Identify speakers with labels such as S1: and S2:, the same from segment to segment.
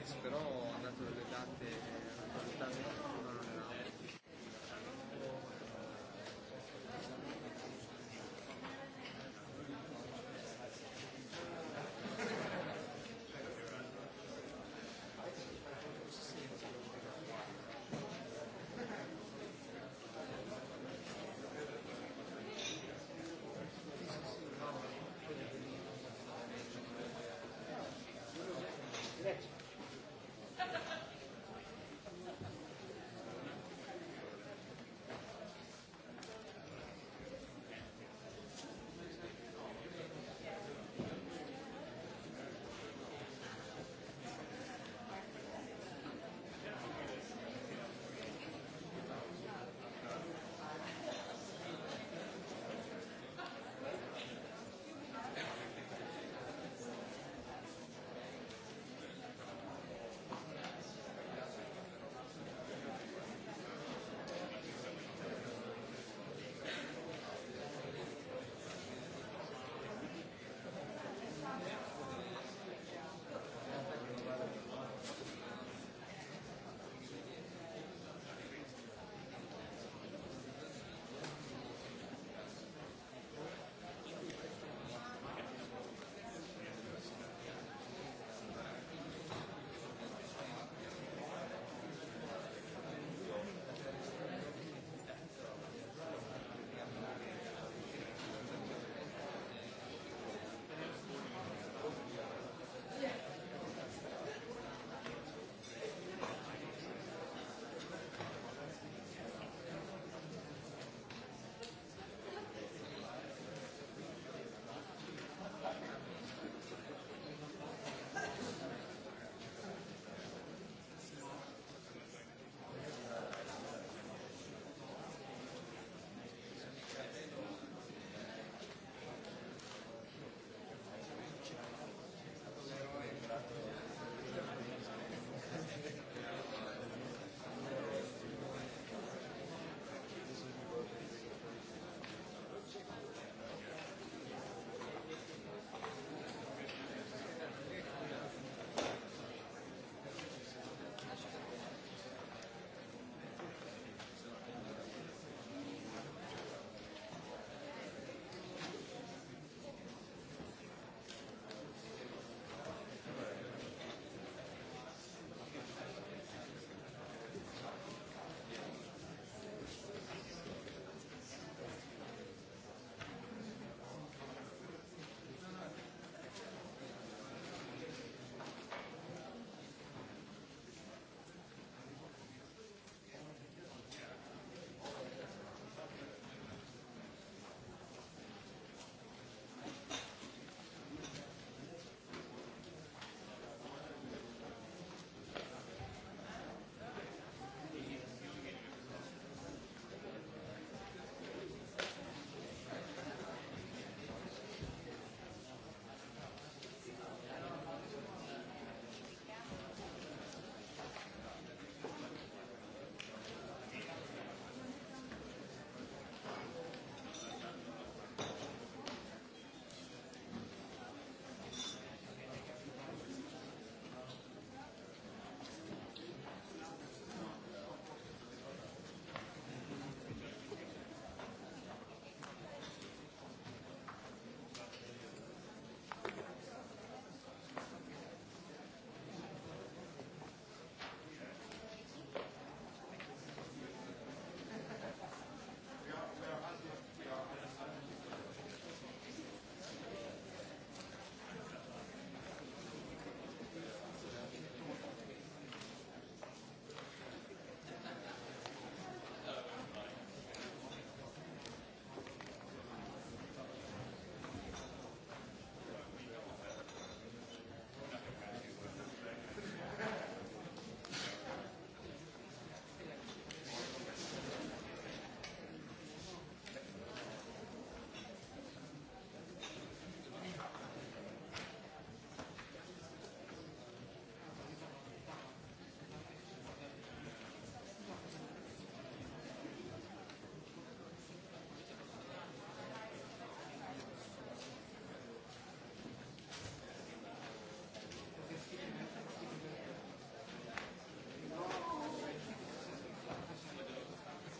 S1: mezzo, però ho dato delle
S2: date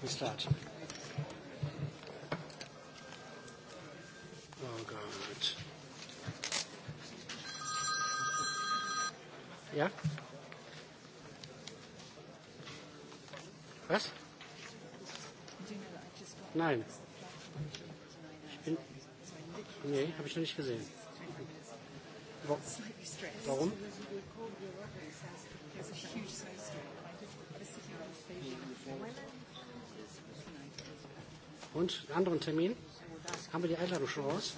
S2: We start.
S3: Oh, God. Ja? Was? Nein. Ich bin. Nee, habe ich noch nicht gesehen. Warum? There's a huge snowstorm. I did, I was sitting on the station. Und einen anderen Termin? Haben wir die Einladung schon raus?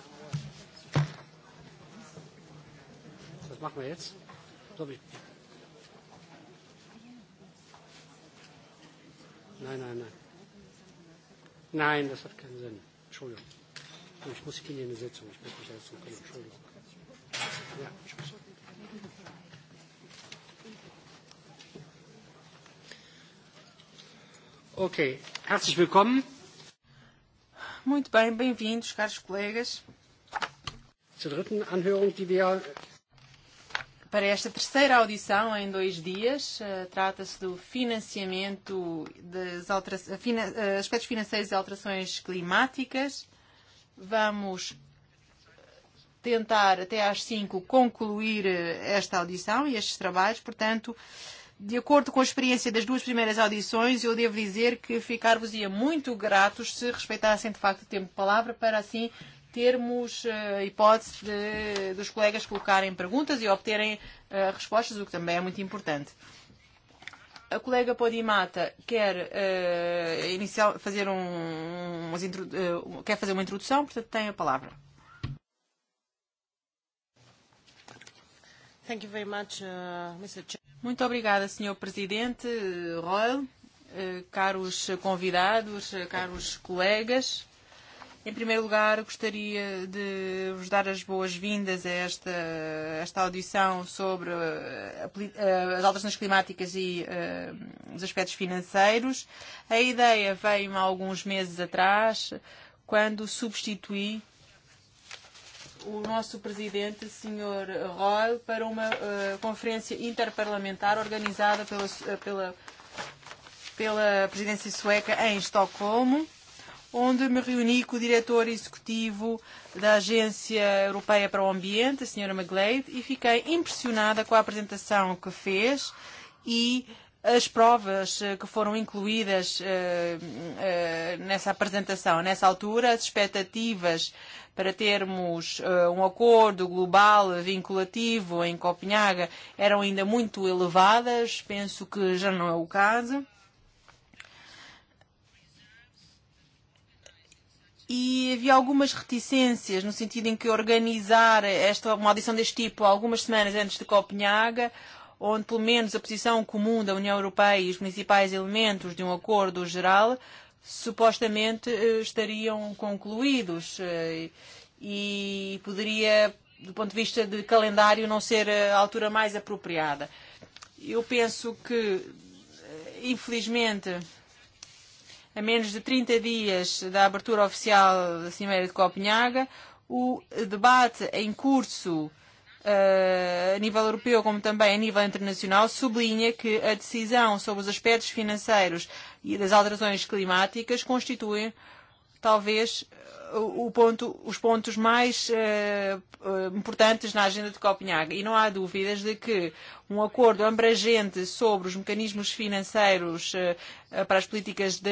S3: Was machen wir jetzt? So, ich nein, nein, nein. Nein, das hat keinen Sinn. Entschuldigung. Ich muss in eine Sitzung. Ich muss mich da jetzt kümmern. Entschuldigung.
S4: Ja, tschüss. Okay, herzlich willkommen.
S1: Muito bem, bem-vindos, caros colegas. Para esta terceira audição em dois dias, eh, trata-se do financiamento das eh, eh, aspectos financeiros e alterações climáticas. Vamos tentar até às 5 concluir esta audição e estes trabalhos, portanto, uh, de acordo com a experiência das duas primeiras audições, eu devo dizer que ficar-vos-ia muito gratos se respeitassem de facto o tempo de palavra para assim termos uh, hipótese de, dos colegas colocarem perguntas e obterem uh, respostas, o que também é muito importante. A colega Podimata quer, uh, inicial, fazer um, um umas uh, quer fazer uma introdução, portanto tem a palavra. Thank you very much, uh, Mr. Chair. Muito obrigada, Sr. Presidente Royal, eh, caros convidados, eh, caros colegas. Em primeiro lugar, gostaria de vos dar as boas-vindas a esta, esta audição sobre uh, as alterações climáticas e uh, os aspectos financeiros. A ideia veio há alguns meses atrás, quando substituí o nosso presidente, Sr. Royal, para uma uh, conferência interparlamentar organizada pela, eh, pela, pela presidência sueca em Estocolmo, onde me reuni com o diretor executivo da Agência Europeia para o Ambiente, a Sra. McGlade, e fiquei impressionada com a apresentação que fez e uh, as provas eh, que foram incluídas eh, eh, nessa apresentação. Nessa altura, as expectativas para termos um acordo global vinculativo em Copenhaga eram ainda muito elevadas. Penso que já não é o caso. e havia algumas reticências no sentido em que organizar esta, uma audição deste tipo algumas semanas antes de Copenhaga onde pelo menos a posição comum da União Europeia e os principais elementos de um acordo geral supostamente eh, estariam concluídos eh, e poderia, do ponto de vista de calendário, não ser a altura mais apropriada. Eu penso que, eh, infelizmente, a menos de 30 dias da abertura oficial da Cimeira de Copenhaga, o debate em curso uh, nível europeu como também a nível internacional, sublinha que a decisão sobre os aspectos financeiros e das alterações climáticas constituem talvez o ponto, os pontos mais uh, importantes na agenda de Copenhague. E não há dúvidas de que um acordo abrangente sobre os mecanismos financeiros uh, para as políticas de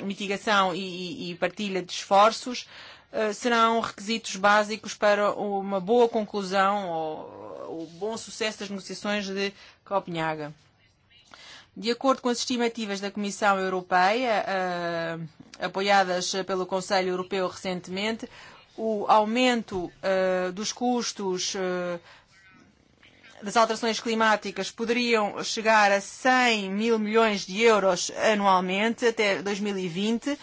S1: uh, mitigação e, e, e partilha de esforços uh, Eh, serão requisitos básicos para uma boa conclusão ou o bom sucesso das negociações de Copenhaga. De acordo com as estimativas da Comissão Europeia, uh, apoiadas pelo Conselho Europeu recentemente, o aumento uh, dos custos uh, das alterações climáticas poderiam chegar a 100 mil milhões de euros anualmente até 2020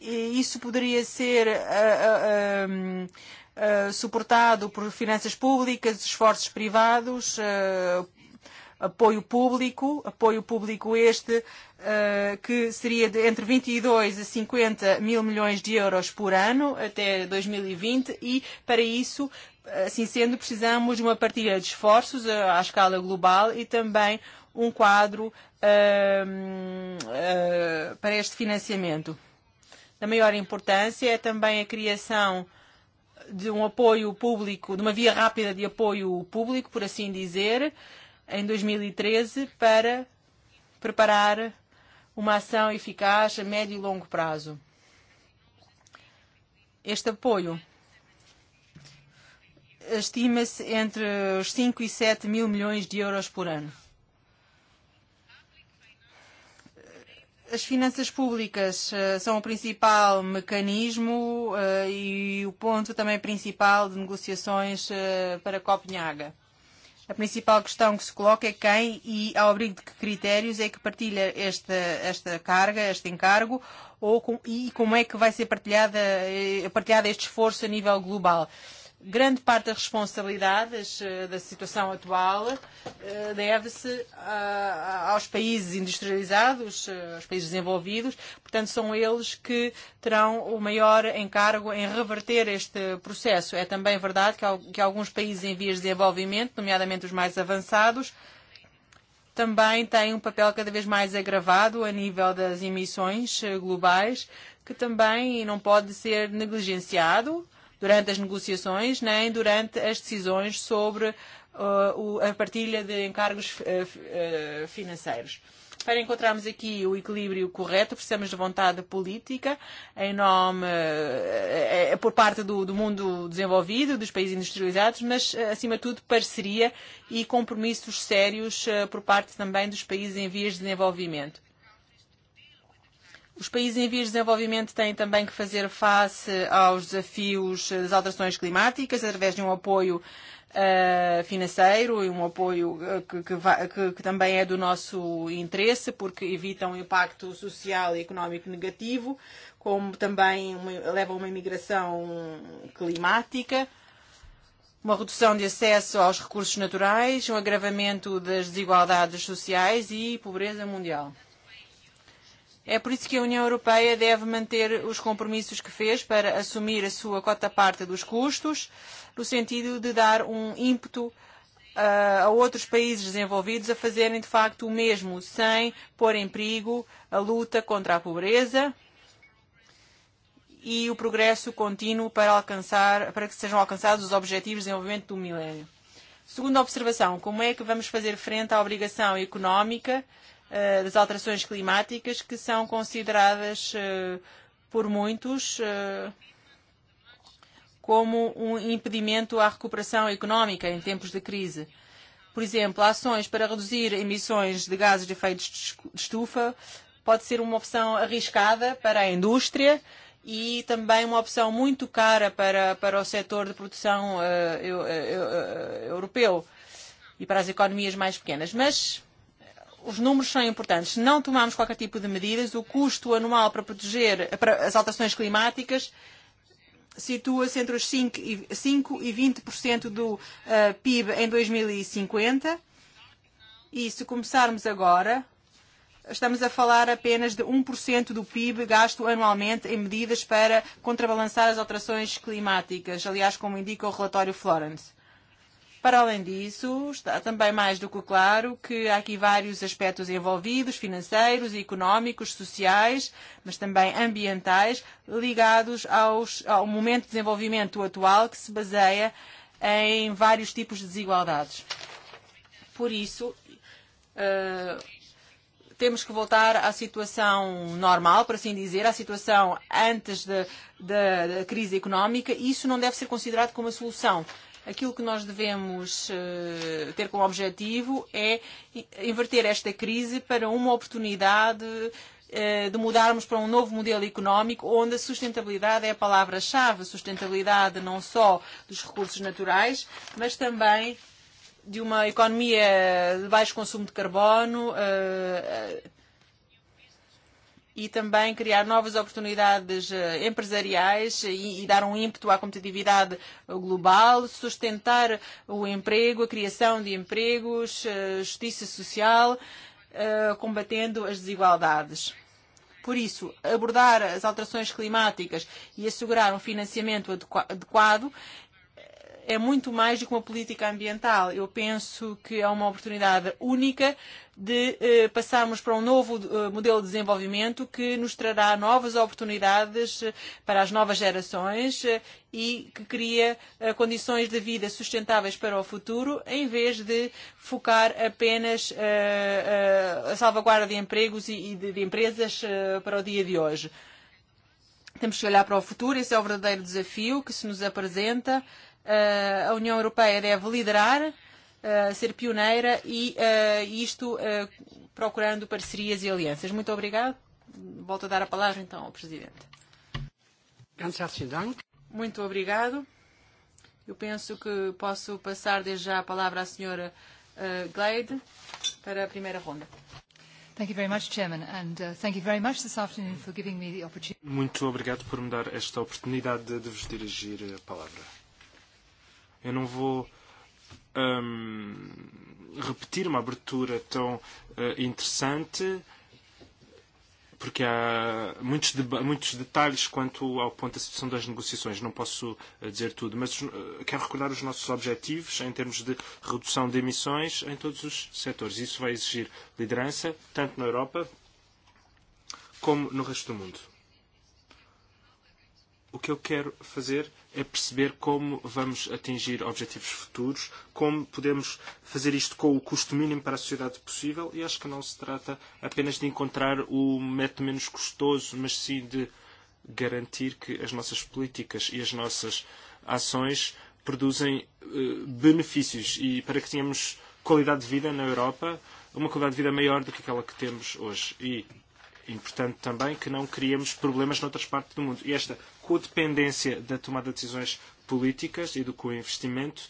S1: E isso poderia ser uh, uh, uh, suportado por finanças públicas, esforços privados, uh, apoio público, apoio público este uh, que seria de entre 22 e a 50 mil milhões de euros por ano até 2020 e, e para isso, assim sendo, precisamos de uma partilha de esforços uh, à escala global e também um quadro uh, uh, para este financiamento da maior importância é também a criação de um apoio público, de uma via rápida de apoio público, por assim dizer, em 2013 e para preparar uma ação eficaz a médio e longo prazo. Este apoio estima-se entre os 5 e 7 mil milhões de euros por ano. As finanças públicas uh, são o principal mecanismo uh, e o ponto também principal de negociações uh, para Copenhaga. A principal questão que se coloca é quem e ao abrigo de que critérios é que partilha esta, esta carga, este encargo, ou com, e como é que vai ser partilhada, partilhado este esforço a nível global. Uh, grande parte das responsabilidades eh, da situação atual eh, deve-se ah, aos países industrializados, eh, aos países desenvolvidos, portanto são eles que terão o maior encargo em reverter este processo. É também verdade que alguns países em vias de desenvolvimento, nomeadamente os mais avançados, também têm um papel cada vez mais agravado a nível das emissões globais, que também não pode ser negligenciado durante as negociações nem durante as decisões sobre uh, o, a partilha de encargos uh, uh, financeiros. Para encontrarmos aqui o equilíbrio correto, precisamos de vontade política em nome, eh, por parte do, do mundo desenvolvido, dos países industrializados, mas, uh, acima de tudo, parceria e compromissos sérios eh, por parte também dos países em vias de desenvolvimento. Os países em vias de desenvolvimento têm também que fazer face aos desafios das alterações climáticas através de um apoio uh, financeiro e um apoio ah, que, que, vai, que, que também é do nosso interesse porque evita um impacto social e económico negativo, como também uma, leva a uma imigração climática uma redução de acesso aos recursos naturais, um agravamento das desigualdades sociais e pobreza mundial. É por isso que a União Europeia deve manter os compromissos que fez para assumir a sua cota-parte dos custos, no sentido de dar um ímpeto uh, a outros países desenvolvidos a fazerem de facto o mesmo, sem pôr em perigo a luta contra a pobreza e o progresso contínuo para, alcançar, para que sejam alcançados os objetivos de desenvolvimento do milénio. Segunda observação, como é que vamos fazer frente à obrigação económica uh, Eh, das alterações climáticas que são consideradas eh, por muitos eh, como um impedimento à recuperação económica em tempos de crise. Por exemplo, ações para reduzir emissões de gases de efeito de estufa pode ser uma opção arriscada para a indústria e também uma opção muito cara para, para o setor de produção uh, eu, eu, eu, europeu e para as economias mais pequenas. Mas os números são importantes. Não tomamos qualquer tipo de medidas. O custo anual para proteger para as alterações climáticas situa-se entre os 5 e, 5 e 20% do uh, eh, PIB em 2050. E, e se começarmos agora, estamos a falar apenas de 1% um do PIB gasto anualmente em medidas para contrabalançar as alterações climáticas, aliás, como indica o relatório Florence. Para além disso, está também mais do que claro que há aqui vários aspectos envolvidos, financeiros, económicos, sociais, mas também ambientais, ligados aos, ao momento de desenvolvimento atual que se baseia em vários tipos de desigualdades. Por isso, uh, temos que voltar à situação normal, por assim dizer, à situação antes da crise económica, e isso não deve ser considerado como a solução. Uh, Aquilo que nós devemos eh, ter como objetivo é inverter esta crise para uma oportunidade eh, de mudarmos para um novo modelo económico onde a sustentabilidade é a palavra-chave. Sustentabilidade não só dos recursos naturais, mas também de uma economia de baixo consumo de carbono, eh, e também criar novas oportunidades eh, empresariais e, e dar um ímpeto à competitividade global, sustentar o emprego, a criação de empregos, eh, justiça social, eh, combatendo as desigualdades. Por isso, abordar as alterações climáticas e assegurar um financiamento adequado é muito mais do que uma política ambiental. Eu penso que é uma oportunidade única de eh, passarmos para um novo eh, modelo de desenvolvimento que nos trará novas oportunidades eh, para as novas gerações eh, e que cria eh, condições de vida sustentáveis para o futuro, em vez de focar apenas eh, eh, a salvaguarda de empregos e, e de, de empresas eh, para o dia de hoje. Temos que olhar para o futuro, esse é o verdadeiro desafio que se nos apresenta. Eh, Eh, a União Europeia deve liderar, eh, ser pioneira e eh, isto procurando parcerias e alianças. Muito obrigado. Volto a dar a palavra então ao Presidente. Muito obrigado. Eu penso que posso passar desde já a palavra à Sra. Uh, Glade para a primeira ronda.
S3: Thank you very much, Chairman, and uh, thank you very much this afternoon for giving me the opportunity.
S4: Muito obrigado por me dar esta oportunidade de vos dirigir a palavra. Eu não vou hum, repetir uma abertura tão uh, interessante, porque há muitos, muitos detalhes quanto ao ponto da situação das negociações. Não posso uh, dizer tudo, mas uh, quero recordar os nossos objetivos em termos de redução de emissões em todos os setores. Isso vai exigir liderança, tanto na Europa como no resto do mundo o que eu quero fazer é perceber como vamos atingir objetivos futuros, como podemos fazer isto com o custo mínimo para a sociedade possível, e acho que não se trata apenas de encontrar o método menos custoso, mas sim de garantir que as nossas políticas e as nossas ações produzem eh, benefícios e para que tenhamos qualidade de vida na Europa, uma qualidade de vida maior do que aquela que temos hoje. E importante também que não criemos problemas noutras partes do mundo. E esta codependência da tomada de decisões políticas e do co-investimento,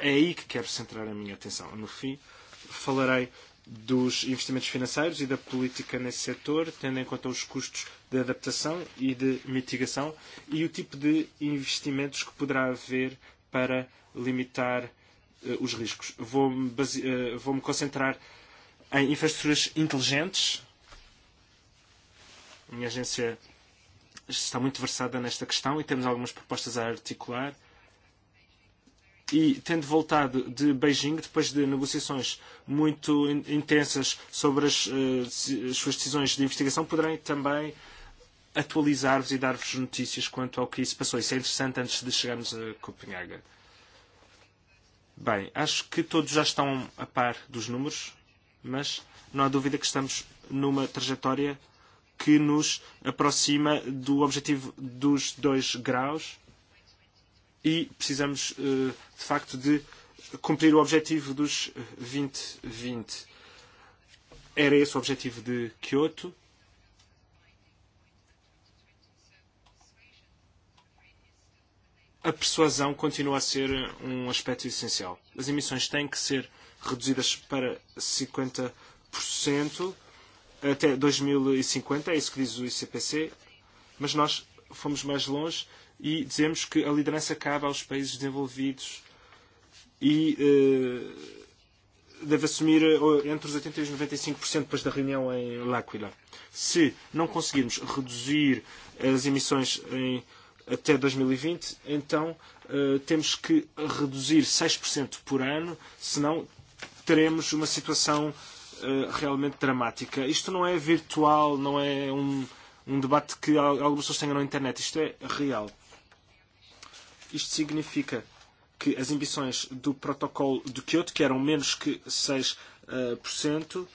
S4: é aí que quero centrar a minha atenção. No fim, falarei dos investimentos financeiros e da política nesse setor, tendo em conta os custos de adaptação e de mitigação e o tipo de investimentos que poderá haver para limitar uh, os riscos. Vou-me base... uh, eh, vou concentrar em infraestruturas inteligentes. A minha agência está muito versada nesta questão e temos algumas propostas a articular. E tendo voltado de Beijing, depois de negociações muito in intensas sobre as, uh, as suas decisões de investigação, poderei também atualizar-vos e dar-vos notícias quanto ao que isso passou. Isso é interessante antes de chegarmos a Copenhaga. Bem, acho que todos já estão a par dos números, mas não há dúvida que estamos numa trajetória uh, que nos aproxima do objetivo dos 2 graus e precisamos, eh, de facto, de cumprir o objetivo dos 2020. Era esse o objetivo de Kyoto. A persuasão continua a ser um aspecto essencial. As emissões têm que ser reduzidas para 50% até 2050, e é isso que diz o ICPC, mas nós fomos mais longe e dizemos que a liderança cabe aos países desenvolvidos e uh, deve assumir eh, entre os 80% e os 95% e depois da reunião em L'Aquila. Se não conseguirmos reduzir as emissões em, até 2020, e então uh, temos que reduzir 6% por ano, senão teremos uma situação uh, realmente dramática. Isto não é virtual, não é um, um debate que algumas pessoas tenham na internet. Isto é real. Isto significa que as ambições do protocolo do Kyoto, que eram menos que 6%, uh, eh, por cento,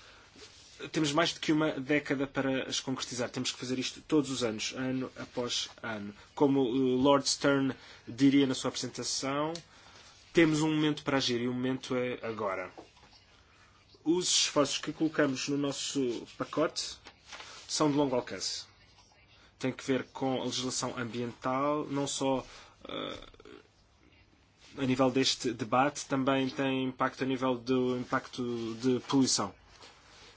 S4: temos mais do que uma década para as concretizar. Temos que fazer isto todos os anos, ano após ano. Como o eh, Lord Stern diria na sua apresentação, temos um momento para agir e o momento é agora os esforços que colocamos no nosso pacote são de longo alcance. Tem que ver com a legislação ambiental, não só uh, a nível deste debate, também tem impacto a nível do impacto de poluição.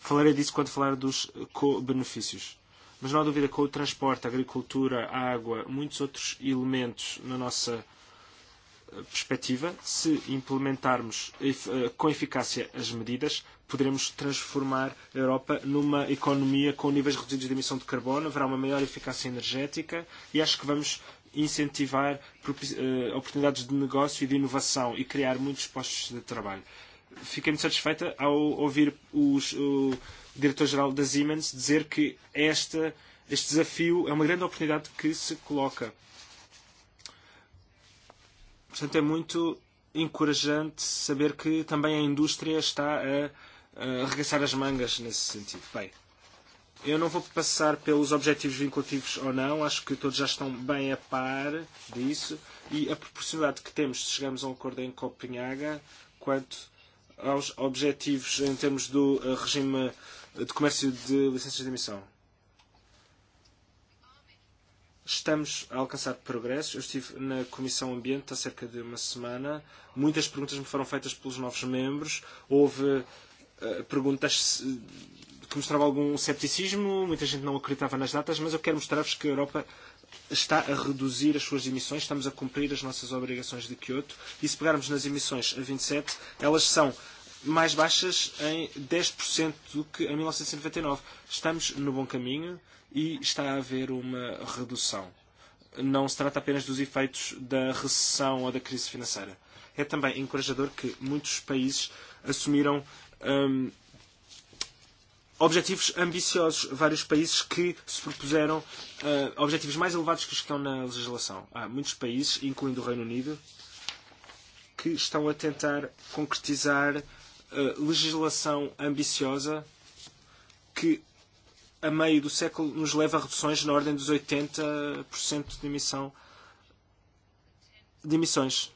S4: Falarei disso quando falar dos co-benefícios. Mas não há dúvida que o transporte, a agricultura, a água, muitos outros elementos na nossa eh, perspectiva, se implementarmos eh, com eficácia as medidas, poderemos transformar a Europa numa economia com níveis reduzidos de emissão de carbono, haverá uma maior eficácia energética e acho que vamos incentivar eh, oportunidades de negócio e de inovação e criar muitos postos de trabalho. Fiquei muito satisfeita ao ouvir os, o diretor-geral da Siemens dizer que esta, este desafio é uma grande oportunidade que se coloca. Portanto, é muito encorajante saber que também a indústria está a uh, eh, arregaçar as mangas nesse sentido. Bem, eu não vou passar pelos objetivos vinculativos ou não, acho que todos já estão bem a par disso e a proporcionalidade que temos se chegarmos a um acordo em Copenhaga quanto aos objetivos em termos do uh, regime de comércio de licenças de emissão. Estamos a alcançar progressos. Eu estive na Comissão Ambiente há cerca de uma semana. Muitas perguntas me foram feitas pelos novos membros. Houve Eh, perguntas eh, que mostrava algum cepticismo, muita gente não acreditava nas datas, mas eu quero mostrar-vos que a Europa está a reduzir as suas emissões, estamos a cumprir as nossas obrigações de Kyoto, e se pegarmos nas emissões a 27, e elas são mais baixas em 10% do que em 1999. E e estamos no bom caminho e está a haver uma redução. Não se trata apenas dos efeitos da recessão ou da crise financeira. É também encorajador que muitos países assumiram um, objetivos ambiciosos, vários países que se propuseram uh, objetivos mais elevados que os que estão na legislação. Há muitos países, incluindo o Reino Unido, que estão a tentar concretizar uh, legislação ambiciosa que a meio do século nos leva a reduções na ordem dos 80% de emissão de emissões.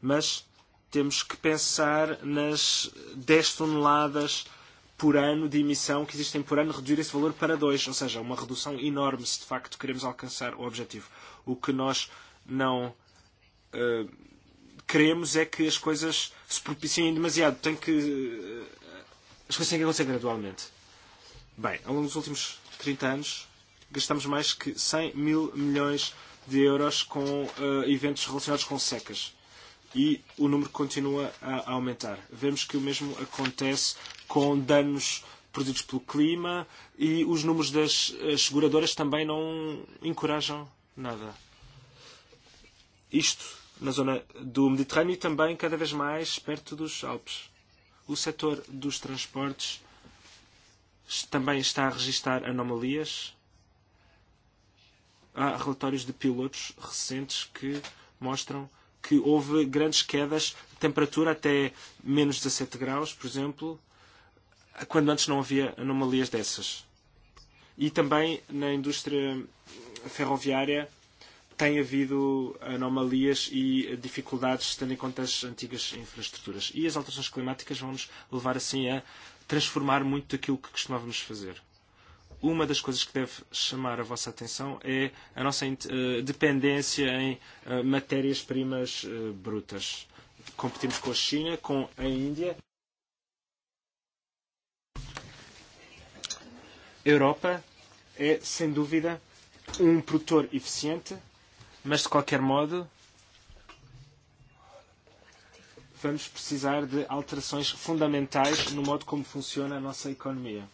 S4: Mas temos que pensar nas 10 toneladas por ano de emissão que existem por ano, reduzir esse valor para 2, ou seja, uma redução enorme se de facto queremos alcançar o objetivo. O que nós não uh, queremos é que as coisas se propiciem demasiado, tem que. Uh, as coisas têm que acontecer gradualmente. Bem, ao longo dos últimos 30 anos gastamos mais que 100 mil milhões de euros com uh, eventos relacionados com secas e o número continua a aumentar. Vemos que o mesmo acontece com danos produzidos pelo clima e os números das eh, seguradoras também não encorajam nada. Isto na zona do Mediterrâneo e também cada vez mais perto dos Alpes. O setor dos transportes também está a registrar anomalias. Há relatórios de pilotos recentes que mostram que houve grandes quedas de temperatura até menos 17 graus, por exemplo, quando antes não havia anomalias dessas. E também na indústria ferroviária tem havido anomalias e dificuldades tendo em conta as antigas infraestruturas. E as alterações climáticas vão nos levar assim a transformar muito daquilo que costumávamos fazer. Uma das coisas que deve chamar a vossa atenção é a nossa eh, dependência em eh, matérias-primas eh, brutas. Competimos com a China, com a Índia. Europa é, sem dúvida, um produtor eficiente, mas de qualquer modo vamos precisar de alterações fundamentais no modo como funciona a nossa economia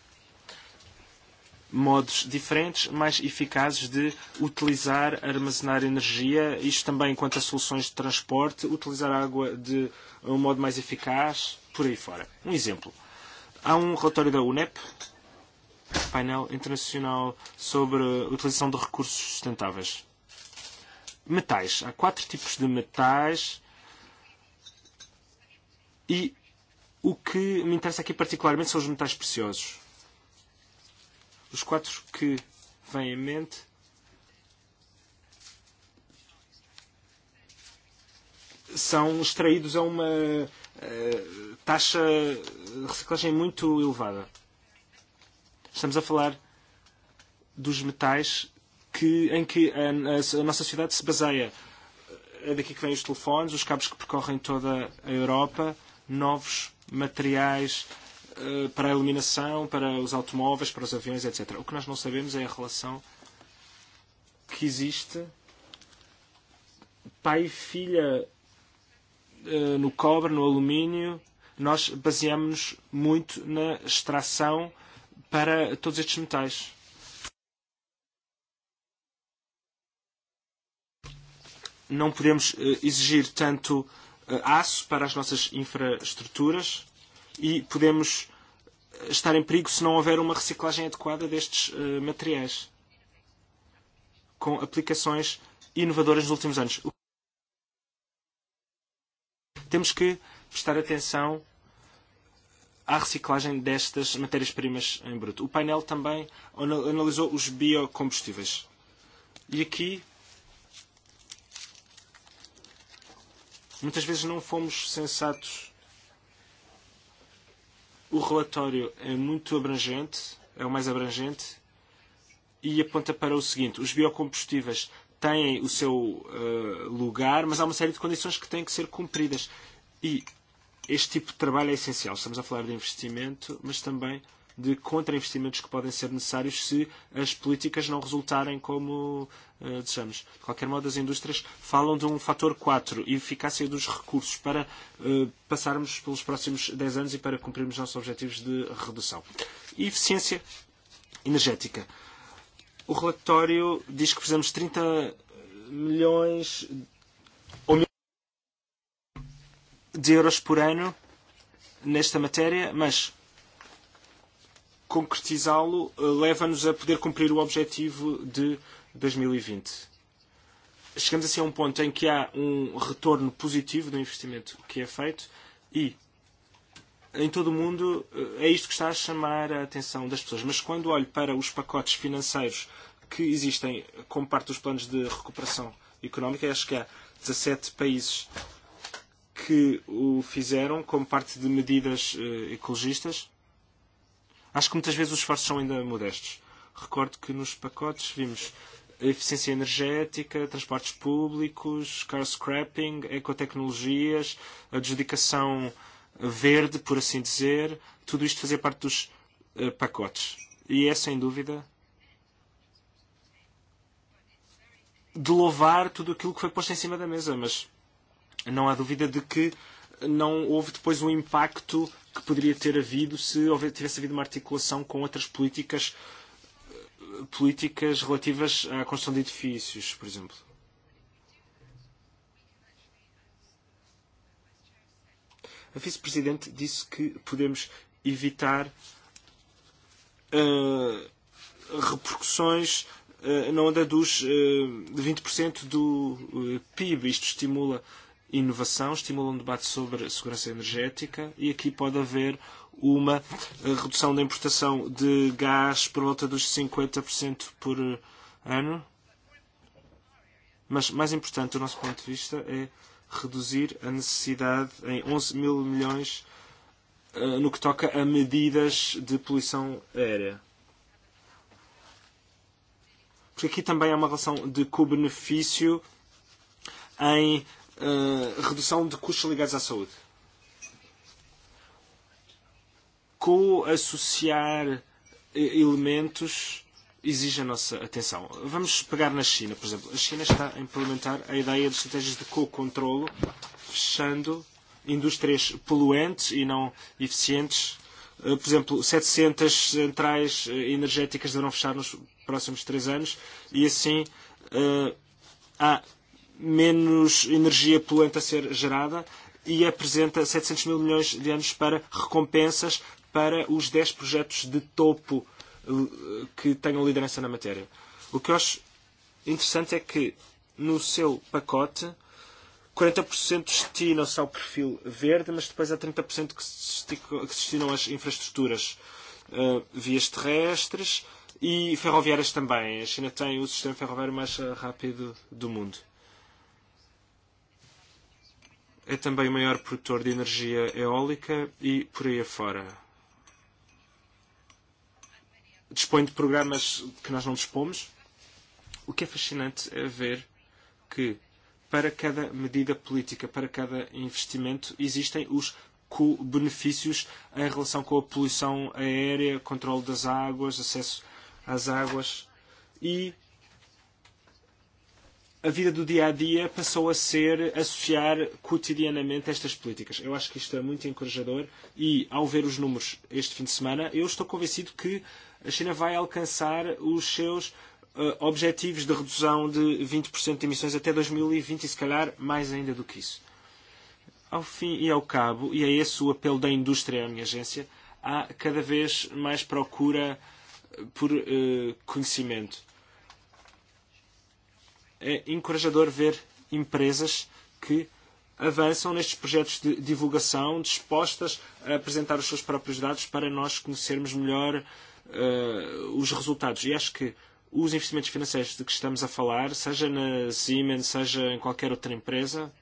S4: modos diferentes, mais eficazes de utilizar, armazenar energia, isto também quanto a soluções de transporte, utilizar água de um modo mais eficaz, por aí fora. Um exemplo. Há um relatório da UNEP, painel internacional sobre a utilização de recursos sustentáveis. Metais. Há quatro tipos de metais e o que me interessa aqui particularmente são os metais preciosos Os quatro que vêm em mente são extraídos a uma uh, taxa de reciclagem muito elevada. Estamos a falar dos metais que, em que a, a, a nossa sociedade se baseia. É eh, daqui que vêm os telefones, os cabos que percorrem toda a Europa, novos materiais Eh, para a iluminação, para os automóveis, para os aviões, etc. O que nós não sabemos é a relação que existe pai e filha eh, no cobre, no alumínio. Nós baseamos-nos muito na extração para todos estes metais. Não podemos eh, exigir tanto aço para as nossas infraestruturas e podemos estar em perigo se não houver uma reciclagem adequada destes uh, materiais com aplicações inovadoras nos últimos anos. Temos que prestar atenção à reciclagem destas matérias-primas em bruto. O painel também analisou os biocombustíveis. E aqui, muitas vezes não fomos sensatos O relatório é muito abrangente, é o mais abrangente, e aponta para o seguinte: os biocombustíveis têm o seu uh, lugar, mas há uma série de condições que têm que ser cumpridas. E este tipo de trabalho é essencial. Estamos a falar de investimento, mas também de contra-investimentos que podem ser necessários se as políticas não resultarem como uh, desejamos. De qualquer modo, as indústrias falam de um fator 4, eficácia dos recursos, para uh, passarmos pelos próximos 10 anos e para cumprirmos nossos objetivos de redução. E eficiência energética. O relatório diz que precisamos de 30 milhões de euros por ano nesta matéria, mas concretizá-lo eh, leva-nos a poder cumprir o objetivo de 2020. E Chegamos assim a um ponto em que há um retorno positivo do investimento que é feito e em todo o mundo eh, é isto que está a chamar a atenção das pessoas. Mas quando olho para os pacotes financeiros que existem como parte dos planos de recuperação económica, acho que há 17 países que o fizeram como parte de medidas eh, ecologistas Acho que muitas vezes os esforços são ainda modestos. Recordo que nos pacotes vimos eficiência energética, transportes públicos, car scrapping, ecotecnologias, adjudicação verde, por assim dizer, tudo isto fazia parte dos uh, pacotes. E é, sem dúvida, de louvar tudo aquilo que foi posto em cima da mesa, mas não há dúvida de que não houve depois um impacto que poderia ter havido se houver, tivesse havido uma articulação com outras políticas, eh, políticas relativas à construção de edifícios, por exemplo. A vice-presidente disse que podemos evitar uh, repercussões uh, na onda dos uh, 20% do uh, PIB. Isto estimula uh, inovação, estimula um debate sobre a segurança energética e aqui pode haver uma eh, redução da importação de gás por volta dos 50% por eh, ano. Mas mais importante do nosso ponto de vista é reduzir a necessidade em 11 mil milhões eh, no que toca a medidas de poluição aérea. Porque aqui também há uma relação de co-benefício em uh, redução de custos ligados à saúde. Coassociar eh, elementos exige a nossa atenção. Vamos pegar na China, por exemplo. A China está a implementar a ideia de estratégias de co-controlo, fechando indústrias poluentes e não eficientes. Eh, por exemplo, 700 centrais energéticas deverão fechar nos próximos três anos e assim há menos energia poluente a ser gerada e apresenta 700 mil milhões de anos para recompensas para os 10 projetos de topo eh, que tenham liderança na matéria. O que eu acho interessante é que no seu pacote 40% destinam-se ao perfil verde, mas depois há 30% que se destinam às infraestruturas, uh, vias terrestres e ferroviárias também. A China tem o sistema ferroviário mais eh, rápido do mundo é também o maior produtor de energia eólica e por aí afora. Dispõe de programas que nós não dispomos. O que é fascinante é ver que para cada medida política, para cada investimento, existem os benefícios em relação com a poluição aérea, controle das águas, acesso às águas e a vida do dia a dia passou a ser associar cotidianamente estas políticas. Eu acho que isto é muito encorajador e, ao ver os números este fim de semana, eu estou convencido que a China vai alcançar os seus uh, objetivos de redução de 20% de emissões até 2020 e, e, se calhar, mais ainda do que isso. Ao fim e ao cabo, e é esse o apelo da indústria à minha agência, há cada vez mais procura eh, por uh, conhecimento é encorajador ver empresas que avançam nestes projetos de divulgação, dispostas a apresentar os seus próprios dados para nós conhecermos melhor uh, os resultados. E acho que os investimentos financeiros de que estamos a falar, seja na Siemens, seja em qualquer outra empresa,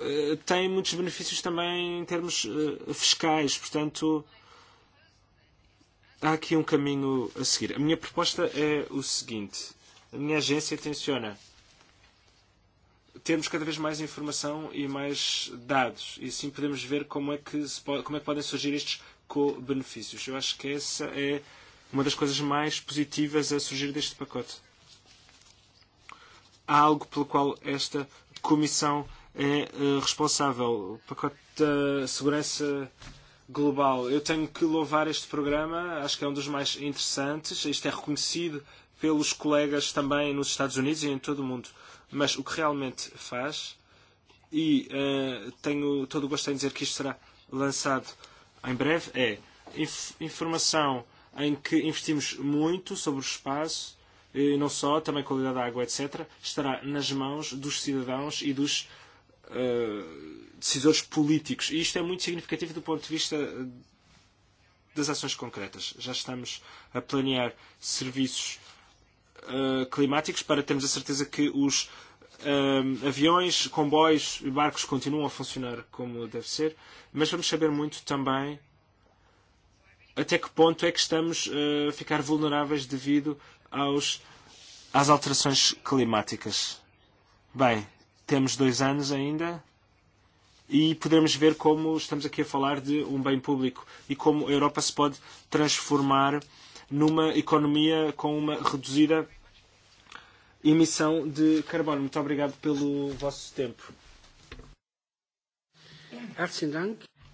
S4: uh, têm muitos benefícios também em termos uh, fiscais. Portanto, uh, há aqui um caminho a seguir. A minha proposta é o seguinte. A minha agência tenciona termos cada vez mais informação e mais dados. E assim podemos ver como é que, se pode, como é que podem surgir estes co-benefícios. Eu acho que essa é uma das coisas mais positivas a surgir deste pacote. Há algo pelo qual esta comissão é uh, responsável. O pacote da segurança global. Eu tenho que louvar este programa, acho que é um dos mais interessantes. Isto é reconhecido pelos colegas também nos Estados Unidos e em todo o mundo. Mas o que realmente faz, e uh, tenho todo o gosto em dizer que isto será lançado em breve, é inf informação em que investimos muito sobre o espaço, e não só, também qualidade da água, etc., estará nas mãos dos cidadãos e dos uh, Eh, decisores políticos. E isto é muito significativo do ponto de vista eh, das ações concretas. Já estamos a planear serviços uh, climáticos para termos a certeza que os uh, aviões, comboios e barcos continuam a funcionar como deve ser, mas vamos saber muito também até que ponto é que estamos uh, a ficar vulneráveis devido aos, às alterações climáticas. Bem, temos dois anos ainda e poderemos ver como estamos aqui a falar de um bem público e como a Europa se pode transformar numa economia com uma reduzida emissão de carbono. Muito obrigado pelo vosso tempo.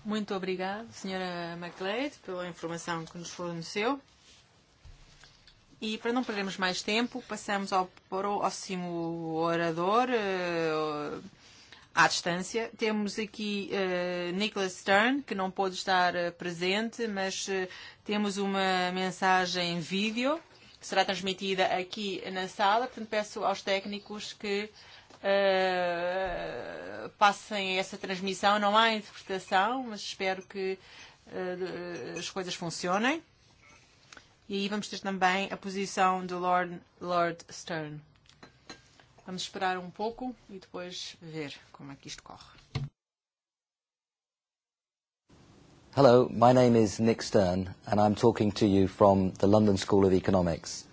S1: Muito obrigado, Sra. McLeod, pela informação que nos forneceu. E para não perdermos mais tempo, passamos ao próximo orador uh, à distância. Temos aqui uh, Nicholas Stern, que não pôde estar uh, presente, mas uh, temos uma mensagem vídeo que será transmitida aqui na sala. Portanto, peço aos técnicos que uh, passem essa transmissão. Não há interpretação, mas espero que uh, as coisas funcionem. E aí vamos ter também a posição do Lord, Lord Stern. Vamos esperar um pouco e depois ver como é que isto corre.
S3: Hello, my name is Nick Stern, and I'm talking to you from the London School of Economics.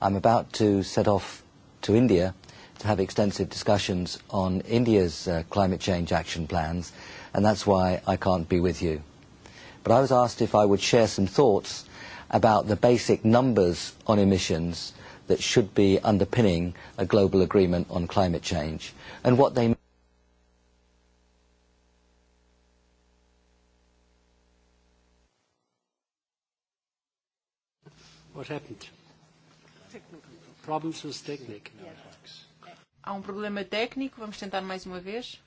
S3: I'm about to set off to India to have extensive discussions on India's uh, climate change action plans, and that's why I can't be with you. But I was asked if I would share some thoughts about the basic numbers on emissions that should be underpinning a global agreement on climate change and what they
S4: What happened? Technical. Problems with technique.
S1: Yeah. Há um problema técnico, vamos tentar mais uma vez.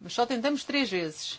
S1: Mas só tentamos três vezes.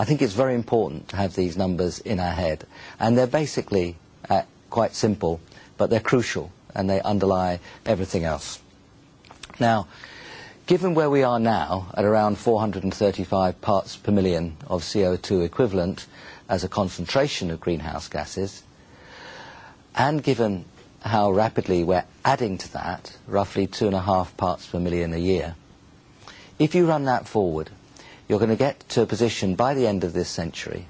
S3: I think it's very important to have these numbers in our head. And they're basically uh, quite simple, but they're crucial and they underlie everything else. Now, given where we are now at around 435 parts per million of CO2 equivalent as a concentration of greenhouse gases, and given how rapidly we're adding to that, roughly two and a half parts per million a year, if you run that forward you're going to get to a position by the end of this century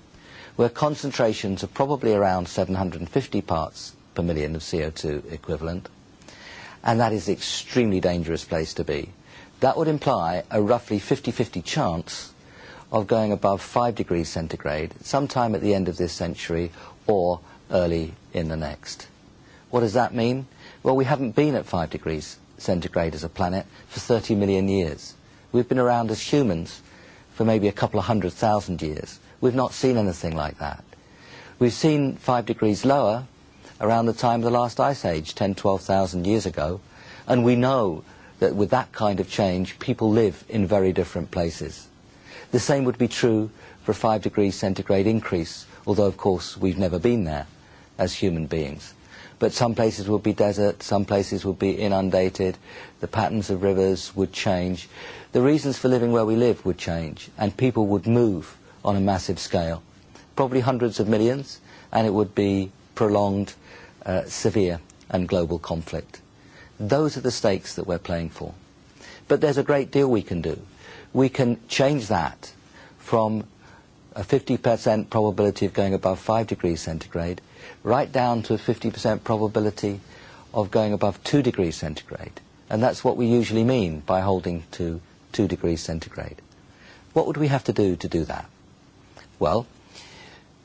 S3: where concentrations are probably around 750 parts per million of CO2 equivalent, and that is an extremely dangerous place to be. That would imply a roughly 50-50 chance of going above 5 degrees centigrade sometime at the end of this century or early in the next. What does that mean? Well, we haven't been at 5 degrees centigrade as a planet for 30 million years. We've been around as humans for maybe a couple of hundred thousand years. We've not seen anything like that. We've seen five degrees lower around the time of the last ice age, 10, 12,000 years ago, and we know that with that kind of change, people live in very different places. The same would be true for a five degree centigrade increase, although of course we've never been there as human beings. But some places would be desert, some places would be inundated, the patterns of rivers would change the reasons for living where we live would change and people would move on a massive scale, probably hundreds of millions, and it would be prolonged, uh, severe and global conflict. Those are the stakes that we're playing for. But there's a great deal we can do. We can change that from a 50% probability of going above 5 degrees centigrade right down to a 50% probability of going above 2 degrees centigrade. And that's what we usually mean by holding to 2 degrees centigrade. What would we have to do to do that? Well,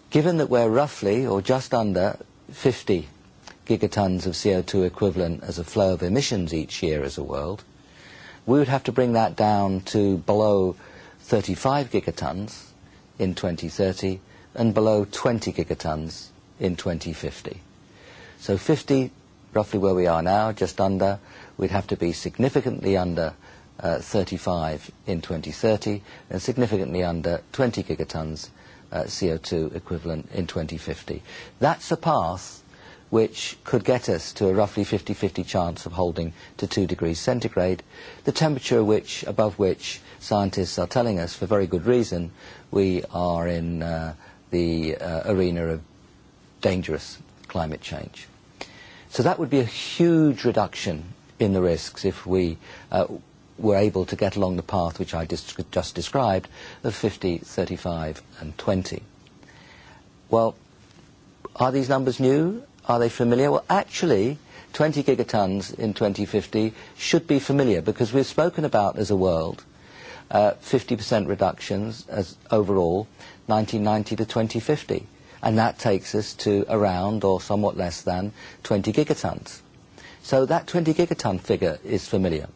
S3: given that we're roughly or just under 50 gigatons of CO2 equivalent as a flow of emissions each year as a world, we would have to bring that down to below 35 gigatons in 2030 and below 20 gigatons in 2050. So 50, roughly where we are now, just under, we'd have to be significantly under uh, 35 in 2030 and significantly under 20 gigatons uh, CO2 equivalent in 2050. That's a path which could get us to a roughly 50-50 chance of holding to 2 degrees centigrade, the temperature which, above which scientists are telling us, for very good reason, we are in uh, the uh, arena of dangerous climate change. So that would be a huge reduction in the risks if we uh, were able to get along the path which I dis- just described of 50, 35 and 20. Well, are these numbers new? Are they familiar? Well, actually, 20 gigatons in 2050 should be familiar because we've spoken about as a world uh, 50% reductions as overall 1990 to 2050. And that takes us to around or somewhat less than 20 gigatons. So that 20 gigaton figure is familiar.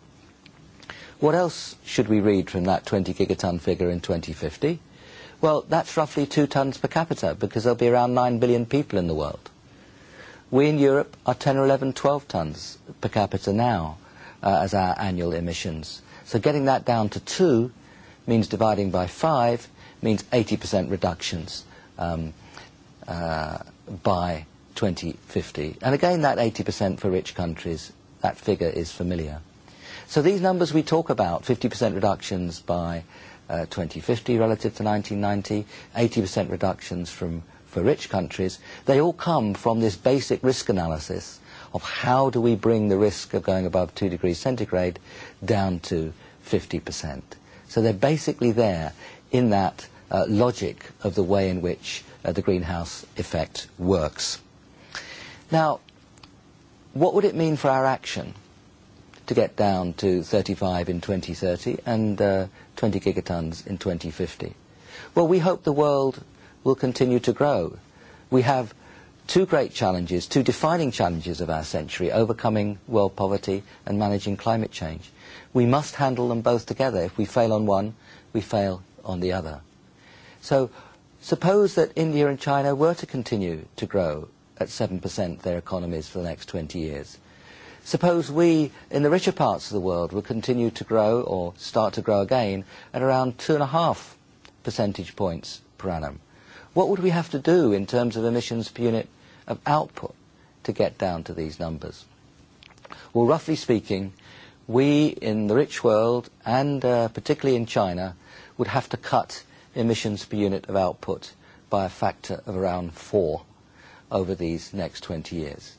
S3: What else should we read from that 20 gigaton figure in 2050? Well, that's roughly two tons per capita because there'll be around 9 billion people in the world. We in Europe are 10 or 11, 12 tons per capita now uh, as our annual emissions. So getting that down to two means dividing by five means 80% reductions um, uh, by 2050. And again, that 80% for rich countries, that figure is familiar. So these numbers we talk about, 50% reductions by uh, 2050 relative to 1990, 80% reductions from, for rich countries, they all come from this basic risk analysis of how do we bring the risk of going above 2 degrees centigrade down to 50%. So they're basically there in that uh, logic of the way in which uh, the greenhouse effect works. Now, what would it mean for our action? to get down to 35 in 2030 and uh, 20 gigatons in 2050. Well, we hope the world will continue to grow. We have two great challenges, two defining challenges of our century, overcoming world poverty and managing climate change. We must handle them both together. If we fail on one, we fail on the other. So suppose that India and China were to continue to grow at 7% their economies for the next 20 years Suppose we, in the richer parts of the world, would continue to grow or start to grow again at around 2.5 percentage points per annum. What would we have to do in terms of emissions per unit of output to get down to these numbers? Well, roughly speaking, we in the rich world, and uh, particularly in China, would have to cut emissions per unit of output by a factor of around four over these next 20 years.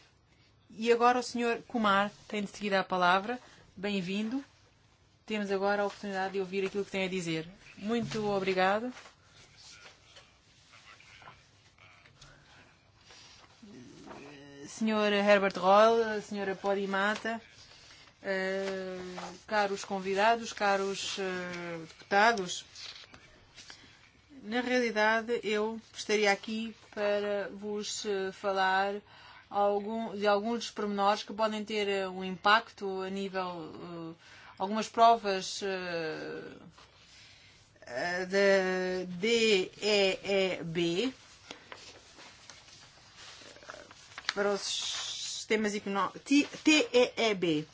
S1: E agora o Sr. Kumar tem de seguir a palavra. Bem-vindo. Temos agora a oportunidade de ouvir aquilo que tem a dizer. Muito obrigado. Sr. Herbert Royal, Sra. Podimata, uh, eh, caros convidados, caros uh, deputados, na realidade eu estaria aqui para vos eh, falar uh, algum, de alguns pormenores que podem ter eh, um impacto a nível. Uh, algumas provas uh, da DEEB e e para os sistemas económicos. TEEB.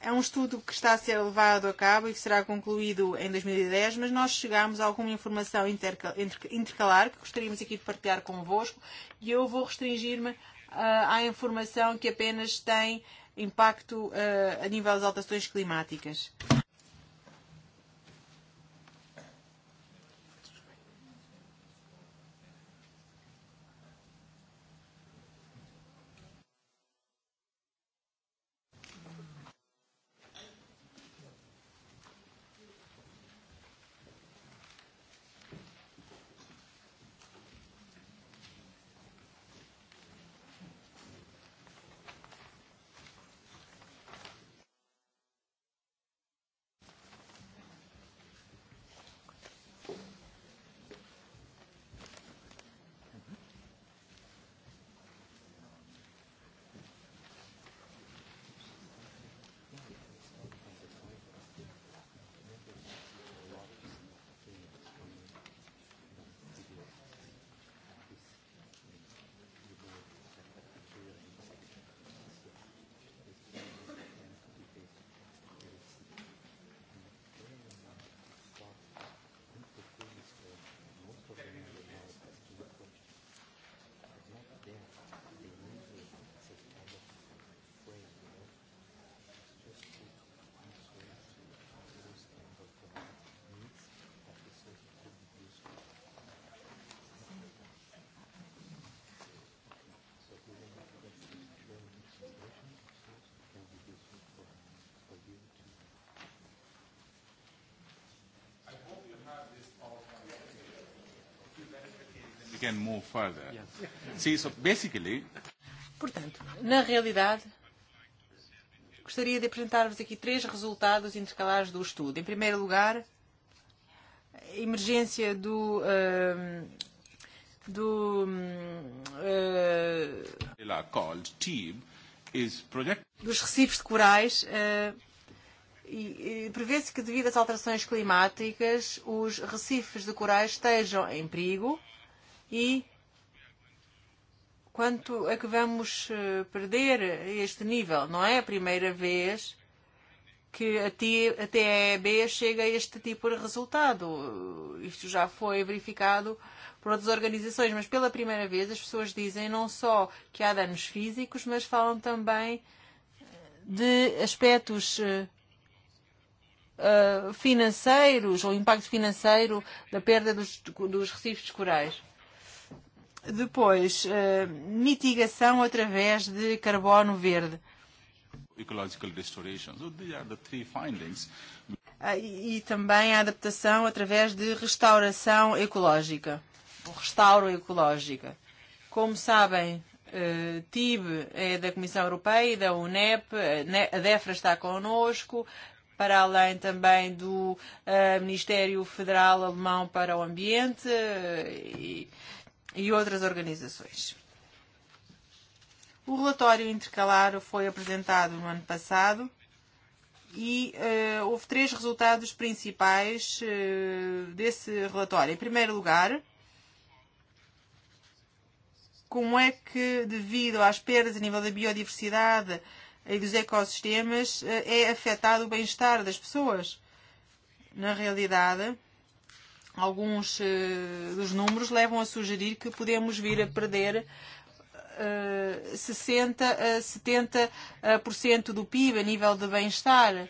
S1: É um estudo que está a ser levado a cabo e que será concluído em 2010, e mas nós chegámos a alguma informação intercalar que gostaríamos aqui de partilhar convosco e eu vou restringir-me há informação que apenas tem impacto eh, a nível das alterações climáticas.
S2: can move further. Yes. See, so basically...
S1: Portanto, na realidade, gostaria de apresentar-vos aqui três resultados intercalares do estudo. Em primeiro lugar, a emergência do... Uh, do uh,
S4: called TIB
S1: is project... dos recifes de corais uh, e, e prevê-se que devido às alterações climáticas os recifes de corais estejam em perigo e quanto é que vamos eh, perder este nível? Não é a primeira vez que a TEB chega a este tipo de resultado. Isto já foi verificado por outras organizações, mas pela primeira vez as pessoas dizem não só que há danos físicos, mas falam também eh, de aspectos uh, financeiros ou impacto financeiro da perda dos, dos recifes corais. Depois, uh, mitigação através de carbono verde.
S2: Ecological restoration. So these are the three findings.
S1: Ah, e, e também a adaptação através de restauração ecológica, ou restauro ecológica. Como sabem, uh, eh, TIB é da Comissão Europeia, e da UNEP, a DEFRA está connosco, para além também do uh, Ministério Federal Alemão para o Ambiente uh, e, uh, e outras organizações. O relatório intercalar foi apresentado no ano passado e uh, houve três resultados principais uh, desse relatório. Em primeiro lugar, como é que, devido às perdas a nível da biodiversidade e dos ecossistemas, uh, é afetado o bem-estar das pessoas? Na realidade, uh, alguns uh, dos números levam a sugerir que podemos vir a perder uh, eh, 60 a 70% eh, do PIB a nível de bem-estar.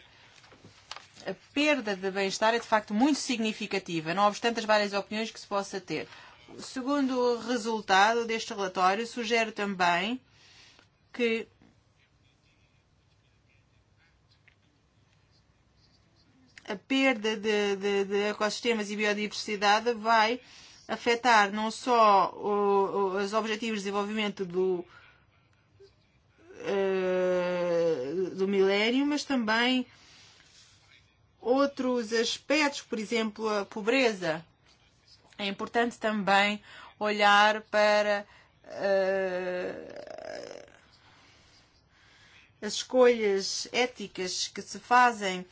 S1: A perda de bem-estar é de facto muito significativa, não obstante as várias opiniões que se possa ter. O segundo resultado deste relatório sugere também que a perda de, de, de ecossistemas e biodiversidade vai afetar não só o, o, os objetivos de desenvolvimento do, uh, do milénio, mas também outros aspectos, por exemplo, a pobreza. É importante também olhar para uh, as escolhas éticas que se fazem uh,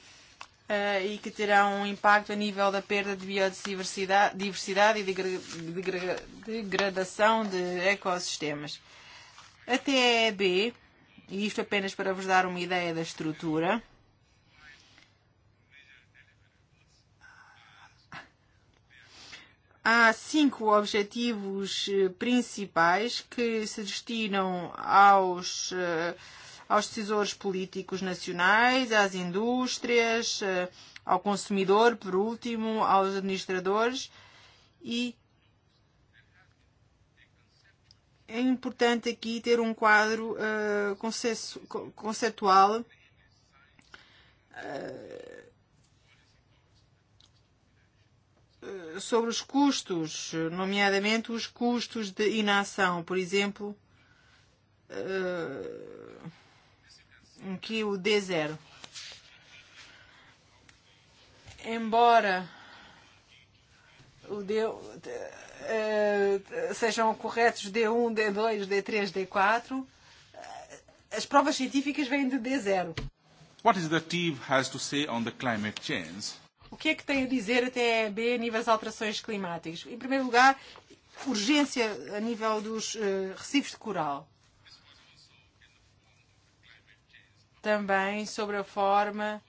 S1: Eh, e que terão um impacto a nível da perda de biodiversidade diversidade e de degradação de ecossistemas. A TEB, e isto apenas para vos dar uma ideia da estrutura, há cinco objetivos eh, principais que se destinam aos uh, aos decisores políticos nacionais, às indústrias, eh, ao consumidor, por último, aos administradores e é importante aqui ter um quadro uh, eh, conceito, conceptual uh, sobre os custos, nomeadamente os custos de inação, por exemplo, uh, que o D0. Embora o D, uh, sejam corretos D1, D2, D3, D4, as provas científicas vêm de D0.
S2: What is the TIB has to say on the climate change?
S1: O que é que tem a dizer a TEB a nível das alterações climáticas? Em primeiro lugar, urgência a nível dos uh, recifes de coral. também sobre a forma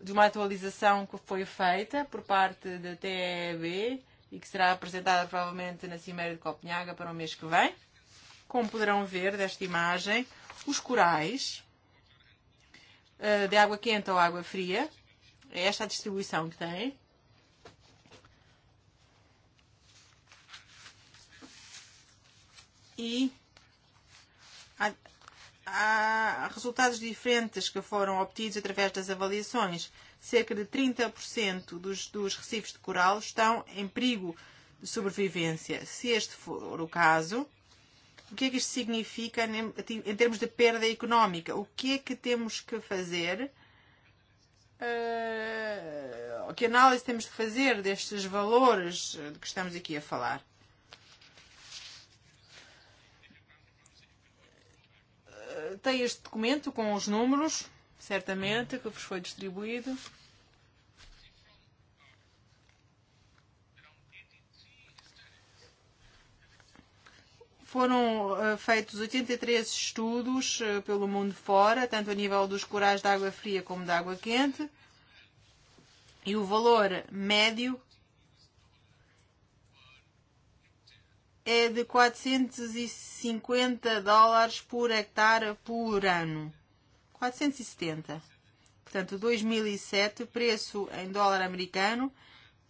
S1: de uma atualização que foi feita por parte da TEB e que será apresentada provavelmente na Cimeira de Copenhaga para o mês que vem. Como poderão ver desta imagem, os corais eh, de água quente ou água fria, é esta a distribuição que tem. E há resultados diferentes que foram obtidos através das avaliações. Cerca de 30% dos, dos recifes de coral estão em perigo de sobrevivência. Se este for o caso, o que é que isto significa em termos de perda económica? O que é que temos que fazer? Uh, que análise temos que fazer destes valores de que estamos aqui a falar? tem este documento com os números, certamente, que vos foi distribuído. Foram uh, feitos 83 e estudos uh, pelo mundo fora, tanto a nível dos corais de água fria como de água quente, e o valor médio é de 450 e dólares por hectare por ano. 470. E Portanto, 2007, e o preço em dólar americano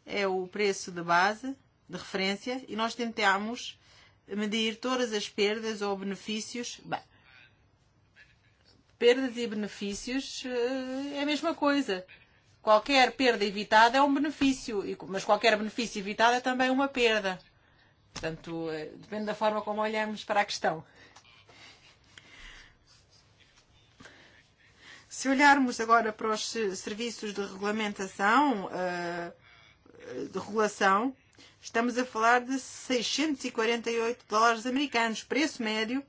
S1: é o preço de base, de referência, e nós tentamos medir todas as perdas ou benefícios. Bem, perdas e benefícios eh, é a mesma coisa. Qualquer perda evitada é um benefício, mas qualquer benefício evitado é também uma perda. Portanto, eh, depende da forma como olhamos para a questão. Se olharmos agora para os serviços de regulamentação, eh, de regulação, estamos a falar de 648 e e dólares americanos, preço médio.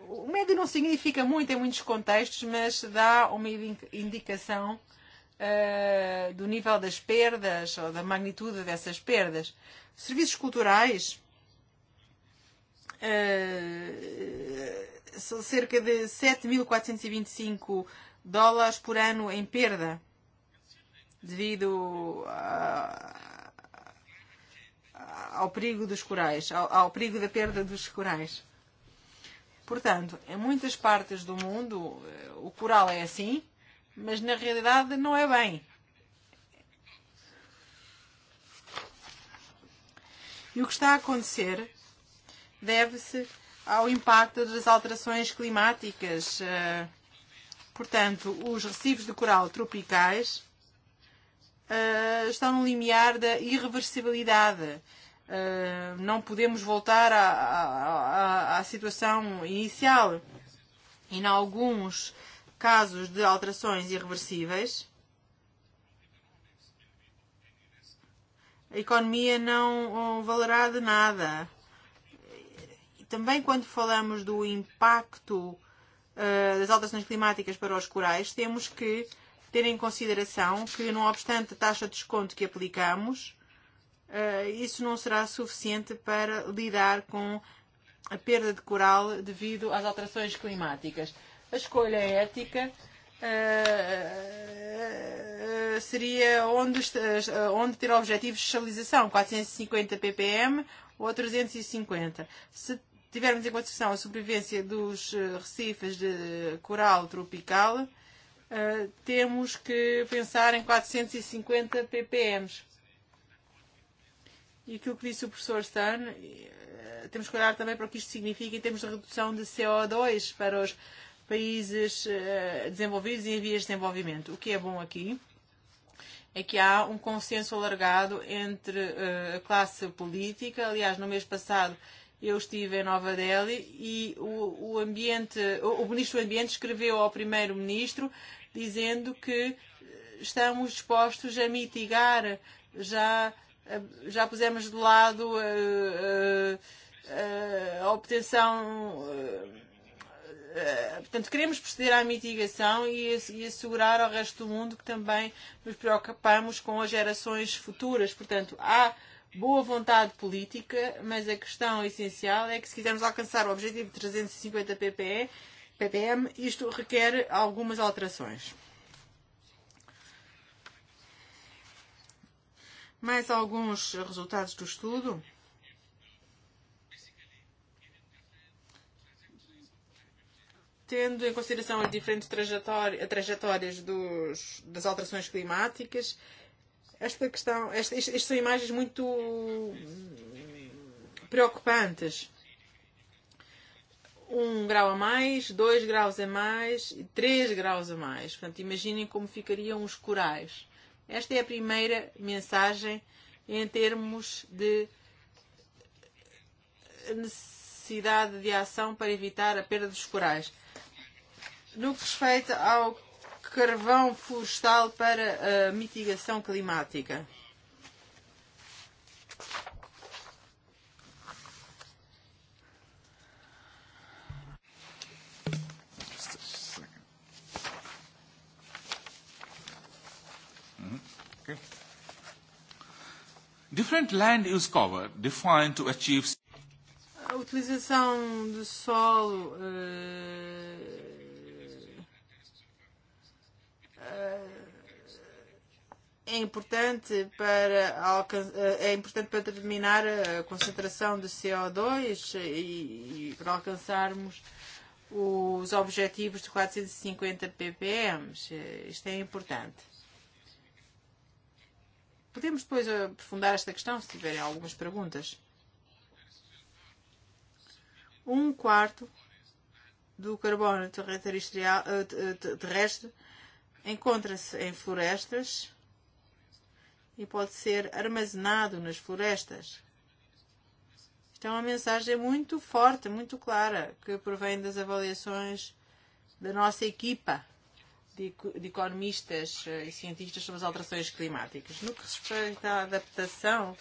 S1: O médio não significa muito em muitos contextos, mas dá uma indicação eh, do nível das perdas ou da magnitude dessas perdas. Serviços culturais, eh, são cerca de 7.425 e e dólares por ano em perda devido a, ao perigo dos corais, ao, ao perigo da perda dos corais. Portanto, em muitas partes do mundo eh, o coral é assim, mas na realidade não é bem. E o que está a acontecer deve-se ao impacto das alterações climáticas. Eh, portanto, os recifes de coral tropicais eh, estão no limiar da irreversibilidade. Eh, não podemos voltar à, à, à situação inicial. E, em alguns casos de alterações irreversíveis, a economia não valerá de nada. E também quando falamos do impacto uh, das alterações climáticas para os corais, temos que ter em consideração que, não obstante a taxa de desconto que aplicamos, uh, isso não será suficiente para lidar com a perda de coral devido às alterações climáticas. A escolha ética uh, seria onde, eh, onde ter objetivos de fiscalização, 450 e ppm ou 350. E Se tivermos em consideração a sobrevivência dos eh, recifes de coral tropical, eh, temos que pensar em 450 e ppm. E aquilo que disse o professor Stan, temos que olhar também para o que isto significa em termos de redução de CO2 para os países desenvolvidos e em vias de desenvolvimento. O que é bom aqui é que há um consenso alargado entre uh, a classe política. Aliás, no mês passado eu estive em Nova Delhi e o, o, ambiente, o, o Ministro do Ambiente escreveu ao Primeiro-Ministro dizendo que eh, estamos dispostos a mitigar, já, eh, já pusemos de lado uh, uh, a obtenção. Uh, Eh, portanto, queremos proceder à mitigação e, e assegurar ao resto do mundo que também nos preocupamos com as gerações futuras. Portanto, há boa vontade política, mas a questão essencial é que se quisermos alcançar o objetivo de 350 ppm, ppm isto requer algumas alterações. Mais alguns resultados do estudo. tendo em consideração as diferentes trajetórias, trajetórias dos, das alterações climáticas, esta questão, estas, estas são imagens muito preocupantes. Um grau a mais, dois graus a mais e três graus a mais. Portanto, imaginem como ficariam os corais. Esta é a primeira mensagem em termos de necessidade de ação para evitar a perda dos corais no que respeita ao carvão florestal para a mitigação climática.
S2: Mm-hmm. Okay. Different land use cover defined
S4: to achieve
S1: a utilização de solo uh, é importante para é importante para determinar a concentração de CO2 e, e para alcançarmos os objetivos de 450 e ppm. Isto é importante. Podemos depois aprofundar esta questão se tiverem algumas perguntas. Um quarto do carbono terrestre eh, encontra-se em florestas e pode ser armazenado nas florestas. Isto é uma mensagem muito forte, muito clara, que provém das avaliações da nossa equipa de, de economistas eh, e cientistas sobre as alterações climáticas. No que respeita à adaptação,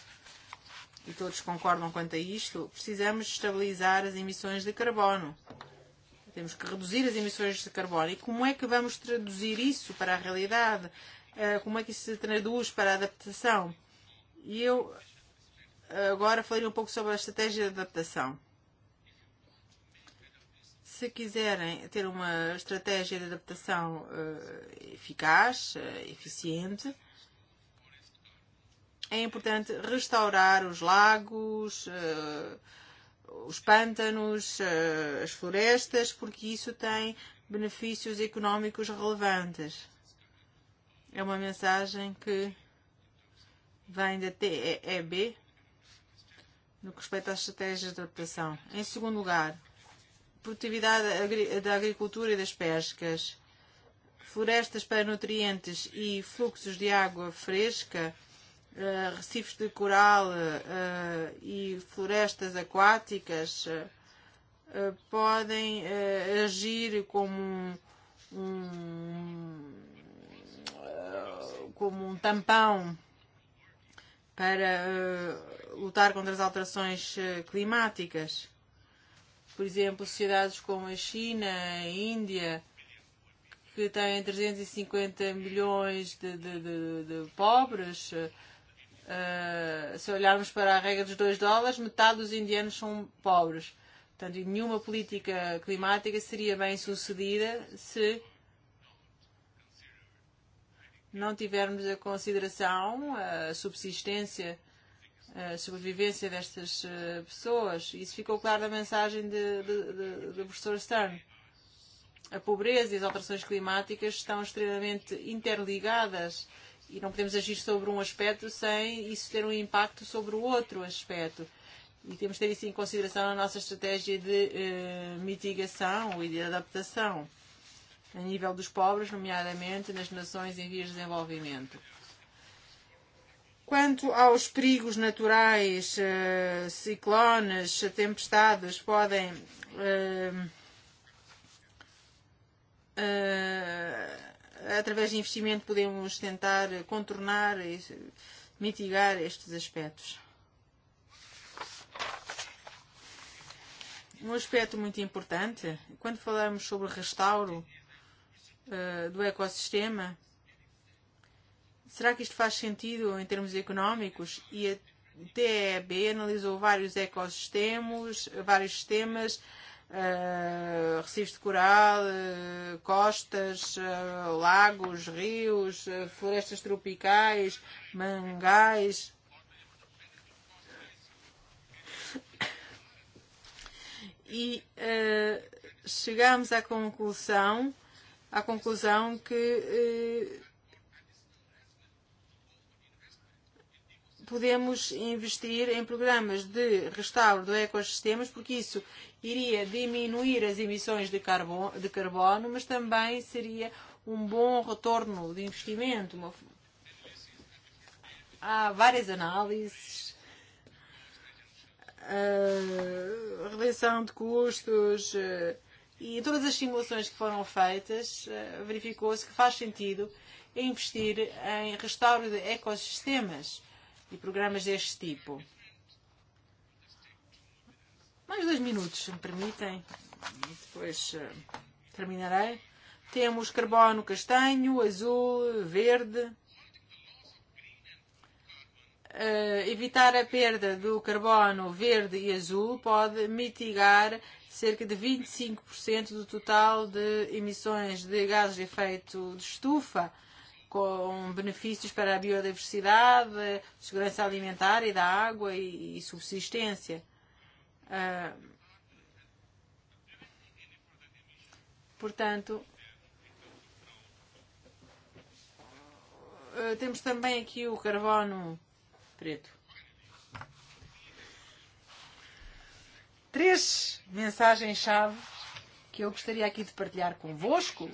S1: e todos concordam quanto a isto, precisamos estabilizar as emissões de carbono Temos que reduzir as emissões de carbono. E como é que vamos traduzir isso para a realidade? Eh, como é que isso se traduz para a adaptação? E eu agora falarei um pouco sobre a estratégia de adaptação. Se quiserem ter uma estratégia de adaptação eh, eficaz, eh, eficiente, é importante restaurar os lagos, uh, os pântanos, eh, as florestas, porque isso tem benefícios económicos relevantes. É uma mensagem que vem da TEB e no que respeita às estratégias de adaptação. Em segundo lugar, produtividade da agricultura e das pescas, florestas para nutrientes e fluxos de água fresca uh, recifes de coral uh, e florestas aquáticas uh, podem uh, agir como um, um, uh, como um tampão para uh, lutar contra as alterações uh, climáticas. Por exemplo, sociedades como a China, a Índia, que têm 350 milhões de, de, de, de pobres, uh, Uh, se olharmos para a regra dos 2 dólares, metade dos indianos são pobres. Portanto, nenhuma política climática seria bem sucedida se não tivermos a consideração, a subsistência, a sobrevivência destas eh, pessoas. Isso ficou claro na mensagem do professor Stern. A pobreza e as alterações climáticas estão extremamente interligadas. Uh, e não podemos agir sobre um aspecto sem isso ter um impacto sobre o outro aspecto. E temos de ter isso em consideração na nossa estratégia de eh, mitigação e de adaptação, a nível dos pobres, nomeadamente nas nações em vias de desenvolvimento. Quanto aos perigos naturais, eh, ciclones, tempestades, podem. Eh, eh, através de investimento, podemos tentar contornar e mitigar estes aspectos. Um aspecto muito importante, quando falamos sobre restauro uh, do ecossistema, será que isto faz sentido em termos económicos? E a TEB analisou vários ecossistemas, vários sistemas, uh, eh, recifes de coral, uh, costas, uh, lagos, rios, uh, florestas tropicais, mangais. E uh, chegámos à conclusão, à conclusão que uh, podemos investir em programas de restauro de ecossistemas, porque isso iria diminuir as emissões de carbono, de carbono mas também seria um bom retorno de investimento. Uma... Há várias análises, uh, redução de custos, uh, e em todas as simulações que foram feitas, uh, verificou-se que faz sentido investir em restauro de ecossistemas e programas deste tipo. Mais dois minutos, se me permitem. E depois uh, terminarei. Temos carbono castanho, azul, verde. Uh, evitar a perda do carbono verde e azul pode mitigar cerca de 25% e do total de emissões de gases de efeito de estufa uh, com benefícios para a biodiversidade, segurança alimentar e da água e, e subsistência. Uh, portanto, uh, temos também aqui o carbono preto. Três mensagens-chave que eu gostaria aqui de partilhar convosco,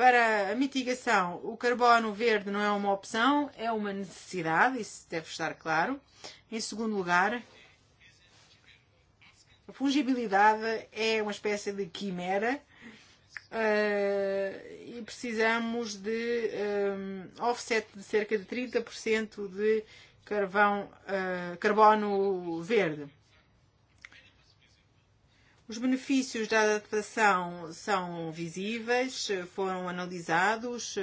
S1: para mitigação, o carbono verde não é uma opção, é uma necessidade, isso deve estar claro. Em segundo lugar, a fungibilidade é uma espécie de quimera uh, e precisamos de um, offset de cerca de 30% de carvão, uh, eh, carbono verde. Os benefícios da adaptação são visíveis, foram analisados,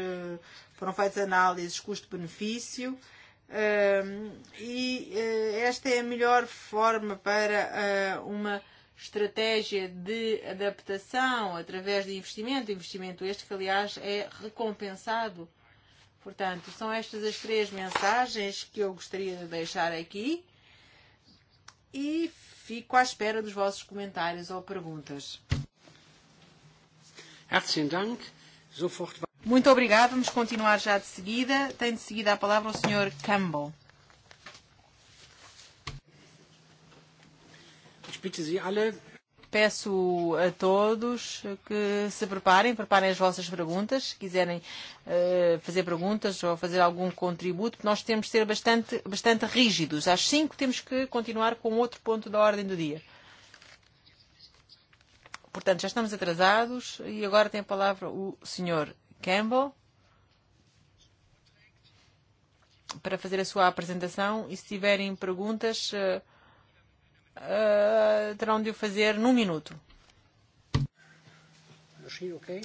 S1: foram feitas análises custo-benefício ehm, e eh, esta é a melhor forma para eh, uma estratégia de adaptação através de investimento, investimento este que aliás é recompensado. Portanto, são estas as três mensagens que eu gostaria de deixar aqui e Fico à espera dos vossos comentários ou perguntas. Muito obrigada. Vamos continuar já de seguida. Tem de seguida a palavra o Sr. Campbell. Ich bitte Sie alle, peço a todos que se preparem, preparem as vossas perguntas, se quiserem uh, fazer perguntas ou fazer algum contributo, nós temos de ser bastante, bastante rígidos. Às 5 temos que continuar com outro ponto da ordem do dia. Portanto, já estamos atrasados e agora tem a palavra o Sr. Campbell para fazer a sua apresentação e se tiverem perguntas. Uh, uh, terão de o fazer num minuto. E okay?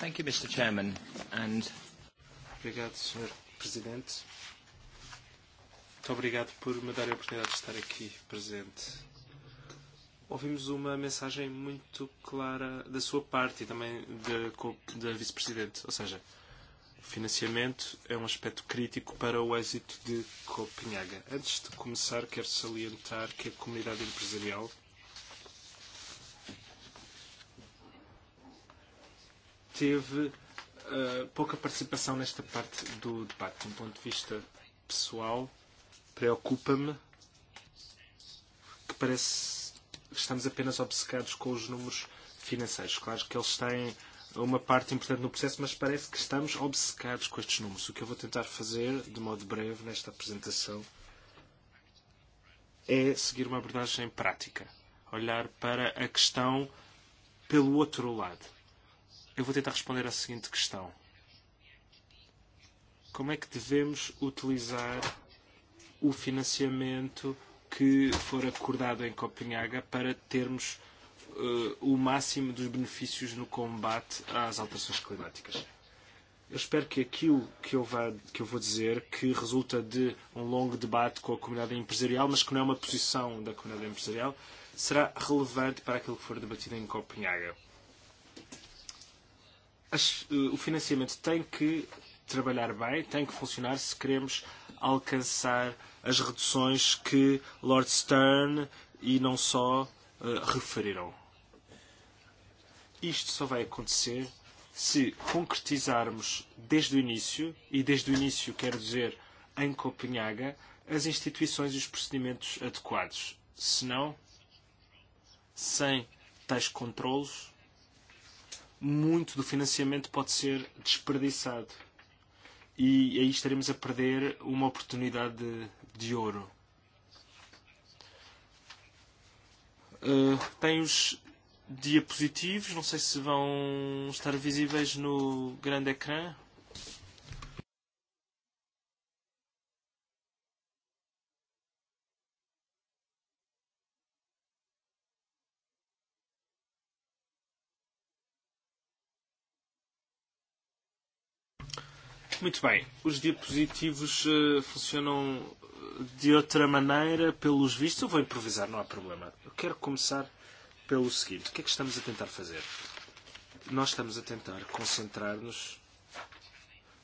S4: Thank you, Mr. Chairman, and Obrigado, Sr. Presidente. Muito obrigado por me dar a oportunidade de estar aqui presente. Ouvimos uma mensagem muito clara da sua parte e também da, da Vice-Presidente, ou seja, o financiamento é um aspecto crítico para o êxito de Copenhaga. Antes de começar, quero salientar que a comunidade empresarial teve uh, pouca participação nesta parte do debate. Do um ponto de vista pessoal, preocupa-me que parece que estamos apenas obcecados com os números financeiros. Claro que eles têm uma parte importante no processo, mas parece que estamos obcecados com estes números. O que eu vou tentar fazer, de modo breve, nesta apresentação, é seguir uma abordagem prática. Olhar para a questão pelo outro lado Eu vou tentar responder à seguinte questão. Como é que devemos utilizar o financiamento que for acordado em Copenhaga para termos uh, o máximo dos benefícios no combate às alterações climáticas? Eu espero que aquilo que eu, vá, que eu vou dizer, que resulta de um longo debate com a comunidade empresarial, mas que não é uma posição da comunidade empresarial, será relevante para aquilo que for debatido em Copenhaga. As, eh, o financiamento tem que trabalhar bem, tem que funcionar se queremos alcançar as reduções que Lord Stern e não só uh, referiram. Isto só vai acontecer se concretizarmos desde o início, e desde o início quero dizer em Copenhaga, as instituições e os procedimentos adequados. Senão, sem tais controlos, muito do financiamento pode ser desperdiçado. E aí estaremos a perder uma oportunidade de, de ouro. Uh, tem os diapositivos, não sei se vão estar visíveis no grande ecrã. Muito bem, os diapositivos uh, funcionam eh, de outra maneira, pelos vistos. Eu vou improvisar, não há problema. Eu quero começar pelo seguinte: o que é que estamos a tentar fazer? Nós estamos a tentar concentrar-nos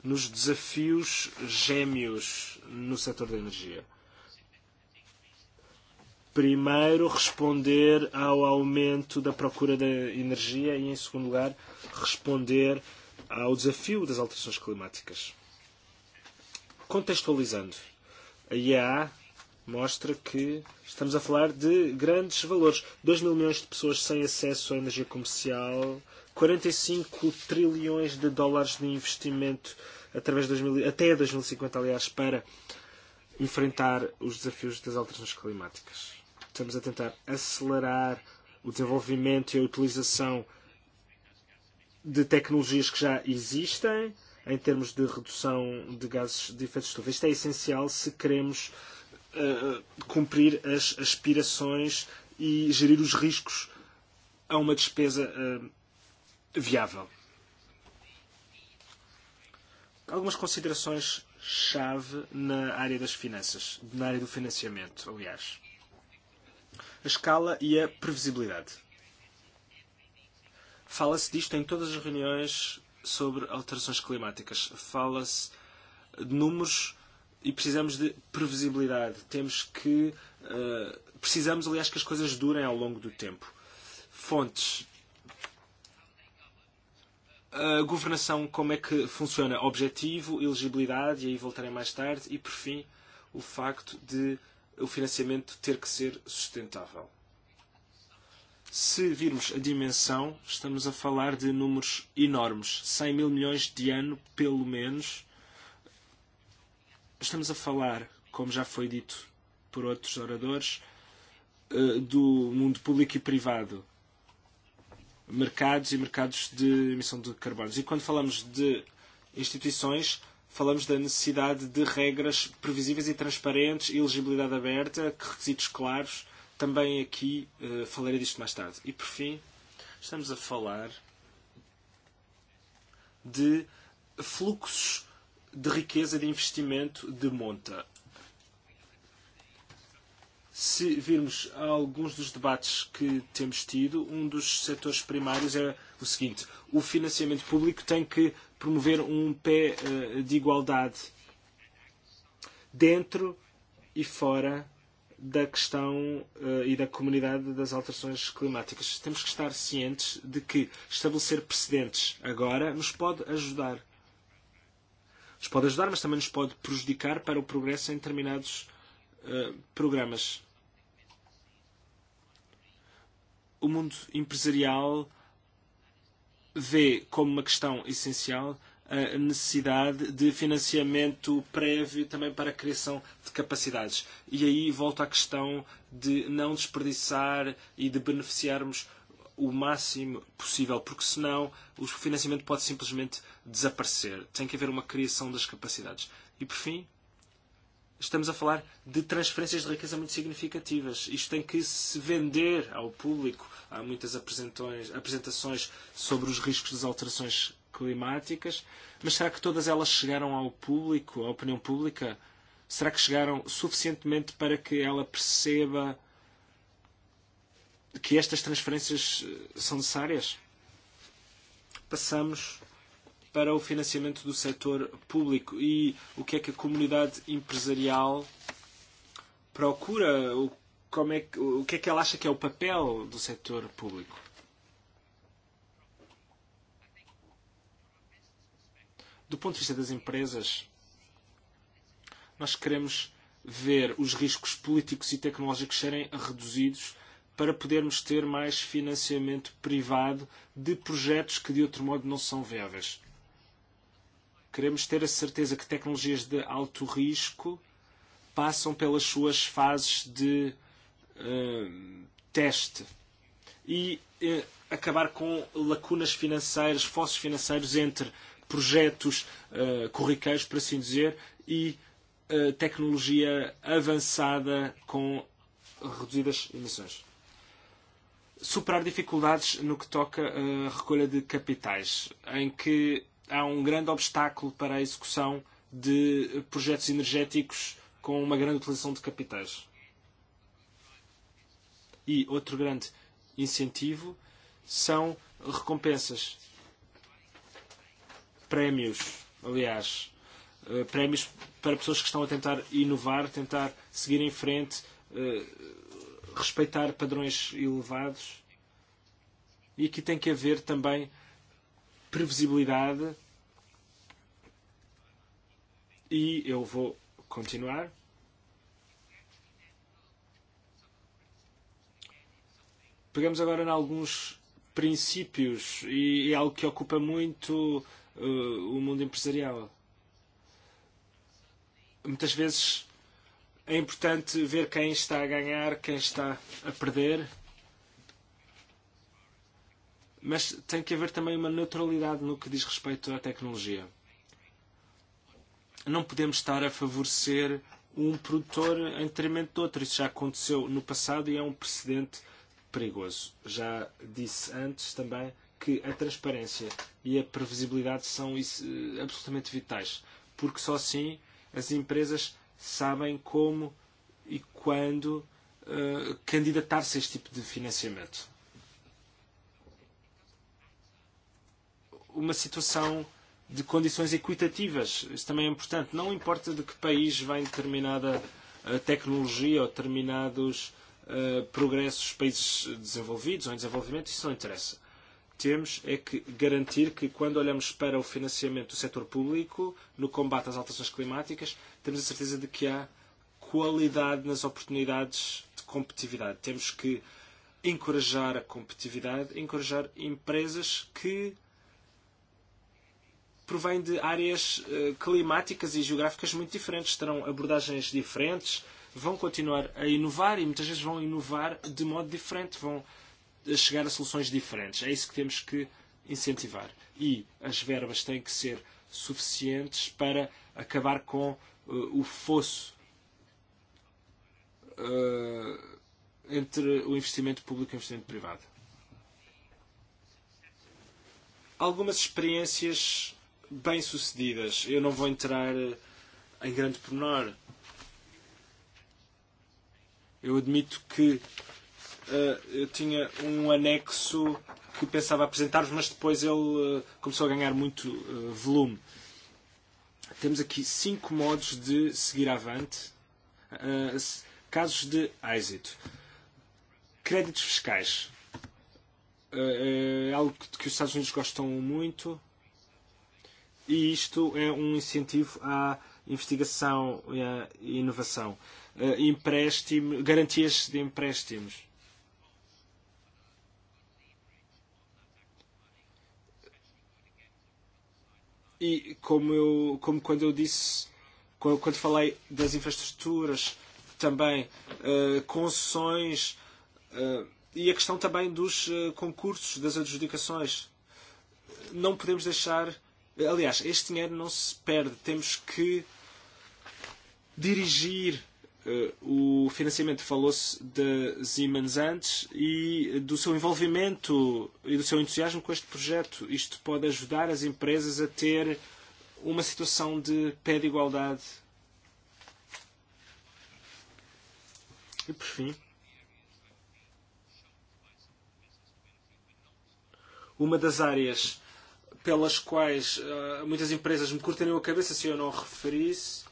S4: nos desafios gêmeos no setor da energia. Primeiro, responder ao aumento da procura da energia e, em segundo lugar, responder ao desafio das alterações climáticas. Contextualizando, a IEA mostra que estamos a falar de grandes valores. 2 mil milhões de pessoas sem acesso à energia comercial, 45 e trilhões de dólares de investimento através de 2000, até 2050, e aliás, para enfrentar os desafios das alterações climáticas. Estamos a tentar acelerar o desenvolvimento e a utilização de tecnologias que já existem em termos de redução de gases de efeito de estufa. Isto é essencial se queremos uh, cumprir as aspirações e gerir os riscos a uma despesa uh, viável. Algumas considerações chave na área das finanças, na área do financiamento, aliás. A escala e a previsibilidade Fala-se disto em todas as reuniões sobre alterações climáticas. Fala-se de números e precisamos de previsibilidade. Temos que. Uh, precisamos, aliás, que as coisas durem ao longo do tempo. Fontes. A governação, como é que funciona? Objetivo, elegibilidade, e aí voltarei mais tarde. E, por fim, o facto de o financiamento ter que ser sustentável. Se virmos a dimensão, estamos a falar de números enormes, 100 mil milhões de ano, pelo menos. Estamos a falar, como já foi dito por outros oradores, eh, do mundo público e privado. Mercados e mercados de emissão de carbonos. E quando falamos de instituições, falamos da necessidade de regras previsíveis e transparentes, elegibilidade aberta, requisitos claros Também aqui uh, falarei disto mais tarde. E por fim, estamos a falar de fluxos de riqueza de investimento de monta. Se virmos alguns dos debates que temos tido, um dos setores primários é o seguinte: o financiamento público tem que promover um pé eh, de igualdade dentro e fora da questão uh, e da comunidade das alterações climáticas. Temos que estar cientes de que estabelecer precedentes agora nos pode ajudar. Nos pode ajudar, mas também nos pode prejudicar para o progresso em determinados uh, programas. O mundo empresarial vê como uma questão essencial a necessidade de financiamento prévio também para a criação de capacidades. E aí volto à questão de não desperdiçar e de beneficiarmos o máximo possível, porque senão o financiamento pode simplesmente desaparecer. Tem que haver uma criação das capacidades. E por fim, estamos a falar de transferências de riqueza muito significativas. Isto tem que se vender ao público. Há muitas apresentações sobre os riscos das alterações climáticas, mas será que todas elas chegaram ao público, à opinião pública? Será que chegaram suficientemente para que ela perceba que estas transferências eh, são necessárias? Passamos para o financiamento do setor público e o que é que a comunidade empresarial procura, o, como é, o que é que ela acha que é o papel do setor público? Do ponto de vista das empresas, nós queremos ver os riscos políticos e tecnológicos serem reduzidos para podermos ter mais financiamento privado de projetos que de outro modo não são viáveis. Queremos ter a certeza que tecnologias de alto risco passam pelas suas fases de uh, teste e uh, acabar com lacunas financeiras, fossos financeiros entre projetos uh, eh, corriqueiros, por assim dizer, e uh, tecnologia avançada com reduzidas emissões. Superar dificuldades no que toca à recolha de capitais, em que há um grande obstáculo para a execução de projetos energéticos com uma grande utilização de capitais. E outro grande incentivo são recompensas prémios, aliás, eh, prémios para pessoas que estão a tentar inovar, tentar seguir em frente, eh, respeitar padrões elevados. E aqui tem que haver também previsibilidade. E eu vou continuar. Pegamos agora em alguns princípios e, e é algo que ocupa muito o mundo empresarial. Muitas vezes é importante ver quem está a ganhar, quem está a perder, mas tem que haver também uma neutralidade no que diz respeito à tecnologia. Não podemos estar a favorecer um produtor em detrimento de outro. Isso já aconteceu no passado e é um precedente perigoso. Já disse antes também que a transparência e a previsibilidade são eh, absolutamente vitais, porque só assim as empresas sabem como e quando uh, candidatar-se a este tipo de financiamento. Uma situação de condições equitativas, isso também é importante. Não importa de que país vem determinada uh, tecnologia ou determinados uh, progressos, países desenvolvidos ou em desenvolvimento, isso não interessa temos é que garantir que, quando olhamos para o financiamento do setor público, no combate às alterações climáticas, temos a certeza de que há qualidade nas oportunidades de competitividade. Temos que encorajar a competitividade, encorajar empresas que provêm de áreas eh, climáticas e geográficas muito diferentes, terão abordagens diferentes, vão continuar a inovar e muitas vezes vão inovar de modo diferente, vão uh, a chegar a soluções diferentes. É isso que temos que incentivar. E as verbas têm que ser suficientes para acabar com uh, o fosso uh, entre o investimento público e o investimento privado. Algumas experiências bem-sucedidas. Eu não vou entrar eh, em grande pormenor. Eu admito que Eh, eu tinha um anexo que pensava apresentar-vos, mas depois ele eh, começou a ganhar muito eh, volume. Temos aqui cinco modos de seguir avante, casos de êxito. Créditos fiscais. É algo que os Estados Unidos gostam muito e isto é um incentivo à investigação e à inovação. Empréstimo, garantias de empréstimos E como eu, como quando eu disse, quando, quando falei das infraestruturas, também uh, concessões uh, e a questão também dos uh, concursos, das adjudicações. Não podemos deixar. Aliás, este dinheiro não se perde. Temos que dirigir Eh, o financiamento falou-se de Siemens antes e do seu envolvimento e do seu entusiasmo com este projeto. Isto pode ajudar as empresas a ter uma situação de pé de igualdade. E por fim, uma das áreas pelas quais uh, muitas empresas me curtariam a cabeça se eu não referisse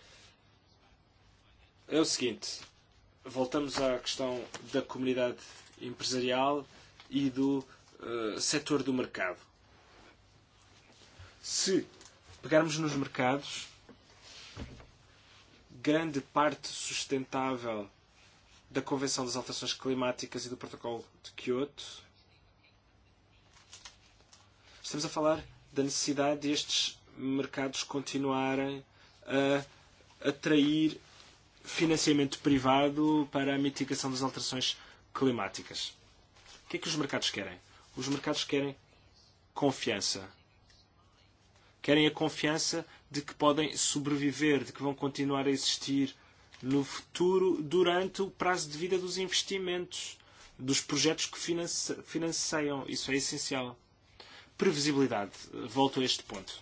S4: é o seguinte: voltamos à questão da comunidade empresarial e do uh, setor do mercado. Se pegarmos nos mercados, grande parte sustentável da Convenção das Alterações Climáticas e do Protocolo de Quioto, estamos a falar da necessidade destes mercados continuarem a atrair financiamento privado para a mitigação das alterações climáticas. O que é que os mercados querem? Os mercados querem confiança. Querem a confiança de que podem sobreviver, de que vão continuar a existir no futuro durante o prazo de vida dos investimentos, dos projetos que finance financiam. Isso é essencial. Previsibilidade. Volto a este ponto.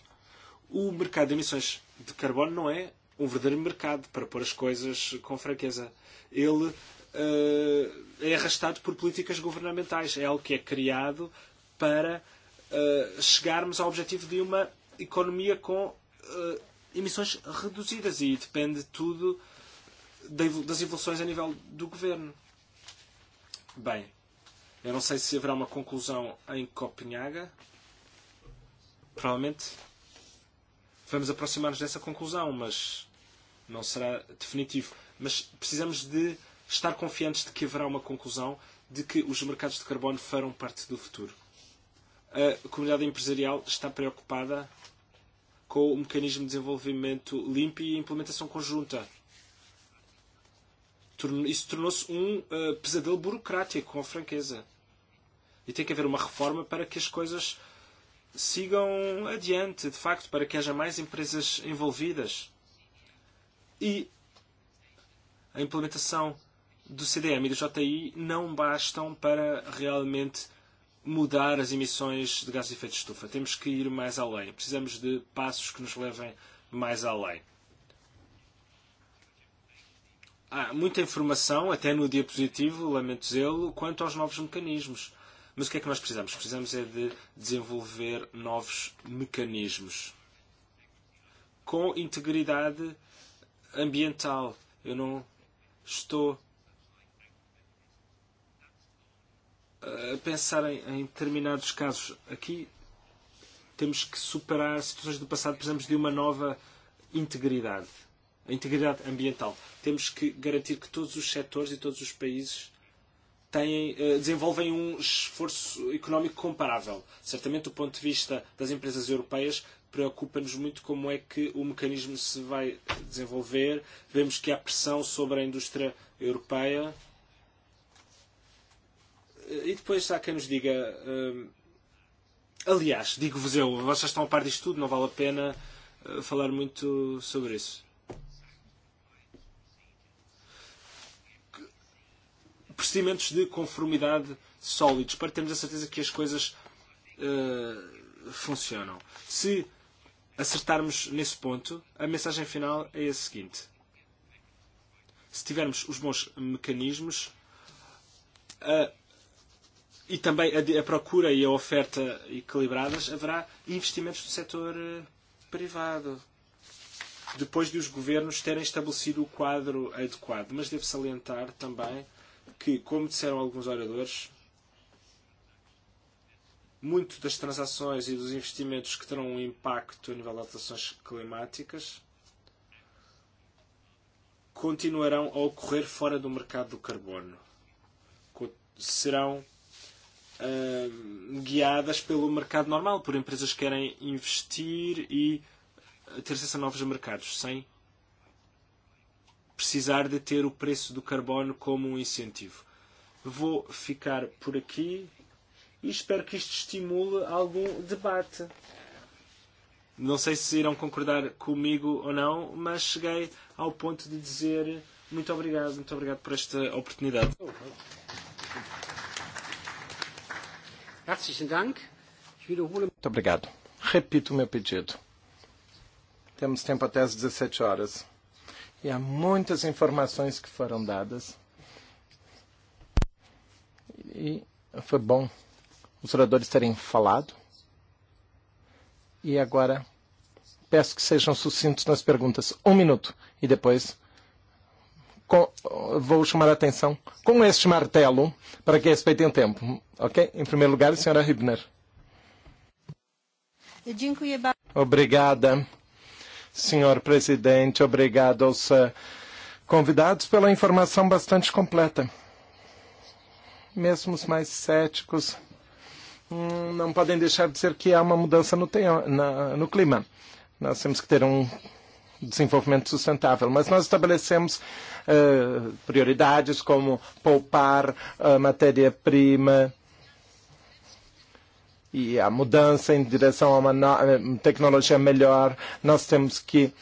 S4: O mercado de emissões de carbono não é um verdadeiro mercado, para pôr as coisas com franqueza. Ele uh, é arrastado por políticas governamentais. É algo que é criado para uh, chegarmos ao objetivo de uma economia com uh, emissões reduzidas e depende tudo das evoluções a nível do governo. Bem, eu não sei se haverá uma conclusão em Copenhaga. Provavelmente vamos aproximar-nos dessa conclusão, mas não será definitivo. Mas precisamos de estar confiantes de que haverá uma conclusão de que os mercados de carbono farão parte do futuro. A comunidade empresarial está preocupada com o mecanismo de desenvolvimento limpo e a implementação conjunta. Isso tornou-se um uh, pesadelo burocrático, com franqueza. E tem que haver uma reforma para que as coisas sigam adiante, de facto, para que haja mais empresas envolvidas. E a implementação do CDM e do JI não bastam para realmente mudar as emissões de gases de efeito de estufa. Temos que ir mais além. Precisamos de passos que nos levem mais além. Há muita informação, até no diapositivo, lamento dizê-lo, quanto aos novos mecanismos. Mas o que é que nós precisamos? Precisamos é de desenvolver novos mecanismos com integridade ambiental. Eu não estou eh, a pensar em, em determinados casos. Aqui temos que superar situações do passado, precisamos de uma nova integridade, a integridade ambiental. Temos que garantir que todos os setores e todos os países têm, eh, desenvolvem um esforço económico comparável. Certamente, do ponto de vista das empresas europeias, preocupa-nos muito como é que o mecanismo se vai desenvolver. Vemos que há pressão sobre a indústria europeia. E depois há quem nos diga. Hum, aliás, digo-vos eu, vocês estão a par disto tudo, não vale a pena uh, falar muito sobre isso. Procedimentos de conformidade sólidos, para termos a certeza que as coisas uh, funcionam. Se acertarmos nesse ponto, a mensagem final é a seguinte. Se tivermos os bons mecanismos a, e também a, a procura e a oferta equilibradas, haverá investimentos do setor eh, privado. Depois de os governos terem estabelecido o quadro adequado. Mas devo salientar também que, como disseram alguns oradores, muito das transações e dos investimentos que terão um impacto a nível de alterações climáticas continuarão a ocorrer fora do mercado do carbono. Serão uh, guiadas pelo mercado normal, por empresas que querem investir e ah, ter acesso a novos mercados, sem precisar de ter o preço do carbono como um incentivo. Vou ficar por aqui e espero que isto estimule algum debate. Não sei se irão concordar comigo ou não, mas cheguei ao ponto de dizer muito obrigado, muito obrigado por esta oportunidade.
S2: Muito obrigado. Repito o meu pedido. Temos tempo até às 17 horas. E há muitas informações que foram dadas. E foi bom os oradores terem falado. E agora peço que sejam sucintos nas perguntas. Um minuto. E depois com, vou chamar a atenção com este martelo para que respeitem o tempo. Ok? Em primeiro lugar, a senhora Hübner. Obrigada, senhor presidente. Obrigado aos eh, convidados pela informação bastante completa. Mesmo os mais céticos não podem deixar de dizer que há uma mudança no, teor, na, no clima. Nós temos que ter um desenvolvimento sustentável, mas nós estabelecemos uh, prioridades como poupar uh, matéria-prima e a mudança em direção a uma eh, tecnologia melhor. Nós temos que uh,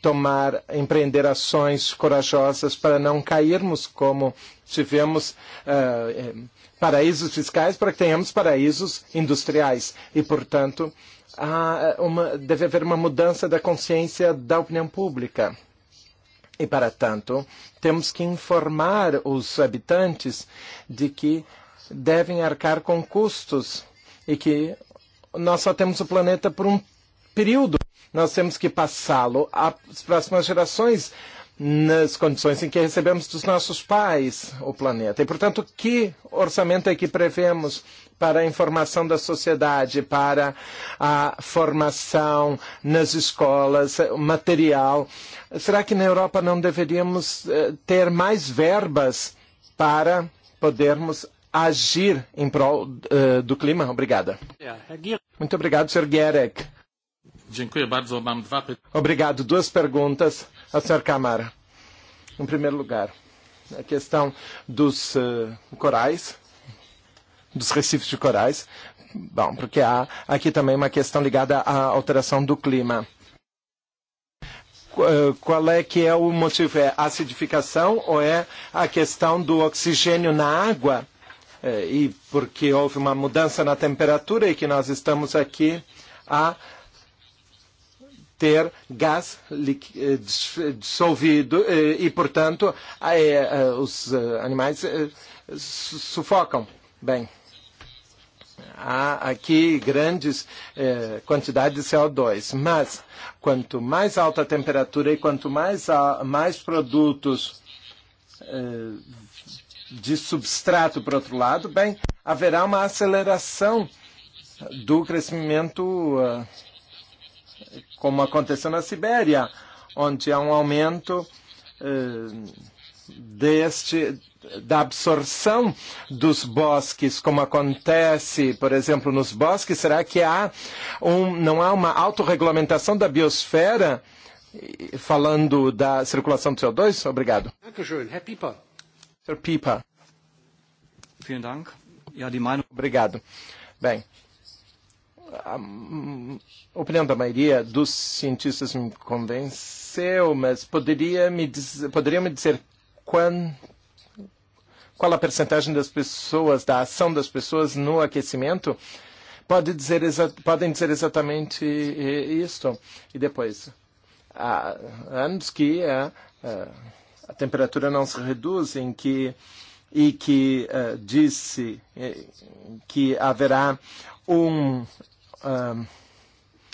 S2: tomar, empreender ações corajosas para não cairmos como tivemos uh, paraísos fiscais, para que tenhamos paraísos industriais. E, portanto, há eh, uma, deve haver uma mudança da consciência da opinião pública. E, para tanto, temos que informar os habitantes de que devem arcar com custos e que nós só temos o planeta por um período. Nós temos que passá-lo às próximas gerações nas condições em que recebemos dos nossos pais o planeta. E, portanto, que orçamento é que prevemos para a informação da sociedade, para a formação nas escolas, eh, material? Será que na Europa não deveríamos eh, ter mais verbas para podermos agir em prol uh, do clima? Obrigada. Muito obrigado, Sr. Guerek. Dziękuję bardzo. Mam dwa pytania. Obrigado. Duas perguntas ao Sr. Camara. Em primeiro lugar, a questão dos uh, corais, dos recifes de corais. Bom, porque há aqui também uma questão ligada à alteração do clima. Eh, qual é que é o motivo? É acidificação ou é a questão do oxigênio na água? Eh, e porque houve uma mudança na temperatura e que nós estamos aqui a ter gás eh, dissolvido eh, e, portanto, eh, os animais sufocam. Bem, há aqui grandes eh, quantidades de CO2, mas quanto mais alta a temperatura e quanto mais, a, mais produtos eh, de substrato, por outro lado, bem, haverá uma aceleração do crescimento eh, como aconteceu na Sibéria, onde há um aumento eh, deste da absorção dos bosques, como acontece, por exemplo, nos bosques, será que há um, não há uma autorregulamentação da biosfera e, falando da circulação do CO2? Obrigado. Herr Pieper. Sr. Pieper. Obrigado. Bem, a opinião da maioria dos cientistas me convenceu, mas poderia me dizer, poderia me dizer quando, qual a percentagem das pessoas, da ação das pessoas no aquecimento? Pode dizer podem dizer exatamente isto. E depois, há anos que a, a, a temperatura não se reduz, em que e que uh, disse eh, que haverá um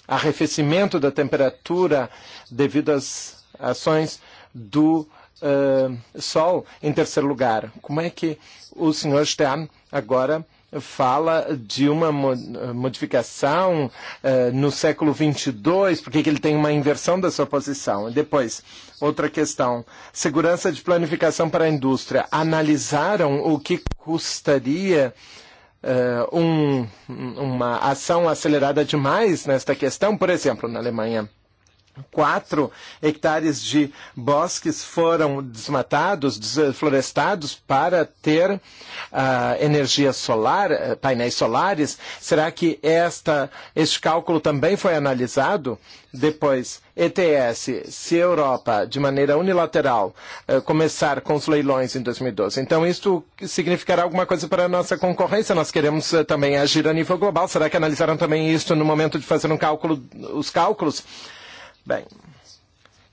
S2: arrefecimento da temperatura devido às ações do uh, Sol. Em terceiro lugar, como é que o senhor Stern agora fala de uma modificação uh, no século 22, e porque ele tem uma inversão da sua posição. E depois, outra questão, segurança de planificação para a indústria. Analisaram o que custaria uh, Eh, um, uma ação acelerada demais nesta questão. Por exemplo, na Alemanha, 4 hectares de bosques foram desmatados, desflorestados para ter uh, energia solar, eh, painéis solares. Será que esta, este cálculo também foi analisado? Depois, ETS, se a Europa, de maneira unilateral, uh, começar com os leilões em 2012, e então isso significará alguma coisa para a nossa concorrência? Nós queremos uh, também agir a nível global. Será que analisaram também isso no momento de fazer um cálculo, os cálculos? Uh, Bem,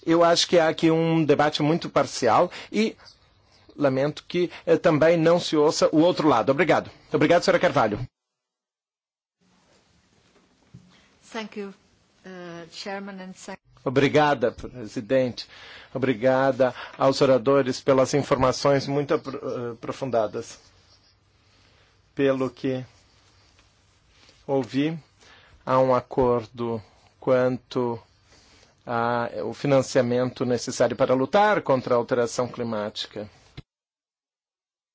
S2: eu acho que há aqui um debate muito parcial e lamento que eh, também não se ouça o outro lado. Obrigado. Obrigado, senhora Carvalho.
S1: Thank you, uh, chairman and thank
S2: Obrigada, presidente. Obrigada aos oradores pelas informações muito eh, aprofundadas. Pelo que ouvi, há um acordo quanto a, o financiamento necessário para lutar contra a alteração climática.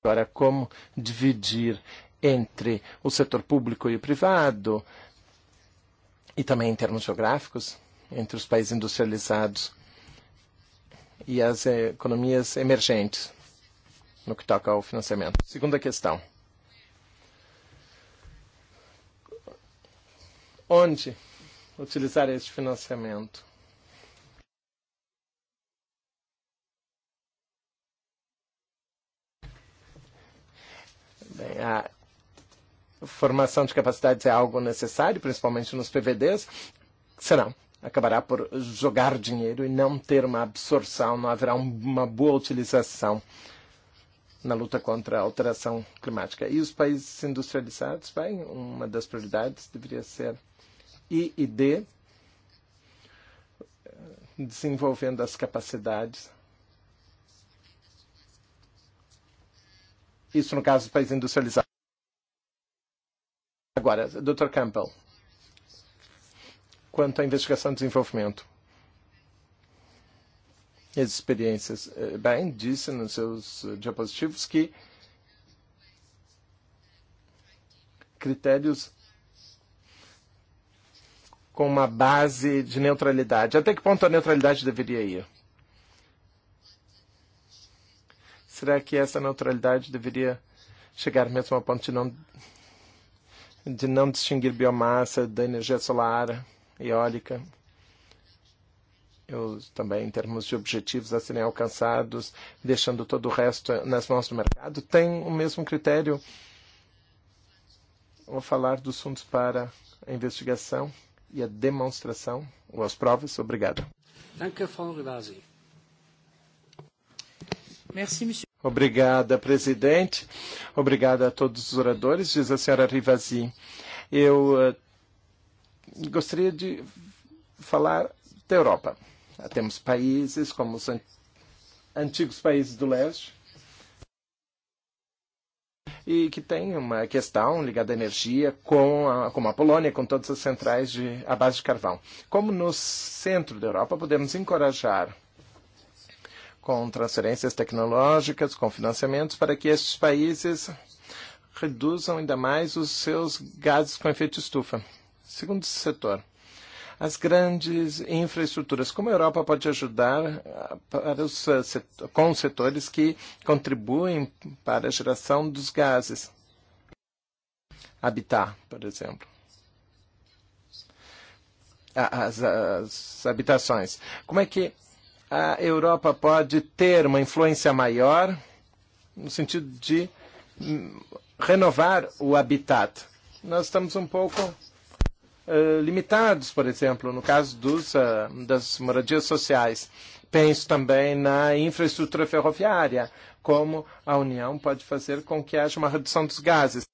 S2: Agora, como dividir entre o setor público e o privado, e também em termos geográficos, entre os países industrializados e as eh, economias emergentes, no que toca ao financiamento. Segunda questão. Onde utilizar este financiamento? A formação de capacidades é algo necessário, principalmente nos PVDs, senão acabará por jogar dinheiro e não ter uma absorção, não haverá um, uma boa utilização na luta contra a alteração climática. E os países industrializados, bem, uma das prioridades deveria ser I e D, desenvolvendo as capacidades Isso no caso dos países industrializados. Agora, Dr. Campbell, quanto à investigação e desenvolvimento e as experiências, eh, bem, disse nos seus eh, diapositivos que critérios com uma base de neutralidade. Até que ponto a neutralidade deveria ir? Será que essa neutralidade deveria chegar mesmo ao ponto de não, de não distinguir biomassa da energia solar, eólica? Eu, também em termos de objetivos a serem alcançados, deixando todo o resto nas mãos do mercado, tem o mesmo critério ao falar dos fundos para a investigação e a demonstração, ou as provas. Obrigado.
S4: Danke, Frau Rivasi.
S2: Merci, Monsieur. Obrigada, presidente. Obrigada a todos os oradores. Diz a senhora Rivasi. Eu eh, gostaria de falar da Europa. Temos países como os antigos países do leste e que tem uma questão ligada à energia com a, com a Polônia, com todas as centrais de, à base de carvão. Como no centro da Europa podemos encorajar com transferências tecnológicas, com financiamentos, para que estes países reduzam ainda mais os seus gases com efeito estufa. Segundo setor, as grandes infraestruturas. Como a Europa pode ajudar ah, para os, ah, com os setores que contribuem para a geração dos gases? Habitat, por exemplo. As, as habitações. Como é que a Europa pode ter uma influência maior no sentido de renovar o habitat. Nós estamos um pouco uh, limitados, por exemplo, no caso dos, uh, das moradias sociais. Penso também na infraestrutura ferroviária, como a União pode fazer com que haja uma redução dos gases.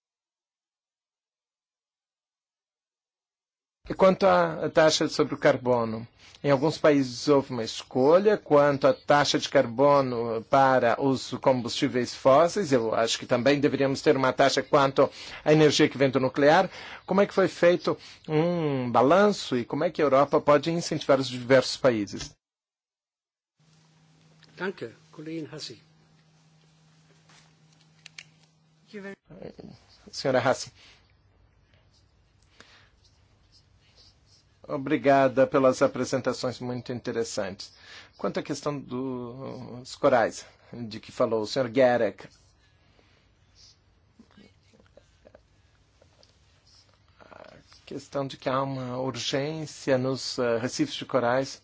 S2: Quanto à taxa sobre o carbono, em alguns países houve uma escolha quanto à taxa de carbono para os combustíveis fósseis. Eu acho que também deveríamos ter uma taxa quanto à energia que vem do nuclear. Como é que foi feito um balanço e como é que a Europa pode incentivar os diversos países?
S4: Danke, Colleen Hassi.
S2: Senhora Hassi. Obrigada pelas apresentações muito interessantes. Quanto à questão dos corais, de que falou o Sr. Gerek, questão de que há uma urgência nos uh, recifes de corais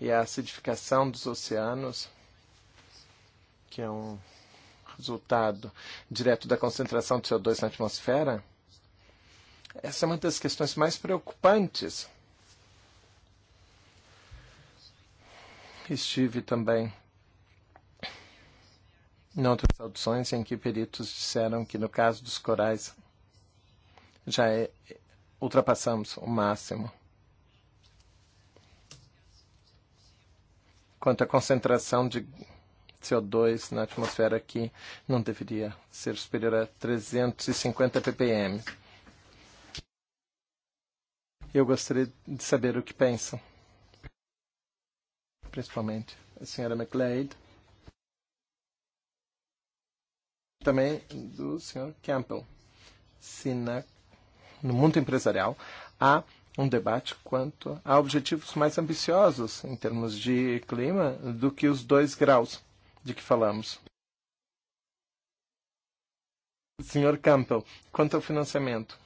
S2: e a acidificação dos oceanos, que é um resultado direto da concentração de CO2 na atmosfera, essa é uma das questões mais preocupantes estive também em outras audições em que peritos disseram que no caso dos corais já é, ultrapassamos o máximo. Quanto à concentração de CO2 na atmosfera que não deveria ser superior a 350 e ppm. Eu gostaria de saber o que pensam principalmente a senhora McLeod, também do senhor Campbell. Se na, no mundo empresarial há um debate quanto a objetivos mais ambiciosos em termos de clima do que os dois graus de que falamos. Senhor Campbell, quanto ao financiamento,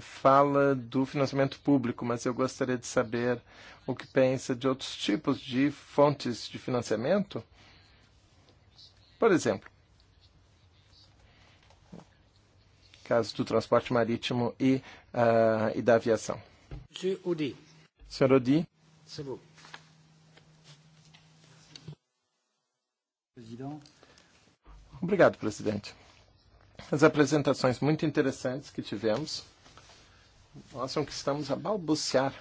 S2: fala do financiamento público, mas eu gostaria de saber o que pensa de outros tipos de fontes de financiamento. Por exemplo, caso do transporte marítimo e, uh, e da aviação.
S3: Senhor Odi.
S2: Senhor Odi. Obrigado, presidente. As apresentações muito interessantes que tivemos nós não estamos a balbuciar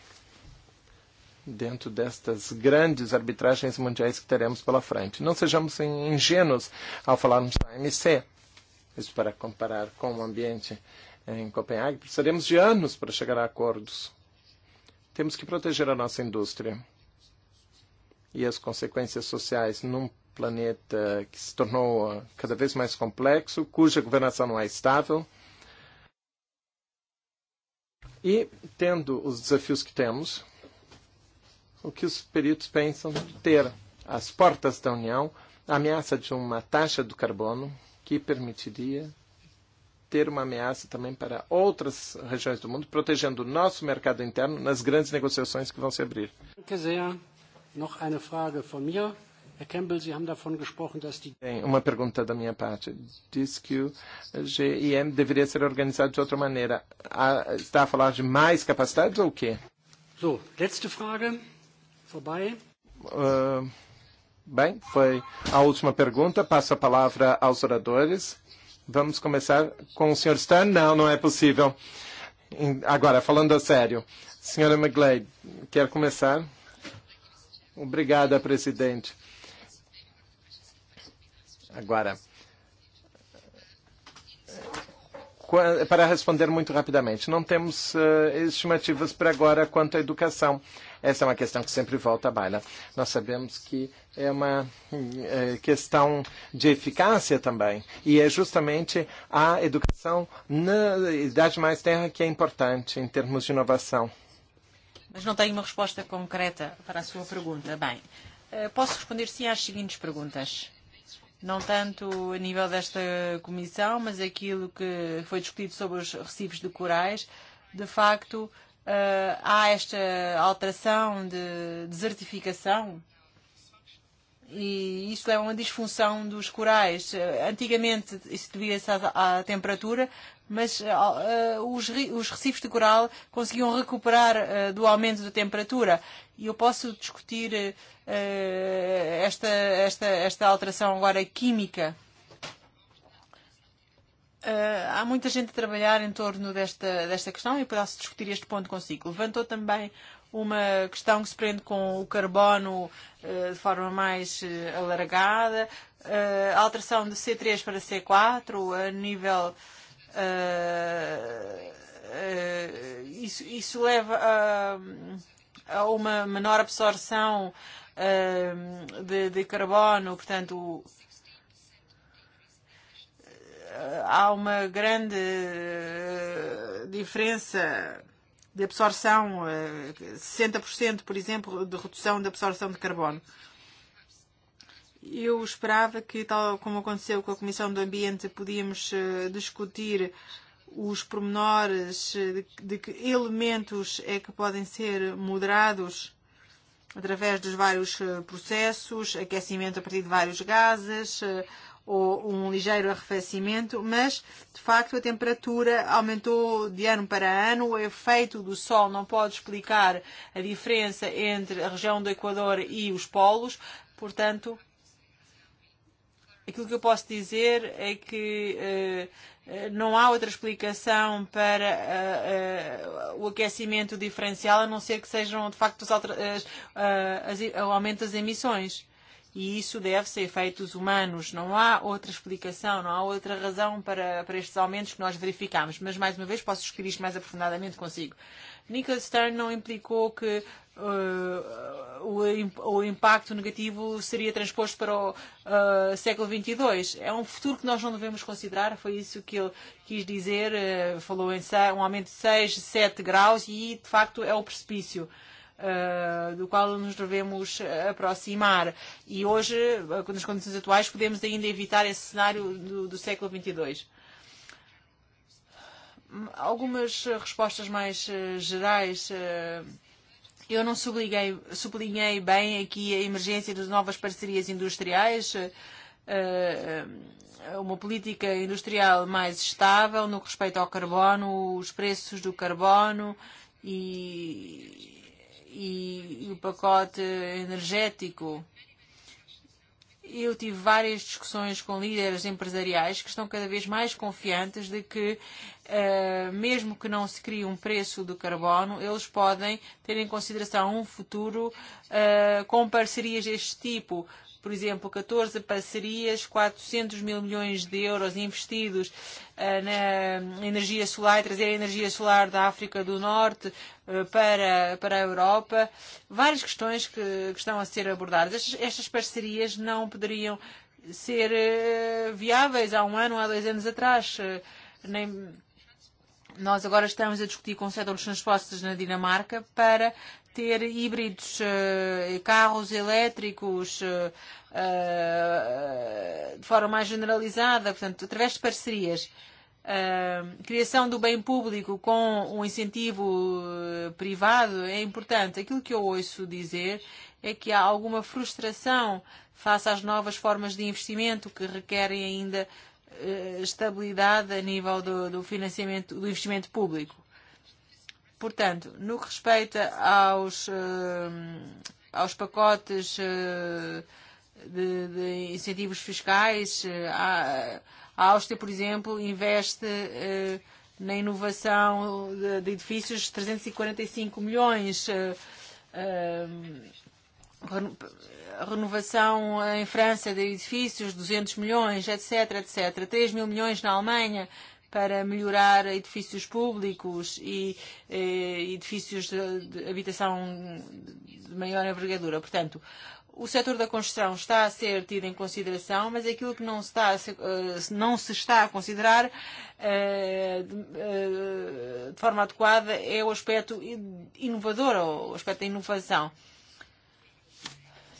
S2: dentro destas grandes arbitragens mundiais que teremos pela frente. Não sejamos ingênuos ao falarmos da AMC. Isso para comparar com o ambiente em Copenhague, precisaremos de anos para chegar a acordos. Temos que proteger a nossa indústria e as consequências sociais num planeta que se tornou ah, cada vez mais complexo, cuja governação não é estável, E, tendo os desafios que temos, o que os peritos pensam ter as portas da União, a ameaça de uma taxa do carbono que permitiria ter uma ameaça também para outras regiões do mundo, protegendo o nosso mercado interno nas grandes negociações que vão se abrir.
S4: Danke sehr. Noch eine
S2: Frage von mir. Herr Campbell, Sie haben davon gesprochen, dass die. Bem, uma pergunta da minha parte. Diz que o GIM deveria ser organizado de outra maneira. A, está a falar de mais capacidades ou o quê? So, letzte Frage. Vorbei. Uh, bem, foi a última pergunta. Passo a palavra aos oradores. Vamos começar com o Sr. Stern. Não, não é possível. Agora, falando a sério. Senhora McGlade, quer começar? Obrigada, presidente. Agora, para responder muito rapidamente, não temos eh, estimativas para agora quanto à educação. Essa é uma questão que sempre volta à baila. Nós sabemos que é uma eh, questão de eficácia também. E é justamente a educação na idade mais terra que é importante em termos de inovação.
S1: Mas não tenho uma resposta concreta para a sua pergunta. Bem, eh, posso responder sim às seguintes perguntas não tanto a nível desta comissão, mas aquilo que foi discutido sobre os recibos de corais, de facto, uh, há esta alteração de desertificação e isso leva a uma disfunção dos corais. Antigamente isso devia-se à, à temperatura, mas uh, os, os recifes de coral conseguiam recuperar uh, do aumento da temperatura e eu posso discutir uh, esta, esta, esta alteração agora química. Uh, há muita gente a trabalhar em torno desta, desta questão e posso discutir este ponto consigo. Levantou também uma questão que se prende com o carbono uh, de forma mais uh, alargada, uh, a alteração de C3 para C4 a nível. Uh, uh, isso, isso leva a. Uh, uma menor absorção uh, de, de carbono, portanto, eh, há uma grande eh, diferença de absorção, 60%, por exemplo, de redução da absorção de carbono. Eu esperava que, tal como aconteceu com a Comissão do Ambiente, podíamos discutir uh, os pormenores de que elementos é que podem ser moderados através dos vários eh, processos, aquecimento a partir de vários gases eh, ou um ligeiro arrefecimento, mas de facto a temperatura aumentou de ano para ano, o efeito do sol não pode explicar a diferença entre a região do Equador e os polos, portanto Aquilo que eu posso dizer é que eh, eh, não há outra explicação para eh, eh, o aquecimento diferencial a não ser que sejam de facto os alter, as, eh, as, o aumento das emissões. E isso deve ser efeitos humanos. Não há outra explicação, não há outra razão para, para estes aumentos que nós verificamos. Mas, mais uma vez, posso discutir isto mais aprofundadamente consigo. Nicholas Stern não implicou que uh, o, o, impacto negativo seria transposto para o uh, século 22. E é um futuro que nós não devemos considerar, foi isso que ele quis dizer, uh, falou em um aumento de 6, 7 graus e, de facto, é o precipício. Uh, do qual nos devemos aproximar. E hoje, nas condições atuais, podemos ainda evitar esse cenário do, do século 22 e algumas respostas mais uh, gerais uh, Eu não sublinhei, sublinhei bem aqui a emergência de novas parcerias industriais, eh, eh, uma política industrial mais estável no respeito ao carbono, os preços do carbono e, e, e o pacote energético. Uh, eu tive várias discussões com líderes empresariais que estão cada vez mais confiantes de que, uh, mesmo que não se crie um preço do carbono, eles podem ter em consideração um futuro uh, com parcerias deste tipo, por exemplo, 14 parcerias, 400 mil milhões de euros investidos uh, na energia solar e trazer a energia solar da África do Norte uh, para, para a Europa. Várias questões que, que estão a ser abordadas. Estas, estas parcerias não poderiam ser uh, viáveis há um ano, há dois anos atrás. Uh, nem, Nós agora estamos a discutir com o setor dos transportes na Dinamarca para ter híbridos, eh, carros elétricos eh, eh, de forma mais generalizada, portanto, através de parcerias. Criação do bem público com um incentivo privado é importante. Aquilo que eu ouço dizer é que há alguma frustração face às novas formas de investimento que requerem ainda uh, Eh, estabilidade a nível do, do financiamento do investimento público. Portanto, no que respeita aos, eh, aos pacotes eh, de, de incentivos fiscais, a, a Áustria, por exemplo, investe na inovação de, de edifícios 345 e e milhões a renovação em França de edifícios, 200 milhões, etc, etc. 3 mil milhões na Alemanha para melhorar edifícios públicos e eh, edifícios de, de habitação de maior envergadura. Portanto, o setor da construção está a ser tido em consideração, mas aquilo que não se, está a ser, eh, não se está a considerar eh, eh, de forma adequada é o aspecto inovador, o aspecto da inovação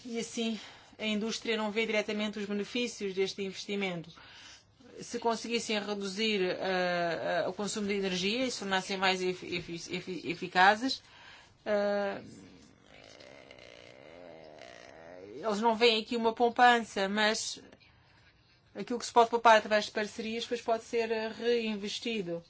S1: e assim a indústria não vê diretamente os benefícios deste investimento. Se conseguissem reduzir uh, uh, o consumo de energia e se tornassem mais efic efic eficazes, uh, eles não veem aqui uma poupança, mas aquilo que se pode poupar através de parcerias depois pode ser reinvestido.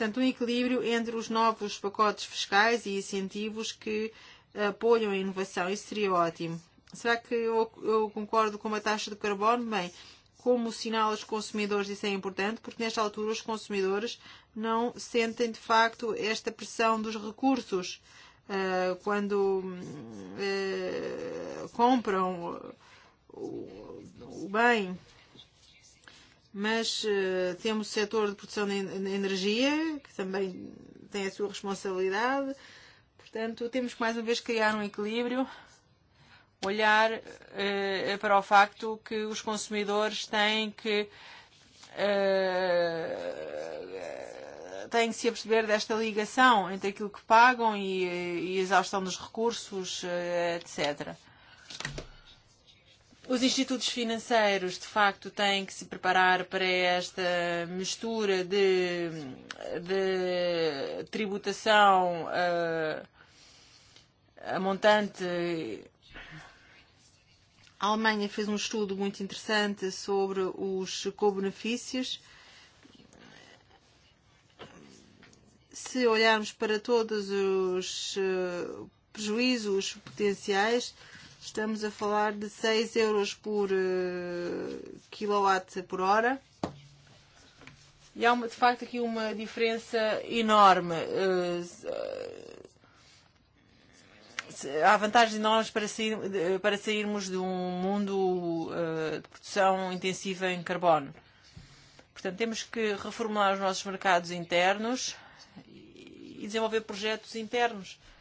S1: portanto, um equilíbrio entre os novos pacotes fiscais e incentivos que eh, apoiam a inovação. Isso seria ótimo. Será que eu, eu concordo com uma taxa de carbono? Bem, como sinal aos consumidores isso é importante, porque nesta altura os consumidores não sentem de facto esta pressão dos recursos uh, quando uh, compram o, o bem mas uh, temos o setor de produção de, en de energia, que também tem a sua responsabilidade. Portanto, temos que mais uma vez criar um equilíbrio, olhar uh, para o facto que os consumidores têm que. Uh, têm que se aperceber desta ligação entre aquilo que pagam e, e exaustão dos recursos, uh, etc. Os institutos financeiros, de facto, têm que se preparar para esta mistura de, de tributação a, eh, a montante. A Alemanha fez um estudo muito interessante sobre os co-benefícios. Se olharmos para todos os eh, prejuízos potenciais, uh, Estamos a falar de 6 euros por uh, kilowatt por hora. E há, uma, uh, de facto, aqui uma diferença enorme. Uh, há vantagens enormes para, sair, para sairmos de um mundo uh, de produção intensiva em carbono. Portanto, temos que reformular os nossos mercados internos e, e desenvolver projetos internos. Uh,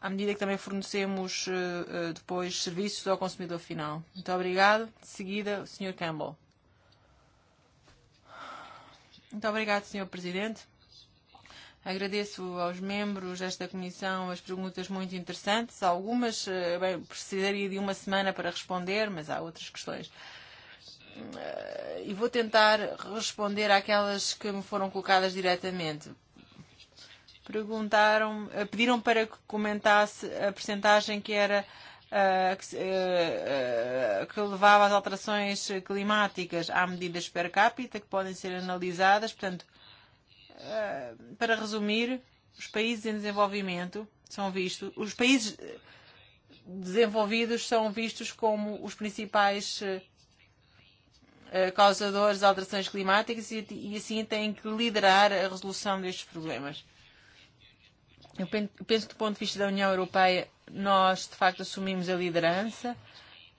S1: à medida que também fornecemos uh, uh, depois serviços ao consumidor final. Muito obrigado. De seguida, o Sr. Campbell. Muito obrigado, Sr. Presidente. Agradeço aos membros desta comissão as perguntas muito interessantes. Algumas, uh, bem, precisaria de uma semana para responder, mas há outras questões. E vou tentar responder àquelas que me foram colocadas diretamente perguntaram, eh, pediram para que comentasse a percentagem que era uh, que, uh, que levava às alterações climáticas. Há medidas per capita que podem ser analisadas. Portanto, uh, para resumir, os países em desenvolvimento são vistos, os países desenvolvidos são vistos como os principais causadores de alterações climáticas e, e assim têm que liderar a resolução destes problemas. Eu penso que do ponto de vista da União Europeia, nós de facto assumimos a liderança.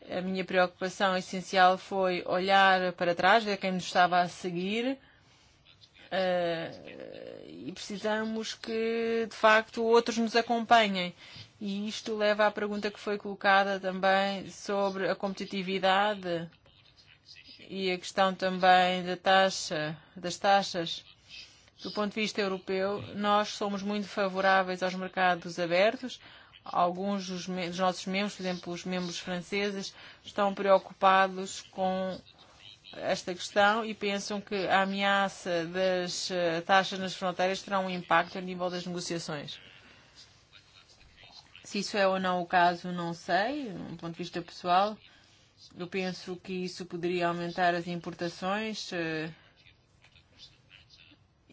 S1: A minha preocupação essencial foi olhar para trás, ver quem nos estava a seguir. Uh, e precisamos que, de facto, outros nos acompanhem. E isto leva à pergunta que foi colocada também sobre a competitividade e a questão também da taxa, das taxas. Do ponto de vista europeu, nós somos muito favoráveis aos mercados abertos. Alguns dos, dos nossos membros, por exemplo, os membros franceses, estão preocupados com esta questão e pensam que a ameaça das eh, taxas nas fronteiras terá um impacto a nível das negociações. Se isso é ou não o caso, não sei, do um ponto de vista pessoal. Eu penso que isso poderia aumentar as importações, eh,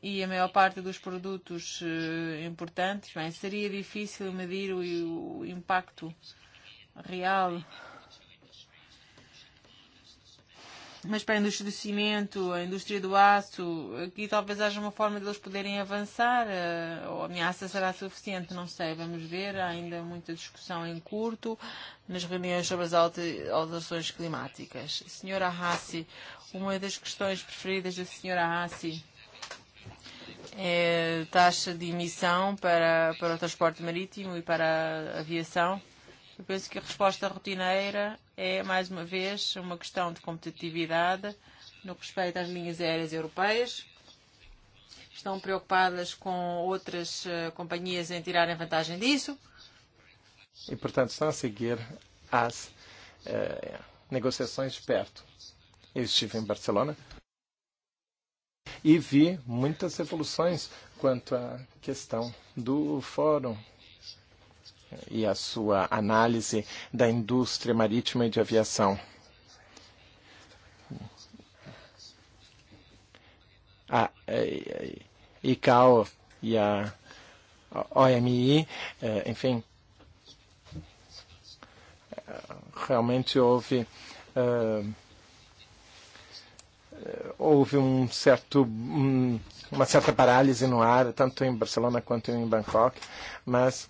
S1: e a maior parte dos produtos eh, importantes, bem, seria difícil medir o, o impacto real. Mas para a indústria do cimento, a indústria do aço, aqui talvez haja uma forma deles de poderem avançar, eh, ou a ameaça será suficiente, não sei, vamos ver. Há ainda muita discussão em curto nas reuniões sobre as alterações climáticas. Senhora Hassi, uma das questões preferidas da senhora Hassi é, taxa de emissão para, para o transporte marítimo e para a aviação. Eu penso que a resposta rotineira é, mais uma vez, uma questão de competitividade no que respeita às linhas aéreas europeias. Estão preocupadas com outras uh, companhias em tirarem vantagem disso.
S2: E, portanto, estão a seguir as uh, negociações de perto. Eu estive em Barcelona e vi muitas evoluções quanto à questão do fórum e a sua análise da indústria marítima e de aviação. A ICAO e a OMI, enfim, realmente houve uh, houve um certo, um, uma certa parálise no ar, tanto em Barcelona quanto em Bangkok, mas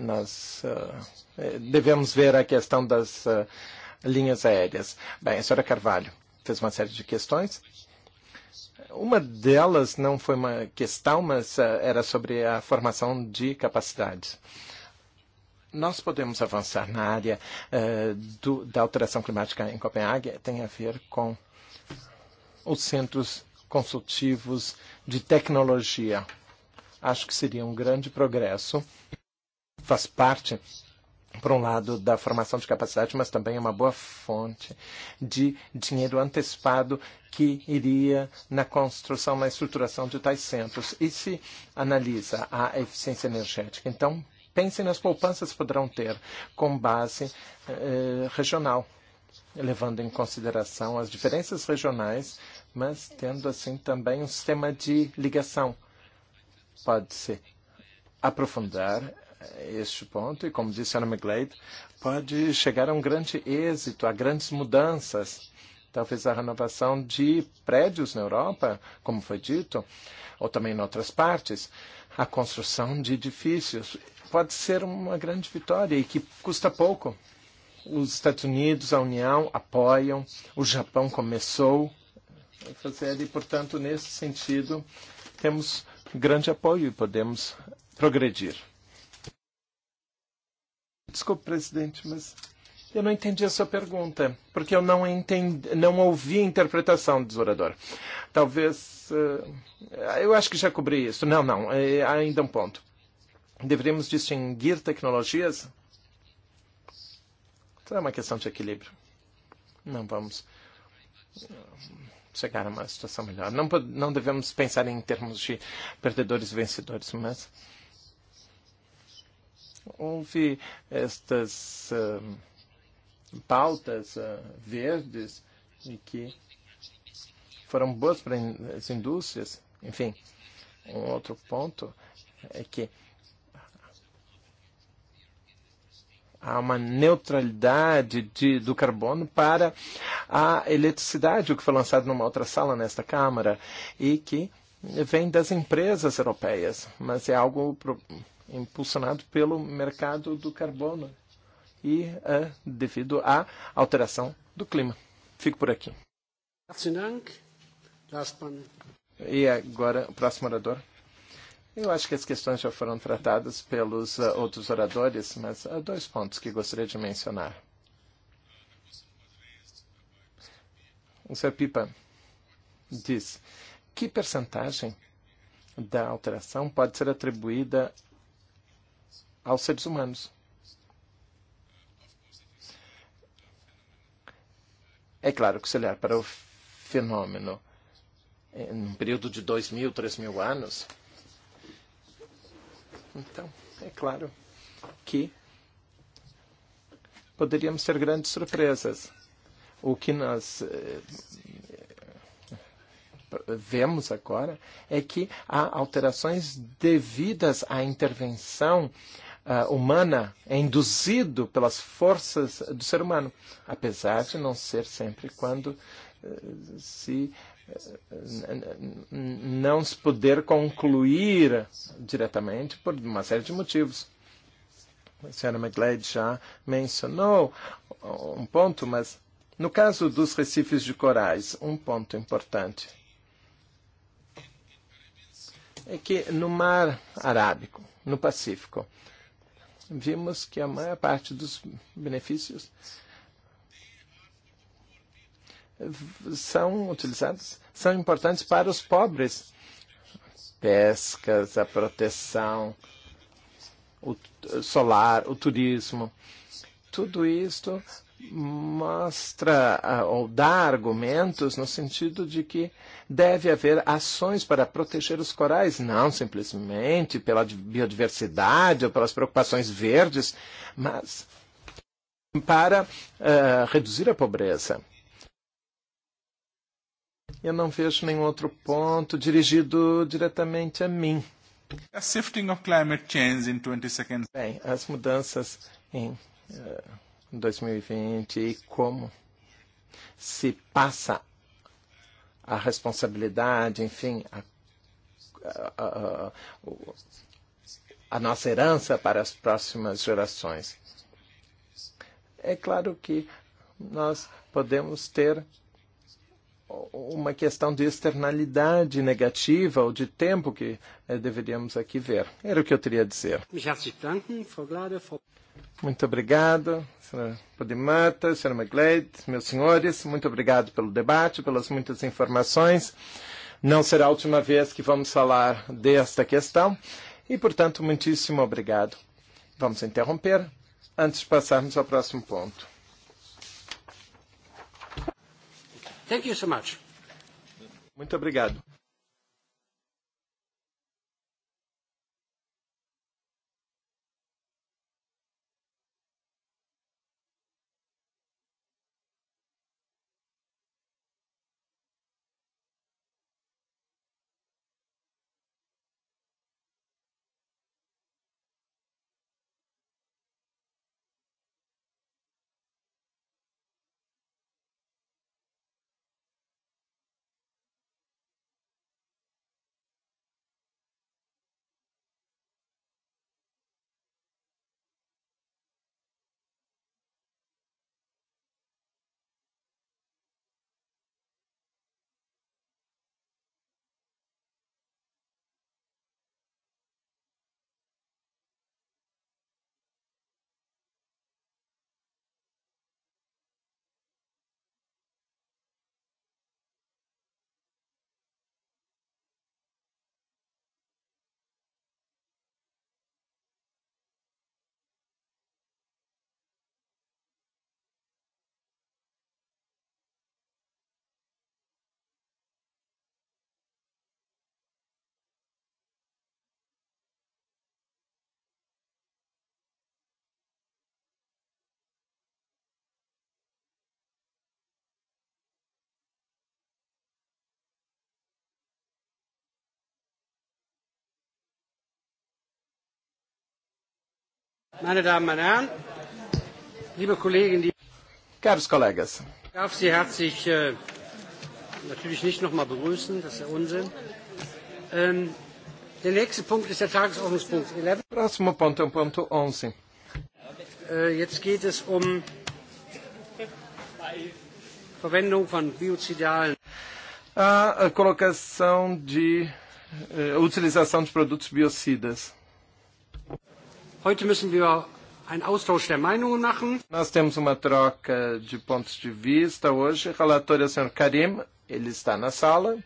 S2: nós uh, devemos ver a questão das uh, linhas aéreas. Bem, a senhora Carvalho fez uma série de questões. Uma delas não foi uma questão, mas uh, era sobre a formação de capacidades nós podemos avançar na área uh, do, da alteração climática em Copenhague tem a ver com os centros consultivos de tecnologia. Acho que seria um grande progresso. Faz parte, por um lado, da formação de capacidade, mas também é uma boa fonte de dinheiro antecipado que iria na construção, na estruturação de tais centros. E se analisa a eficiência energética, então pensem nas poupanças que poderão ter com base eh, regional, levando em consideração as diferenças regionais mas tendo assim também um sistema de ligação. Pode-se aprofundar este ponto e, como disse Ana McGlade, pode chegar a um grande êxito, a grandes mudanças. Talvez a renovação de prédios na Europa, como foi dito, ou também em outras partes, a construção de edifícios pode ser uma grande vitória e que custa pouco. Os Estados Unidos, a União apoiam, o Japão começou fazer e, portanto, nesse sentido, temos grande apoio e podemos progredir. Desculpe, presidente, mas eu não entendi a sua pergunta, porque eu não, entendi, não ouvi a interpretação do orador. Talvez. Eh, eu acho que já cobri isso. Não, não, é ainda um ponto. Deveríamos distinguir tecnologias? É uma questão de equilíbrio. Não vamos chegar a uma situação melhor. Não, não devemos pensar em termos de perdedores e vencedores, mas houve estas uh, pautas uh, verdes e que foram boas para as indústrias. Enfim, um outro ponto é que uh, a uma neutralidade de, do carbono para a eletricidade, o que foi lançado numa outra sala nesta Câmara, e que vem das empresas europeias, mas é algo pro, impulsionado pelo mercado do carbono e uh, devido à alteração do clima. Fico por aqui. E agora, o próximo orador. Eu acho que as questões já foram tratadas pelos uh, outros oradores, mas há eh, dois pontos que gostaria de mencionar. O Sr. Pipa diz que percentagem da alteração pode ser atribuída aos seres humanos. É claro que se olhar para o fenômeno em eh, um período de 2 mil, 3 mil anos, Então, é claro que poderíamos ter grandes surpresas. O que nós eh, vemos agora é que há alterações devidas à intervenção uh, humana, é induzido pelas forças do ser humano, apesar de não ser sempre quando uh, se não se poder concluir diretamente por uma série de motivos. A senhora McLeod já mencionou um ponto, mas no caso dos recifes de corais, um ponto importante é que no mar Arábico, no Pacífico, vimos que a maior parte dos benefícios são utilizados, são importantes para os pobres. Pescas, a proteção o solar, o turismo. Tudo isto mostra ah, ou dá argumentos no sentido de que deve haver ações para proteger os corais, não simplesmente pela biodiversidade ou pelas preocupações verdes, mas para uh, reduzir a pobreza eu não vejo nenhum outro ponto dirigido diretamente a mim. A shifting of climate change in 20 seconds. Bem, as mudanças em uh, eh, 2020 e, e como se passa a responsabilidade, enfim, a, a, a, a nossa herança para as próximas gerações. É claro que nós podemos ter uma questão de externalidade negativa ou de tempo que eh, deveríamos aqui ver. Era o que eu teria a dizer. Muito obrigado, senhora Podimata, senhora McGlade, meus senhores. Muito obrigado pelo debate, pelas muitas informações. Não será a última vez que vamos falar desta questão e, portanto, muitíssimo obrigado. Vamos interromper antes de passarmos ao próximo ponto. Thank you so much. Muito obrigado. Meine Damen und Herren, liebe Kollegen, die Caps Colleges.
S3: Ich darf Sie herzlich äh, natürlich nicht nochmal begrüßen, das ist ja Unsinn.
S2: Ähm, der nächste Punkt ist der Tagesordnungspunkt 11. Prossimo punto, punto 11. Äh, jetzt geht es um
S3: Verwendung von biozidalen.
S2: A colocação de, eh, utilização de produtos biocidas. Heute müssen wir einen Austausch der Meinungen machen. Nós temos uma troca de pontos de vista hoje. Relator é o Sr. Karim, ele está na sala.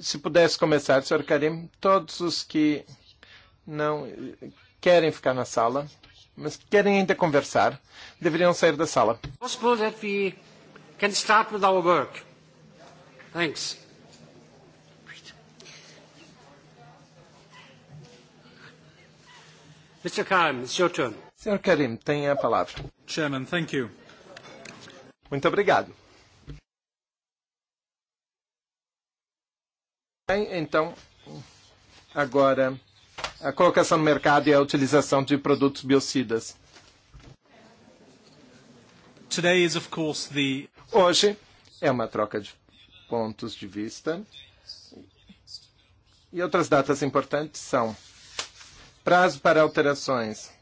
S2: Se pudesse começar, Sr. Karim, todos os que não querem ficar na sala, mas querem ainda conversar, deveriam sair da sala. Possible that we can start with our work. Thanks. Mr. Karim, it's your turn. Senhor Karim, tem a palavra. Chairman, thank you. Muito obrigado. Bem, então, agora, a colocação no mercado e a utilização de produtos biocidas. Today is, of course, the... Hoje é uma troca de pontos de vista. E outras datas importantes são Prazo para alterações: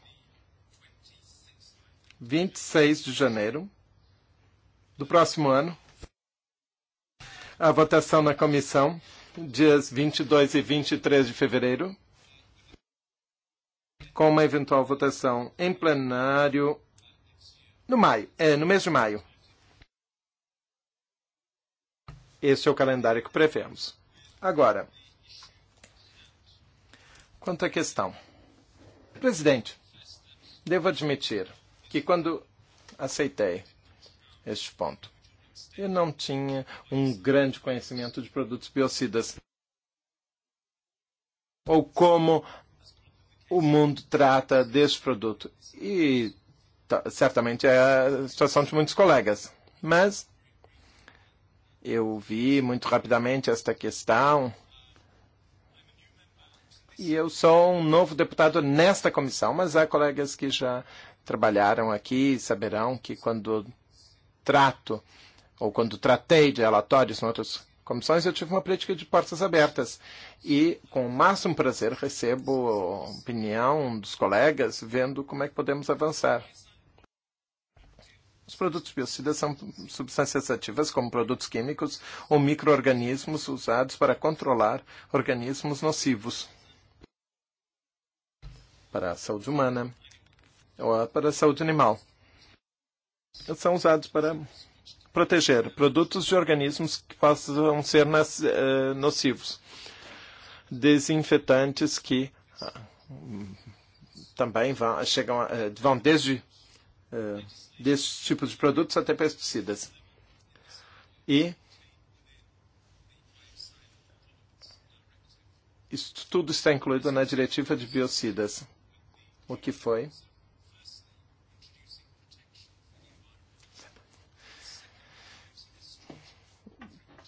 S2: 26 e de janeiro do próximo ano. A votação na comissão, dias 22 e 23 e e de fevereiro, com uma eventual votação em plenário no maio, é, no mês de maio. Esse é o calendário que prevemos. Agora, quanto à questão Presidente, devo admitir que quando aceitei este ponto, eu não tinha um grande conhecimento de produtos biocidas ou como o mundo trata deste produto. E certamente é a situação de muitos colegas. Mas eu vi muito rapidamente esta questão e eu sou um novo deputado nesta comissão, mas há colegas que já trabalharam aqui e saberão que quando trato ou quando tratei de relatórios em outras comissões, eu tive uma política de portas abertas. E, com o máximo prazer, recebo a opinião dos colegas, vendo como é que podemos avançar. Os produtos biocidas são substâncias ativas, como produtos químicos ou micro-organismos usados para controlar organismos nocivos para a saúde humana ou para a saúde animal. São usados para proteger produtos de organismos que possam ser eh, nocivos, desinfetantes que ah, também vão, chegam, eh, vão desde eh, desses tipos de produtos até pesticidas. E isso tudo está incluído na diretiva de biocidas o que foi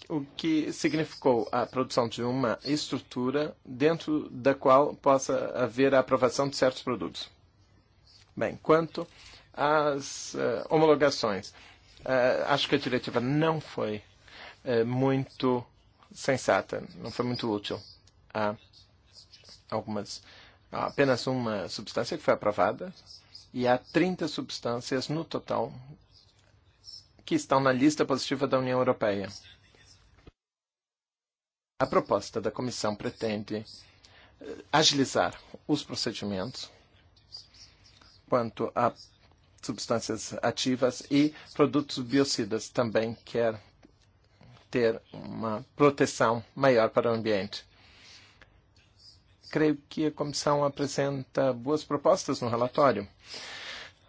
S2: o que significou a produção de uma estrutura dentro da qual possa haver a aprovação de certos produtos. Bem, quanto às uh, homologações, uh, acho que a diretiva não foi uh, muito sensata, não foi muito útil a algumas Há apenas uma substância que foi aprovada e há 30 substâncias no total que estão na lista positiva da União Europeia. A proposta da comissão pretende eh, agilizar os procedimentos quanto a substâncias ativas e produtos biocidas. Também quer ter uma proteção maior para o ambiente creio que a comissão apresenta boas propostas no relatório.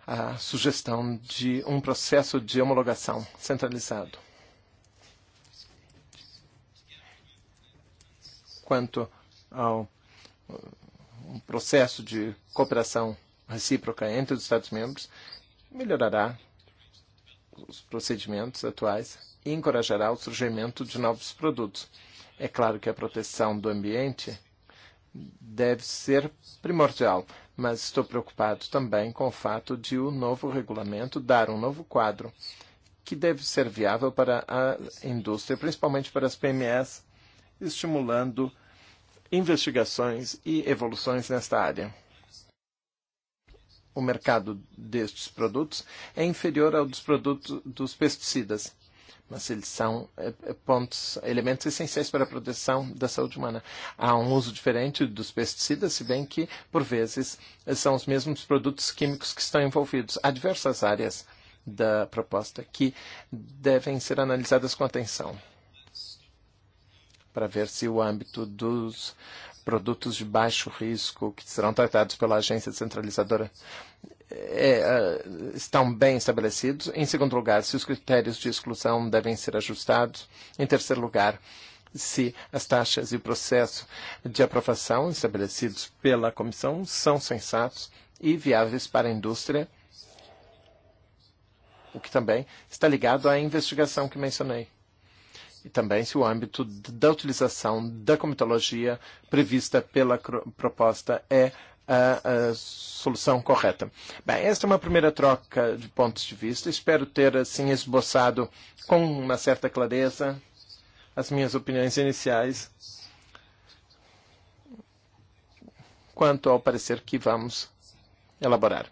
S2: A sugestão de um processo de homologação centralizado. Quanto ao uh, um processo de cooperação recíproca entre os Estados-membros, melhorará os procedimentos atuais e encorajará o surgimento de novos produtos. É claro que a proteção do ambiente deve ser primordial, mas estou preocupado também com o fato de o novo regulamento dar um novo quadro que deve ser viável para a indústria, principalmente para as PMEs, estimulando investigações e evoluções nesta área. O mercado destes produtos é inferior ao dos produtos dos pesticidas mas eles são pontos, elementos essenciais para a proteção da saúde humana. Há um uso diferente dos pesticidas, se bem que, por vezes, são os mesmos produtos químicos que estão envolvidos. Há diversas áreas da proposta que devem ser analisadas com atenção para ver se o âmbito dos produtos de baixo risco que serão tratados pela agência descentralizadora estão bem estabelecidos. Em segundo lugar, se os critérios de exclusão devem ser ajustados. Em terceiro lugar, se as taxas e o processo de aprovação estabelecidos pela comissão são sensatos e viáveis para a indústria, o que também está ligado à investigação que mencionei. E também se o âmbito da utilização da comitologia prevista pela proposta é a, a solução correta. Bem, esta é uma primeira troca de pontos de vista. Espero ter, assim, esboçado com uma certa clareza as minhas opiniões iniciais quanto ao parecer que vamos elaborar.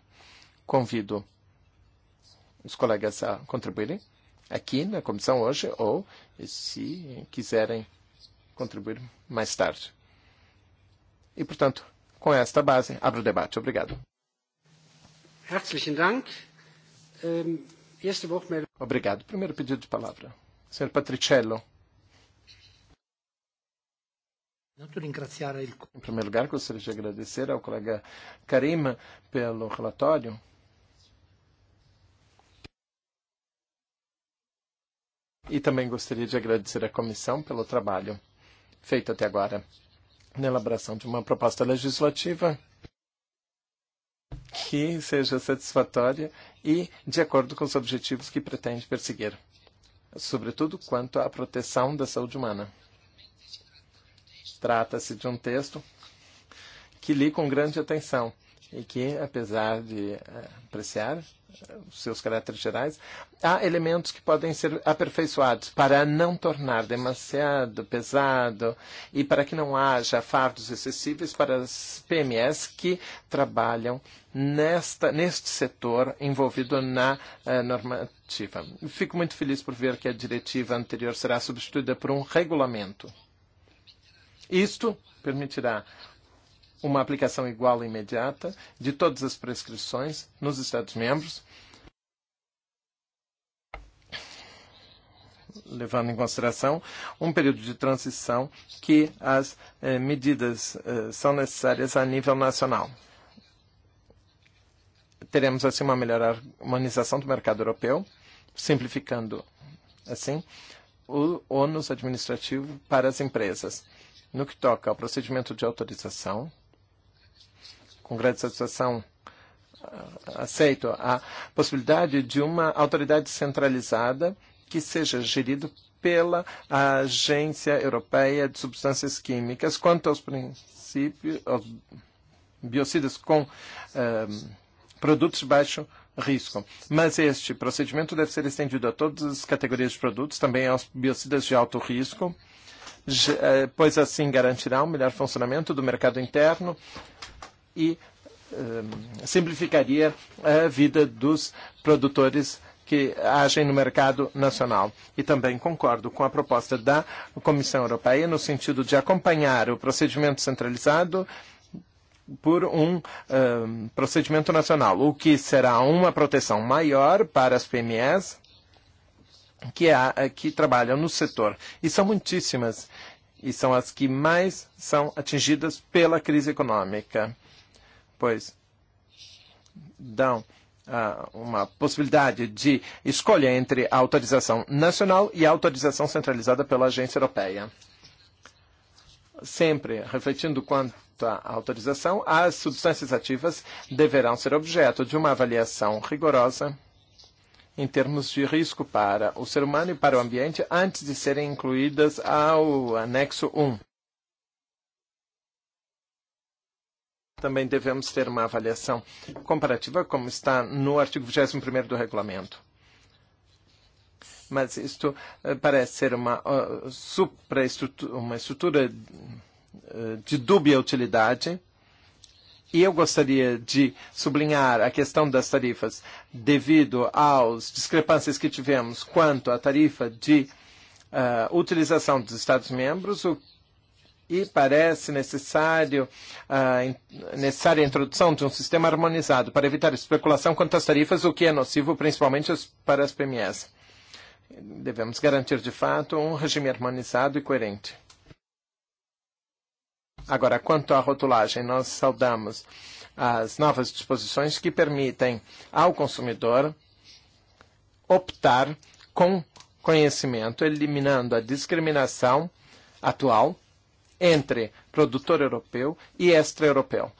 S2: Convido os colegas a contribuírem aqui na comissão hoje ou, se quiserem, contribuir mais tarde. E, portanto, com esta base, abro o debate. Obrigado.
S4: Herzlichen Dank. Um, ähm,
S2: este Wortmeldung. Obrigado. Primeiro pedido de palavra. Sr. Patriciello. Em primeiro lugar, gostaria de agradecer ao colega Karim pelo relatório. E também gostaria de agradecer à comissão pelo trabalho feito até agora na elaboração de uma proposta legislativa que seja satisfatória e de acordo com os objetivos que pretende perseguir, sobretudo quanto à proteção da saúde humana. Trata-se de um texto que li com grande atenção e que, apesar de eh, apreciar seus caracteres gerais, há elementos que podem ser aperfeiçoados para não tornar demasiado pesado e para que não haja fardos excessivos para as PMEs que trabalham nesta, neste setor envolvido na eh, normativa. Fico muito feliz por ver que a diretiva anterior será substituída por um regulamento. Isto permitirá uma aplicação igual e imediata de todas as prescrições nos Estados-membros, levando em consideração um período de transição que as eh, medidas eh, são necessárias a nível nacional. Teremos, assim, uma melhor harmonização do mercado europeu, simplificando, assim, o ônus administrativo para as empresas. No que toca ao procedimento de autorização, Congresso da Associação ah, aceito a possibilidade de uma autoridade centralizada que seja gerido pela Agência Europeia de Substâncias Químicas quanto aos princípios aos biocidas com eh, produtos de baixo risco. Mas este procedimento deve ser estendido a todas as categorias de produtos, também aos biocidas de alto risco, eh, pois assim garantirá o um melhor funcionamento do mercado interno e ehm, simplificaria a vida dos produtores que agem no mercado nacional. E também concordo com a proposta da Comissão Europeia no sentido de acompanhar o procedimento centralizado por um, um procedimento nacional, o que será uma proteção maior para as PMEs que, há, eh, que trabalham no setor. E são muitíssimas, e são as que mais são atingidas pela crise econômica pois dão ah, uma possibilidade de escolha entre a autorização nacional e a autorização centralizada pela agência europeia. Sempre refletindo quanto à autorização, as substâncias ativas deverão ser objeto de uma avaliação rigorosa em termos de risco para o ser humano e para o ambiente antes de serem incluídas ao anexo 1. Um. também devemos ter uma avaliação comparativa, como está no artigo 21 e um do regulamento. Mas isto eh, parece ser uma, uh, supraestrutura, uma estrutura uh, de dúbia utilidade. E eu gostaria de sublinhar a questão das tarifas devido às discrepâncias que tivemos quanto à tarifa de uh, utilização dos Estados-membros, o e parece necessário ah, a necessária introdução de um sistema harmonizado para evitar especulação quanto às tarifas, o que é nocivo principalmente para as PMEs. Devemos garantir, de fato, um regime harmonizado e coerente. Agora, quanto à rotulagem, nós saudamos as novas disposições que permitem ao consumidor optar com conhecimento, eliminando a discriminação atual entre produtor europeu e extra-europeu,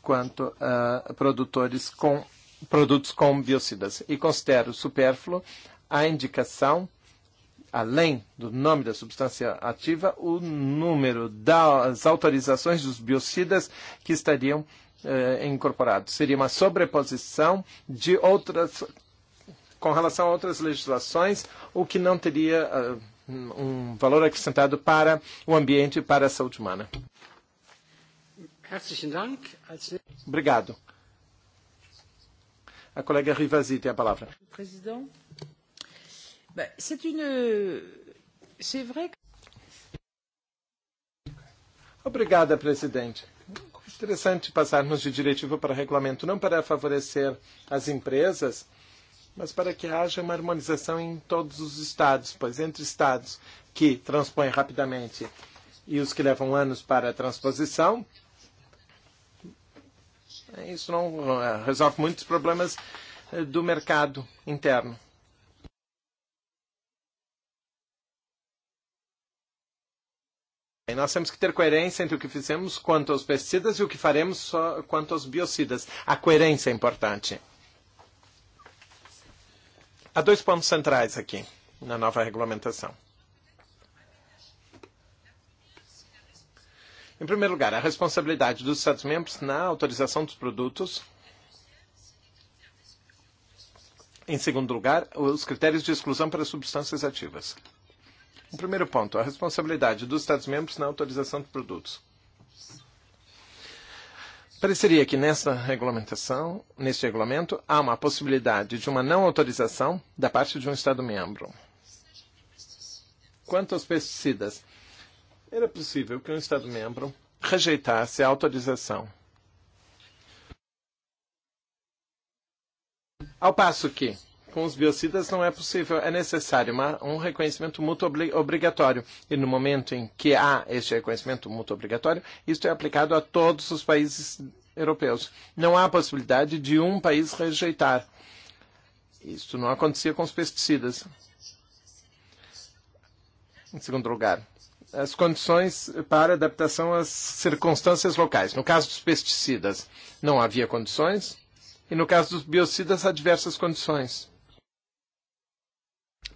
S2: quanto a ah, produtores com produtos com biocidas. E considero supérfluo a indicação, além do nome da substância ativa, o número das autorizações dos biocidas que estariam eh, incorporados. Seria uma sobreposição de outras, com relação a outras legislações, o que não teria. Eh, um valor acrescentado para o ambiente e para a saúde humana. Obrigado. A colega Rivasi tem a palavra. Obrigada, presidente. Interessante passarmos de diretivo para regulamento, não para favorecer as empresas, mas para que haja uma harmonização em todos os estados, pois entre estados que transpõem rapidamente e os que levam anos para a transposição, isso não eh, resolve muitos problemas eh, do mercado interno. Nós temos que ter coerência entre o que fizemos quanto aos pesticidas e o que faremos só quanto aos biocidas. A coerência é importante. Há dois pontos centrais aqui na nova regulamentação. Em primeiro lugar, a responsabilidade dos Estados-membros na autorização dos produtos. Em segundo lugar, os critérios de exclusão para substâncias ativas. O primeiro ponto, a responsabilidade dos Estados-membros na autorização de produtos. Pareceria que nessa regulamentação, neste regulamento, há uma possibilidade de uma não autorização da parte de um Estado membro. Quanto aos pesticidas, era possível que um Estado membro rejeitasse a autorização. Ao passo que com os biocidas não é possível, é necessário uma, um reconhecimento mútuo obrigatório. E no momento em que há este reconhecimento mútuo obrigatório, isto é aplicado a todos os países europeus. Não há possibilidade de um país rejeitar. Isso não acontecia com os pesticidas. Em segundo lugar, as condições para adaptação às circunstâncias locais. No caso dos pesticidas, não havia condições. E no caso dos biocidas, há diversas condições.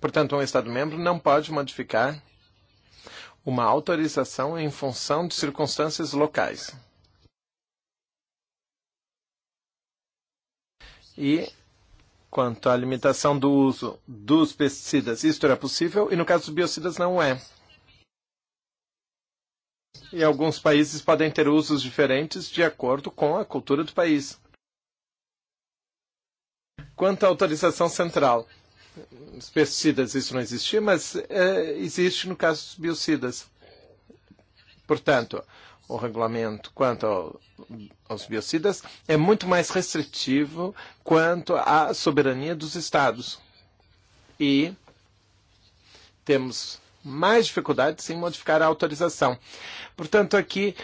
S2: Portanto, um Estado-membro não pode modificar uma autorização em função de circunstâncias locais. E quanto à limitação do uso dos pesticidas, isto era possível e no caso dos biocidas não é. E alguns países podem ter usos diferentes de acordo com a cultura do país. Quanto à autorização central, pesticidas isso não existia, mas uh, existe no caso dos biocidas. Portanto, o regulamento quanto ao, aos biocidas é muito mais restritivo quanto à soberania dos Estados. E temos mais dificuldades em modificar a autorização. Portanto, aqui,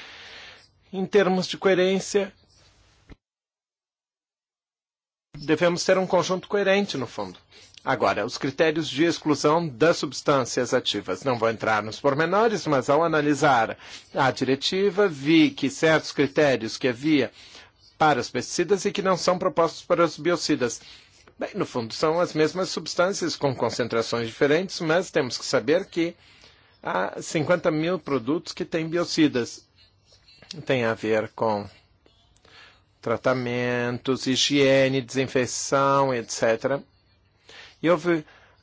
S2: em termos de coerência, devemos ter um conjunto coerente, no fundo. Agora, os critérios de exclusão das substâncias ativas. Não vou entrar nos pormenores, mas ao analisar a diretiva, vi que certos critérios que havia para os pesticidas e que não são propostos para os biocidas. Bem, no fundo, são as mesmas substâncias com concentrações diferentes, mas temos que saber que há 50 mil produtos que têm biocidas. Tem a ver com tratamentos, higiene, desinfecção, etc E houve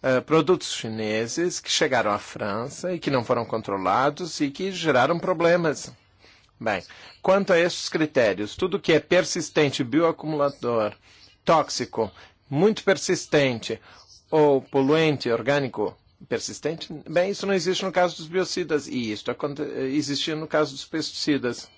S2: uh, produtos chineses que chegaram à França e que não foram controlados e que geraram problemas. Bem, quanto a esses critérios, tudo que é persistente, bioacumulador, tóxico, muito persistente ou poluente orgânico persistente, bem, isso não existe no caso dos biocidas e isso eh, existia no caso dos pesticidas.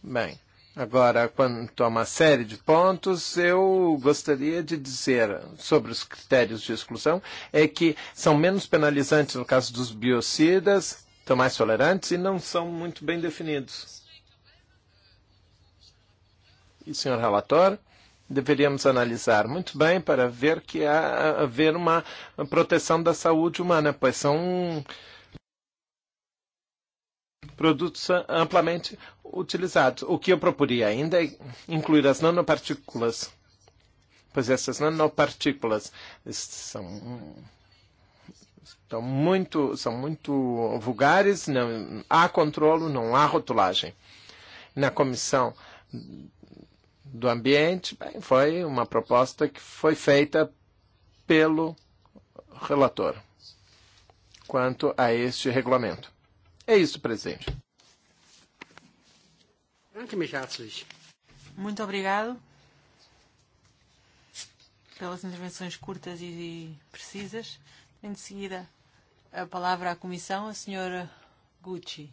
S2: Bem, Agora, quanto a uma série de pontos, eu gostaria de dizer sobre os critérios de exclusão é que são menos penalizantes no caso dos biocidas, estão mais tolerantes e não são muito bem definidos. E, senhor relator, deveríamos analisar muito bem para ver que há haver uma proteção da saúde humana, pois são produtos amplamente utilizados. O que eu proporia ainda é incluir as nanopartículas, pois essas nanopartículas são são muito, são muito vulgares, não há controle, não há rotulagem. Na comissão do ambiente, bem, foi uma proposta que foi feita pelo relator quanto a este regulamento. É isso, presidente.
S1: Muito obrigado pelas intervenções curtas e, e precisas. Em seguida, a palavra à Comissão, a senhora Gucci.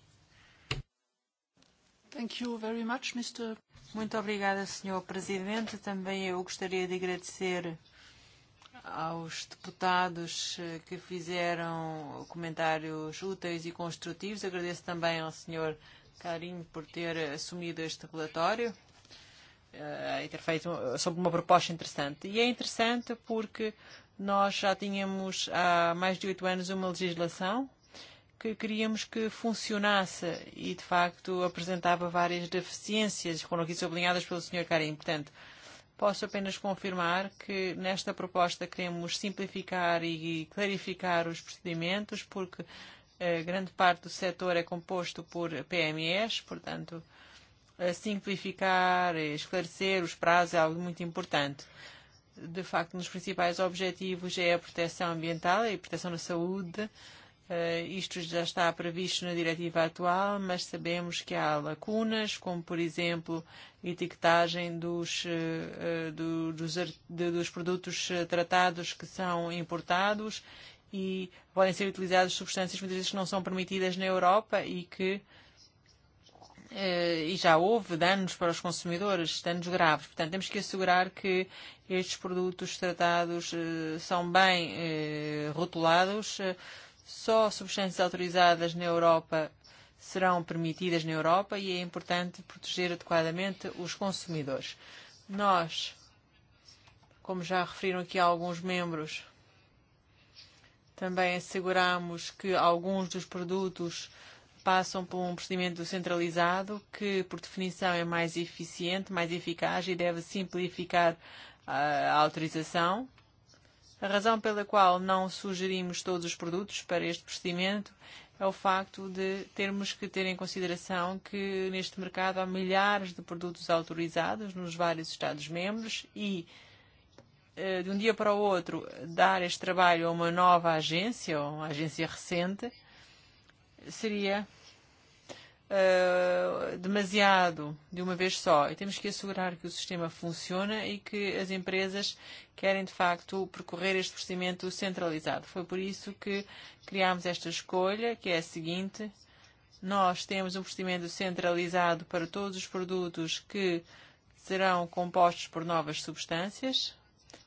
S1: Thank you very much, Mr. Muito obrigada, senhor Presidente. Também eu gostaria de agradecer aos deputados eh, que fizeram comentários úteis e construtivos. Agradeço também ao Sr. Carinho por ter assumido este relatório eh, e ter feito eh, sobre uma proposta interessante. E é interessante porque nós já tínhamos há mais de oito anos uma legislação que queríamos que funcionasse e, de facto, apresentava várias deficiências, foram aqui sublinhadas pelo Sr. Karim. Portanto, uh, Posso apenas confirmar que nesta proposta queremos simplificar e clarificar os procedimentos, porque a eh, grande parte do setor é composto por PMEs, portanto, eh, simplificar, e esclarecer os prazos é algo muito importante. De facto, um dos principais objetivos é a proteção ambiental e a proteção da saúde, uh, Eh, isto já está previsto na diretiva atual, mas sabemos que há lacunas, como por exemplo etiquetagem dos, eh, eh, do, dos, dos produtos tratados que são importados e podem ser utilizadas substâncias muitas vezes que não são permitidas na Europa e que e já houve danos para os consumidores, danos graves. Portanto, temos que assegurar que estes produtos tratados são bem rotulados, Só substâncias autorizadas na Europa serão permitidas na Europa e é importante proteger adequadamente os consumidores. Nós, como já referiram aqui alguns membros, também asseguramos que alguns dos produtos passam por um procedimento centralizado que, por definição, é mais eficiente, mais eficaz e deve simplificar ah, a autorização. A razão pela qual não sugerimos todos os produtos para este procedimento é o facto de termos que ter em consideração que neste mercado há milhares de produtos autorizados nos vários Estados-membros e eh, de um dia para o outro dar este trabalho a uma nova agência ou uma agência recente seria uh, demasiado de uma vez só e temos que assegurar que o sistema funciona e que as empresas querem de facto percorrer este procedimento centralizado. Foi por isso que criámos esta escolha, que é a seguinte. Nós temos um procedimento centralizado para todos os produtos que serão compostos por novas substâncias,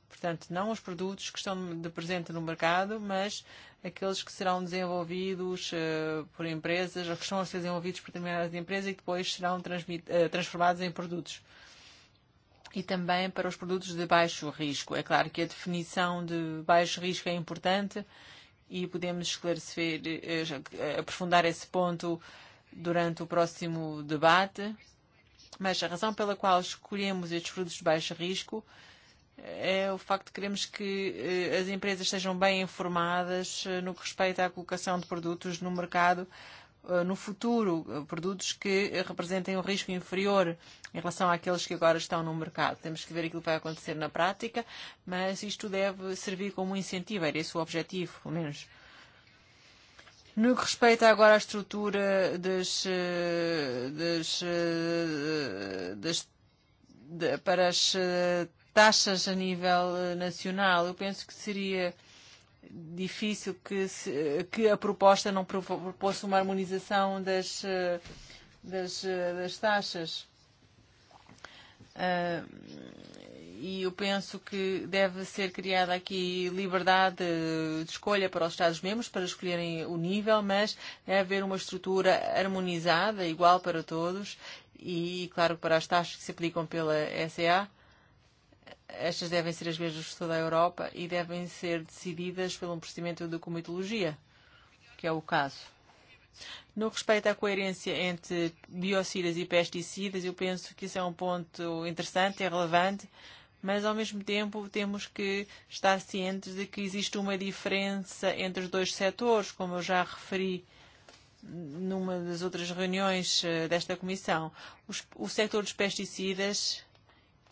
S1: Portanto, não os produtos que estão de presente no mercado, mas aqueles que serão desenvolvidos uh, por empresas, ou que estão a ser desenvolvidos por determinadas empresas e que depois serão uh, transformados em produtos. E também para os produtos de baixo risco. É claro que a definição de baixo risco é importante e podemos esclarecer, uh, aprofundar esse ponto durante o próximo debate. Mas a razão pela qual escolhemos estes produtos de baixo risco uh, é o facto de queremos que eh, as empresas sejam bem informadas eh, no que respeita à colocação de produtos no mercado eh, no futuro, produtos que representem um risco inferior em relação àqueles que agora estão no mercado. Temos que ver aquilo que vai acontecer na prática, mas isto deve servir como um incentivo, era esse o objetivo, pelo menos. No que respeita agora à estrutura das, das, das, de, para as taxas a nível eh, nacional. Eu penso que seria difícil que, se, que a proposta não propôs uma harmonização das, eh, das, eh, das taxas. Uh, e eu penso que deve ser criada aqui liberdade de escolha para os Estados-membros para escolherem o nível, mas deve haver uma estrutura harmonizada, igual para todos, e claro, para as taxas que se aplicam pela SA e Estas devem ser as mesmas por toda a Europa e devem ser decididas pelo um procedimento de comitologia, que é o caso. No respeito à coerência entre biocidas e pesticidas, eu penso que isso é um ponto interessante e relevante, mas ao mesmo tempo temos que estar cientes de que existe uma diferença entre os dois setores, como eu já referi numa das outras reuniões eh, desta comissão. Os, o setor dos pesticidas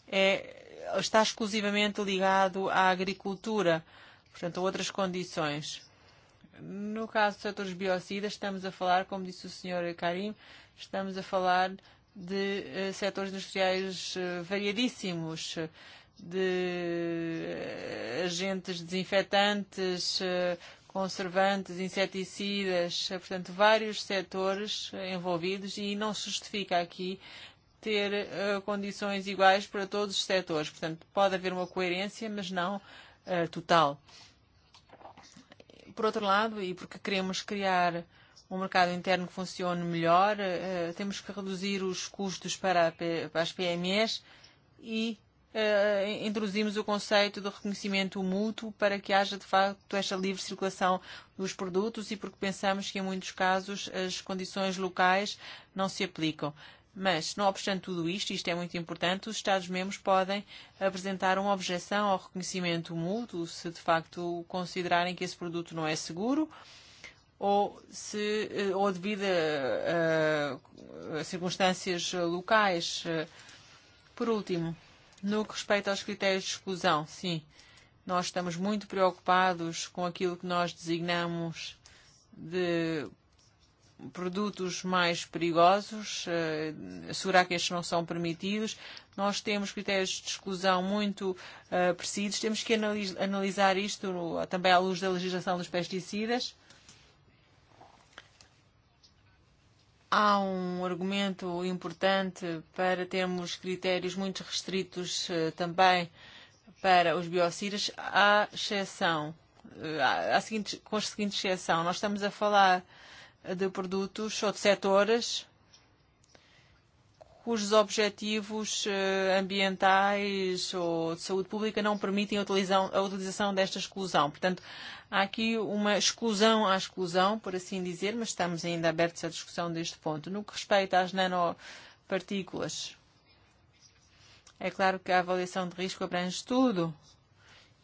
S1: é está exclusivamente ligado à agricultura, portanto, a outras condições. No caso do setor dos biocidas, estamos a falar, como disse o Sr. Karim, estamos a falar de uh, setores industriais uh, variadíssimos, de uh, agentes desinfetantes, uh, conservantes, inseticidas, portanto, vários setores envolvidos e não se justifica aqui ter uh, condições iguais para todos os setores. Portanto, pode haver uma coerência, mas não uh, total. Por outro lado, e porque queremos criar um mercado interno que funcione melhor, uh, temos que reduzir os custos para, a, para as PMEs e uh, introduzimos o conceito do reconhecimento mútuo para que haja de facto esta livre circulação dos produtos e porque pensamos que em muitos casos as condições locais não se aplicam. Mas, não obstante tudo isto, isto é muito importante, os Estados-membros podem apresentar uma objeção ao reconhecimento mútuo se de facto considerarem que esse produto não é seguro ou, se, eh, ou devido a, a, a circunstâncias locais. Por último, no que respeita aos critérios de exclusão, sim, nós estamos muito preocupados com aquilo que nós designamos de produtos mais perigosos, eh, suracas não são permitidos. Nós temos critérios de exclusão muito eh, precisos. Temos que analisar isto também à luz da legislação dos pesticidas. Há um argumento importante para termos critérios muito restritos eh, também para os biocidas, à exceção, à seguinte, com a seguinte exceção. Nós estamos a falar uh, de produtos ou de setores cujos objetivos eh, ambientais ou de saúde pública não permitem a utilização, a utilização desta exclusão. Portanto, há aqui uma exclusão à exclusão, por assim dizer, mas estamos ainda abertos à discussão deste ponto. No que respeita às nanopartículas, é claro que a avaliação de risco abrange tudo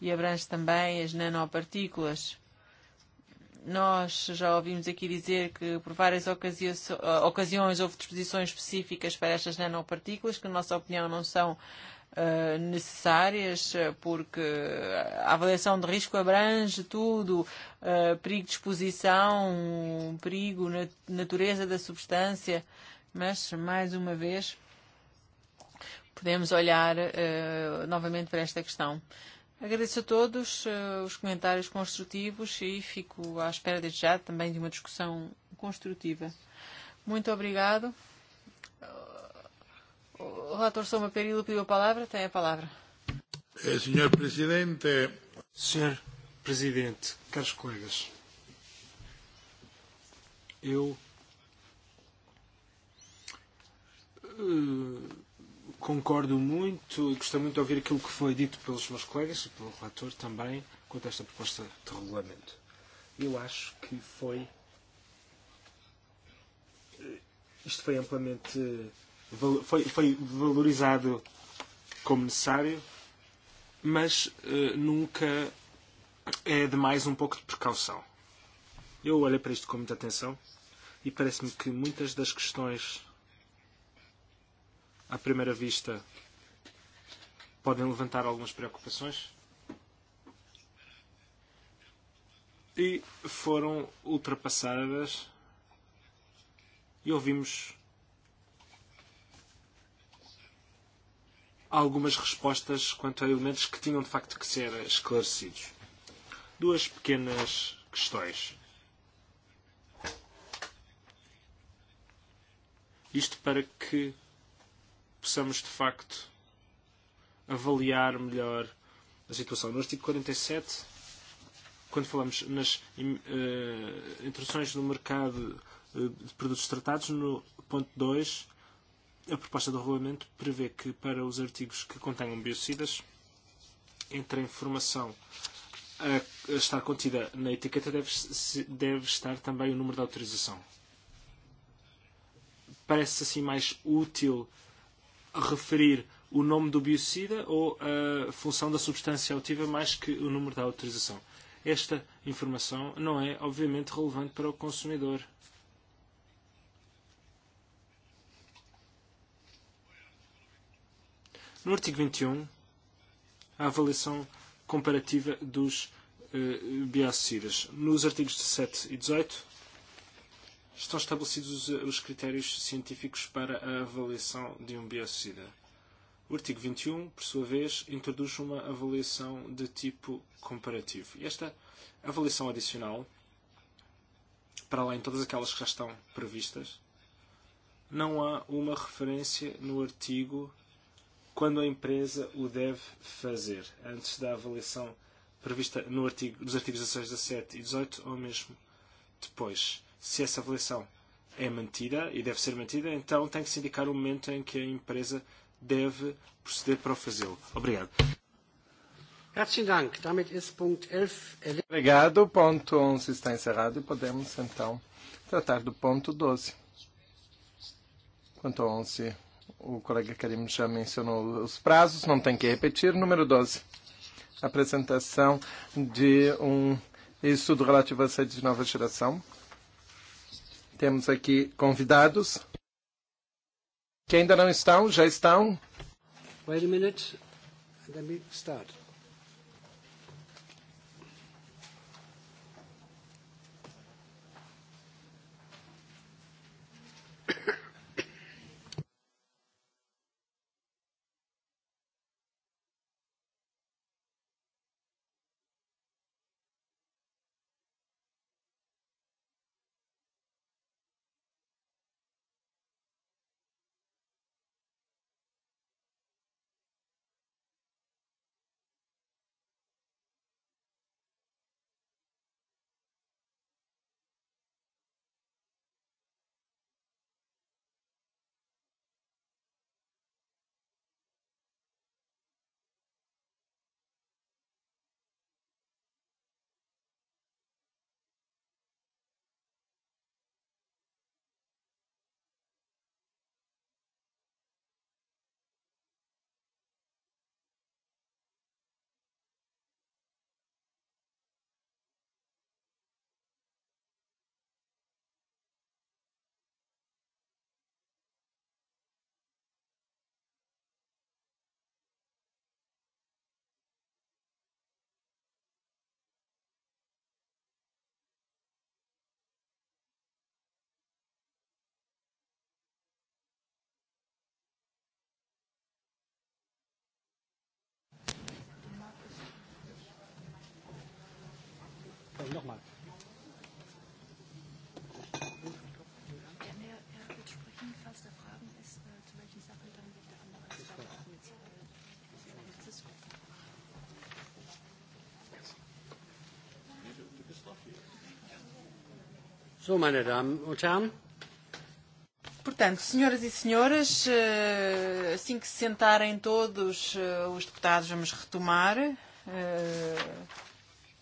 S1: e abrange também as nanopartículas. Nós já ouvimos aqui dizer que por várias ocasi eh, ocasiões houve disposições específicas para estas nanopartículas, que na nossa opinião não são uh, necessárias, eh, porque a avaliação de risco abrange tudo, uh, perigo de exposição, perigo, nat natureza da substância, mas, mais uma vez, podemos olhar uh, novamente para esta questão. Uh, Agradeço a todos uh, os comentários construtivos e fico à espera desde já também de uma discussão construtiva. Muito obrigado. Eh, o relator Soma Perillo pediu a palavra. Tem a palavra.
S3: É, eh, senhor Presidente.
S4: Senhor Presidente, caros colegas, eu Concordo muito e gostei muito de ouvir aquilo que foi dito pelos meus colegas e pelo relator também quanto a esta proposta de regulamento. Eu acho que foi. Eh, isto foi amplamente. Eh, foi, foi valorizado como necessário, mas uh, nunca é demais um pouco de precaução. Eu olhei para isto com muita atenção e parece-me que muitas das questões à primeira vista, podem levantar algumas preocupações e foram ultrapassadas e ouvimos algumas respostas quanto a elementos que tinham de facto que ser esclarecidos. Duas pequenas questões. Isto para que possamos de facto avaliar melhor a situação. No artigo 47, e quando falamos nas uh, introduções no mercado eh, de produtos tratados, no ponto 2, a proposta do regulamento prevê que para os artigos que contenham biocidas, entre a informação a estar contida na etiqueta deve, deve estar também o número de autorização. Parece assim mais útil referir o nome do biocida ou a função da substância ativa mais que o número da autorização. Esta informação não é, obviamente, relevante para o consumidor. No artigo 21, e um, a avaliação comparativa dos eh, biocidas. Nos artigos 17 e 18, estão estabelecidos os critérios científicos para a avaliação de um biocida. O artigo 21, e um, por sua vez, introduz uma avaliação de tipo comparativo. E esta avaliação adicional, para além de todas aquelas que já estão previstas, não há uma referência no artigo quando a empresa o deve fazer, antes da avaliação prevista no artigo, nos artigos 16, 17 e 18, ou mesmo depois se essa avaliação é mantida e deve ser mantida, então tem que se indicar o momento em que a empresa deve proceder para o fazê-lo. Obrigado.
S2: Obrigado. Ponto 11 está encerrado e podemos então tratar do ponto 12. Ponto 11. O colega Karim já mencionou os prazos, não tem que repetir. Número 12. Apresentação de um estudo relativo à sede de nova geração Temos aqui convidados que ainda não estão, já estão.
S3: Wait a minute, and then we start. nochmal. Äh, äh, so, meine Damen und Herren.
S1: Portanto, senhoras e senhores, eh, assim que se sentarem todos eh, os deputados, vamos retomar eh,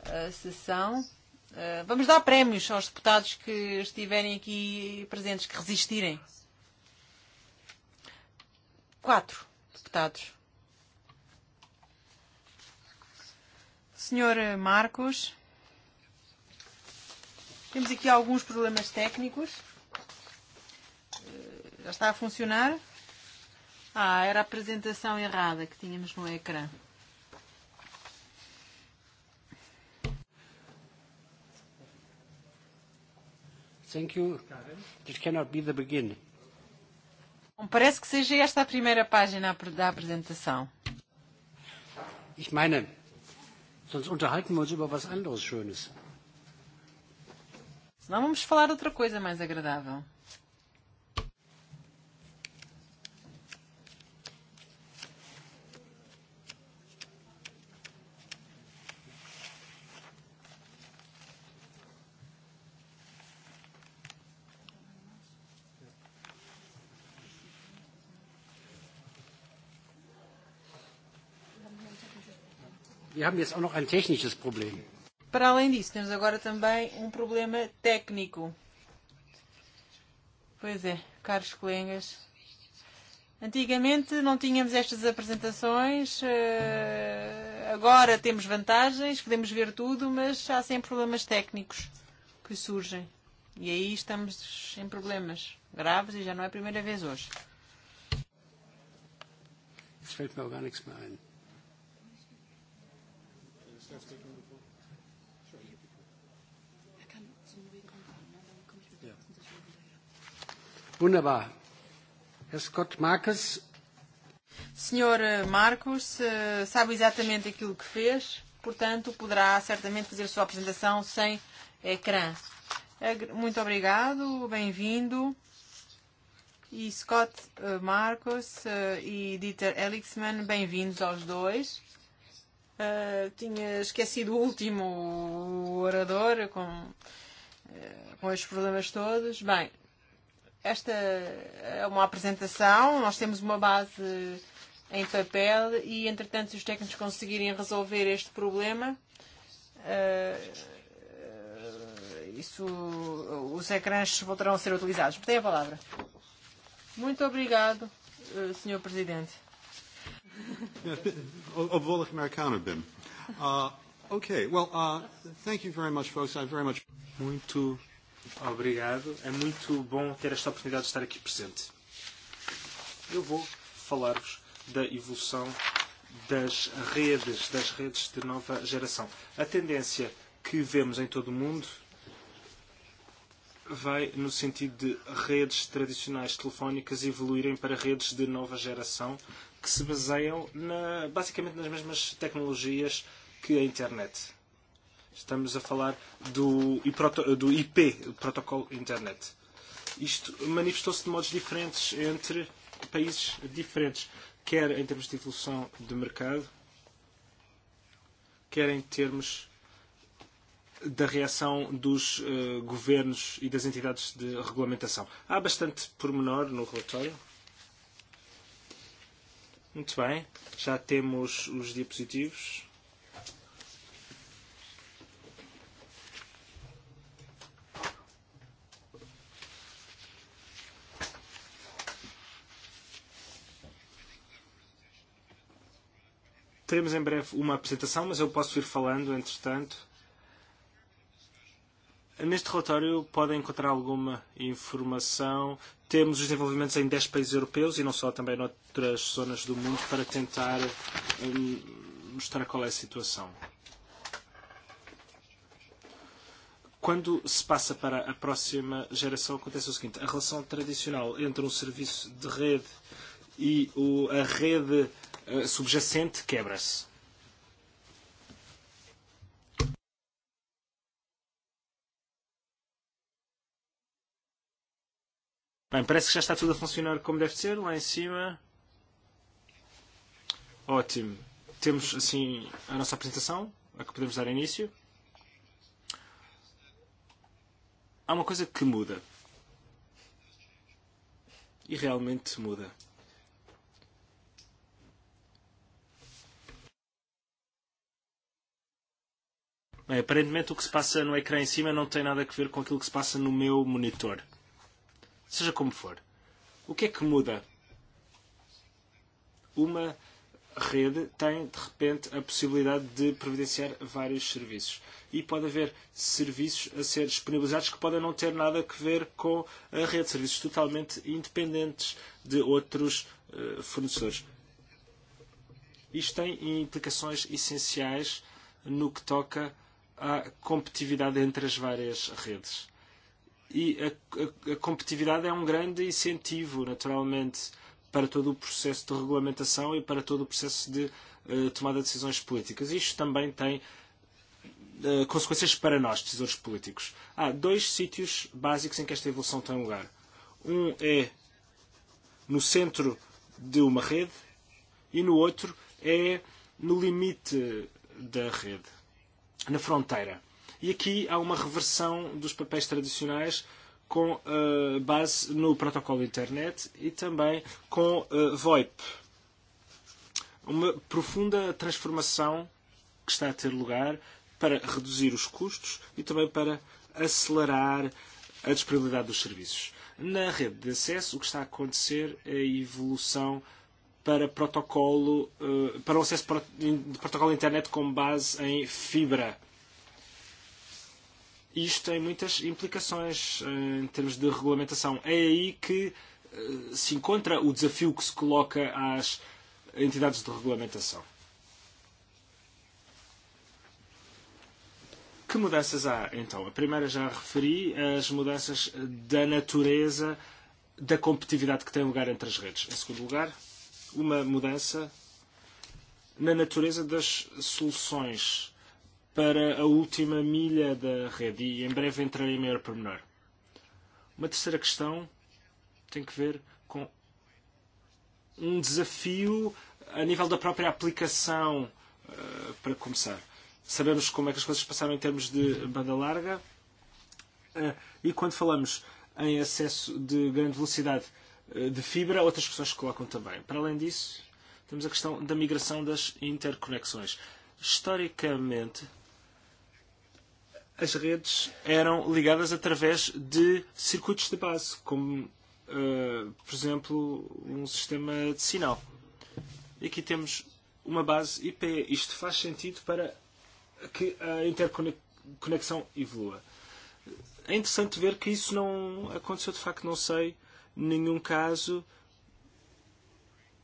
S1: a sessão. Eh, vamos dar prémios aos deputados que estiverem aqui presentes, que resistirem. Quatro deputados. Senhor Marcos, temos aqui alguns problemas técnicos. Eh, já está a funcionar? Ah, era a apresentação errada que tínhamos no ecrã.
S4: Thank you. This cannot be the beginning. Bom, parece
S1: que seja esta a primeira página da apresentação.
S3: Ich meine, sonst unterhalten wir uns über was anderes Schönes.
S1: Senão vamos falar outra coisa mais agradável. Para além disso, temos agora também um problema técnico. Pois é, caros colegas. Antigamente não tínhamos estas apresentações, eh, agora temos vantagens, podemos ver tudo, mas há sempre problemas técnicos que surgem. E aí estamos em problemas graves e já não é a primeira vez hoje.
S2: Jetzt fällt mir auch gar nichts mehr ein. Wunderbar. Herr Scott Marcus.
S1: Senhor eh, Marcos, eh, sabe exatamente aquilo que fez, portanto, poderá certamente fazer a sua apresentação sem ecrã. Eh, muito obrigado, bem-vindo. E Scott Marcos e Dieter Elixman, bem-vindos aos dois. Uh, tinha esquecido o último orador com, uh, com estes problemas todos. Bem, esta é uma apresentação, nós temos uma base em papel e, entretanto, se os técnicos conseguirem resolver este problema, uh, isso, os ecrãs voltarão a ser utilizados. Tem a palavra. Muito obrigado, eh, Sr. Presidente.
S3: Obwohl ich Amerikaner bin. Uh, ok, well, uh, thank you very much, folks. I very much... Muito obrigado.
S4: É muito bom ter esta oportunidade de estar aqui presente. Eu vou falar-vos da evolução das redes, das redes de nova geração. A tendência que vemos em todo o mundo vai no sentido de redes tradicionais telefónicas evoluírem para redes de nova geração que se baseiam na, basicamente nas mesmas tecnologias que a internet. Estamos a falar do, do IP, Protocolo Internet. Isto manifestou-se de modos diferentes entre países diferentes, quer em termos de evolução de mercado, quer em termos da reação dos uh, governos e das entidades de regulamentação. Há bastante pormenor no relatório Muito bem, já temos os diapositivos. Teremos em breve uma apresentação, mas eu posso ir falando entretanto. Neste relatório podem encontrar alguma informação. Temos os desenvolvimentos em 10 países europeus e não só, também noutras zonas do mundo, para tentar mostrar qual é a situação. Quando se passa para a próxima geração, acontece o seguinte: a relação tradicional entre um serviço de rede e o, a rede uh, subjacente quebra-se Bem, parece que já está tudo a funcionar como deve ser, lá em cima. Ótimo. Temos, assim, a nossa apresentação, a que podemos dar início. Há uma coisa que muda. E realmente muda. Bem, aparentemente o que se passa no ecrã em cima não tem nada a ver com aquilo que se passa no meu monitor. Seja como for. O que é que muda? Uma rede tem, de repente, a possibilidade de providenciar vários serviços. E pode haver serviços a ser disponibilizados que podem não ter nada a ver com a rede, serviços totalmente independentes de outros uh, fornecedores. Isto tem implicações essenciais no que toca à competitividade entre as várias redes. E a, a, a competitividade é um grande incentivo, naturalmente, para todo o processo de regulamentação e para todo o processo de uh, tomada de decisões políticas. Isto também tem uh, consequências para nós, decisores políticos. Há dois sítios básicos em que esta evolução tem lugar. Um é no centro de uma rede e no outro é no limite da rede, na fronteira. E aqui há uma reversão dos papéis tradicionais com uh, base no protocolo internet e também com uh, VoIP. Uma profunda transformação que está a ter lugar para reduzir os custos e também para acelerar a disponibilidade dos serviços. Na rede de acesso, o que está a acontecer é a evolução para protocolo, uh, para o acesso de protocolo internet com base em fibra isto tem muitas implicações eh, em termos de regulamentação. É aí que eh, se encontra o desafio que se coloca às entidades de regulamentação. Que mudanças há, então? A primeira já a referi, as mudanças da natureza da competitividade que tem lugar entre as redes. Em segundo lugar, uma mudança na natureza das soluções para a última milha da rede e em breve entrarei em maior pormenor. Uma terceira questão tem que ver com um desafio a nível da própria aplicação uh, para começar. Sabemos como é que as coisas passaram em termos de banda larga uh, e quando falamos em acesso de grande velocidade uh, de fibra, outras questões que colocam também. Para além disso, temos a questão da migração das interconexões. Historicamente, as redes eram ligadas através de circuitos de base, como, uh, por exemplo, um sistema de sinal. E aqui temos uma base IP. Isto faz sentido para que a interconexão evolua. É interessante ver que isso não aconteceu, de facto, não sei nenhum caso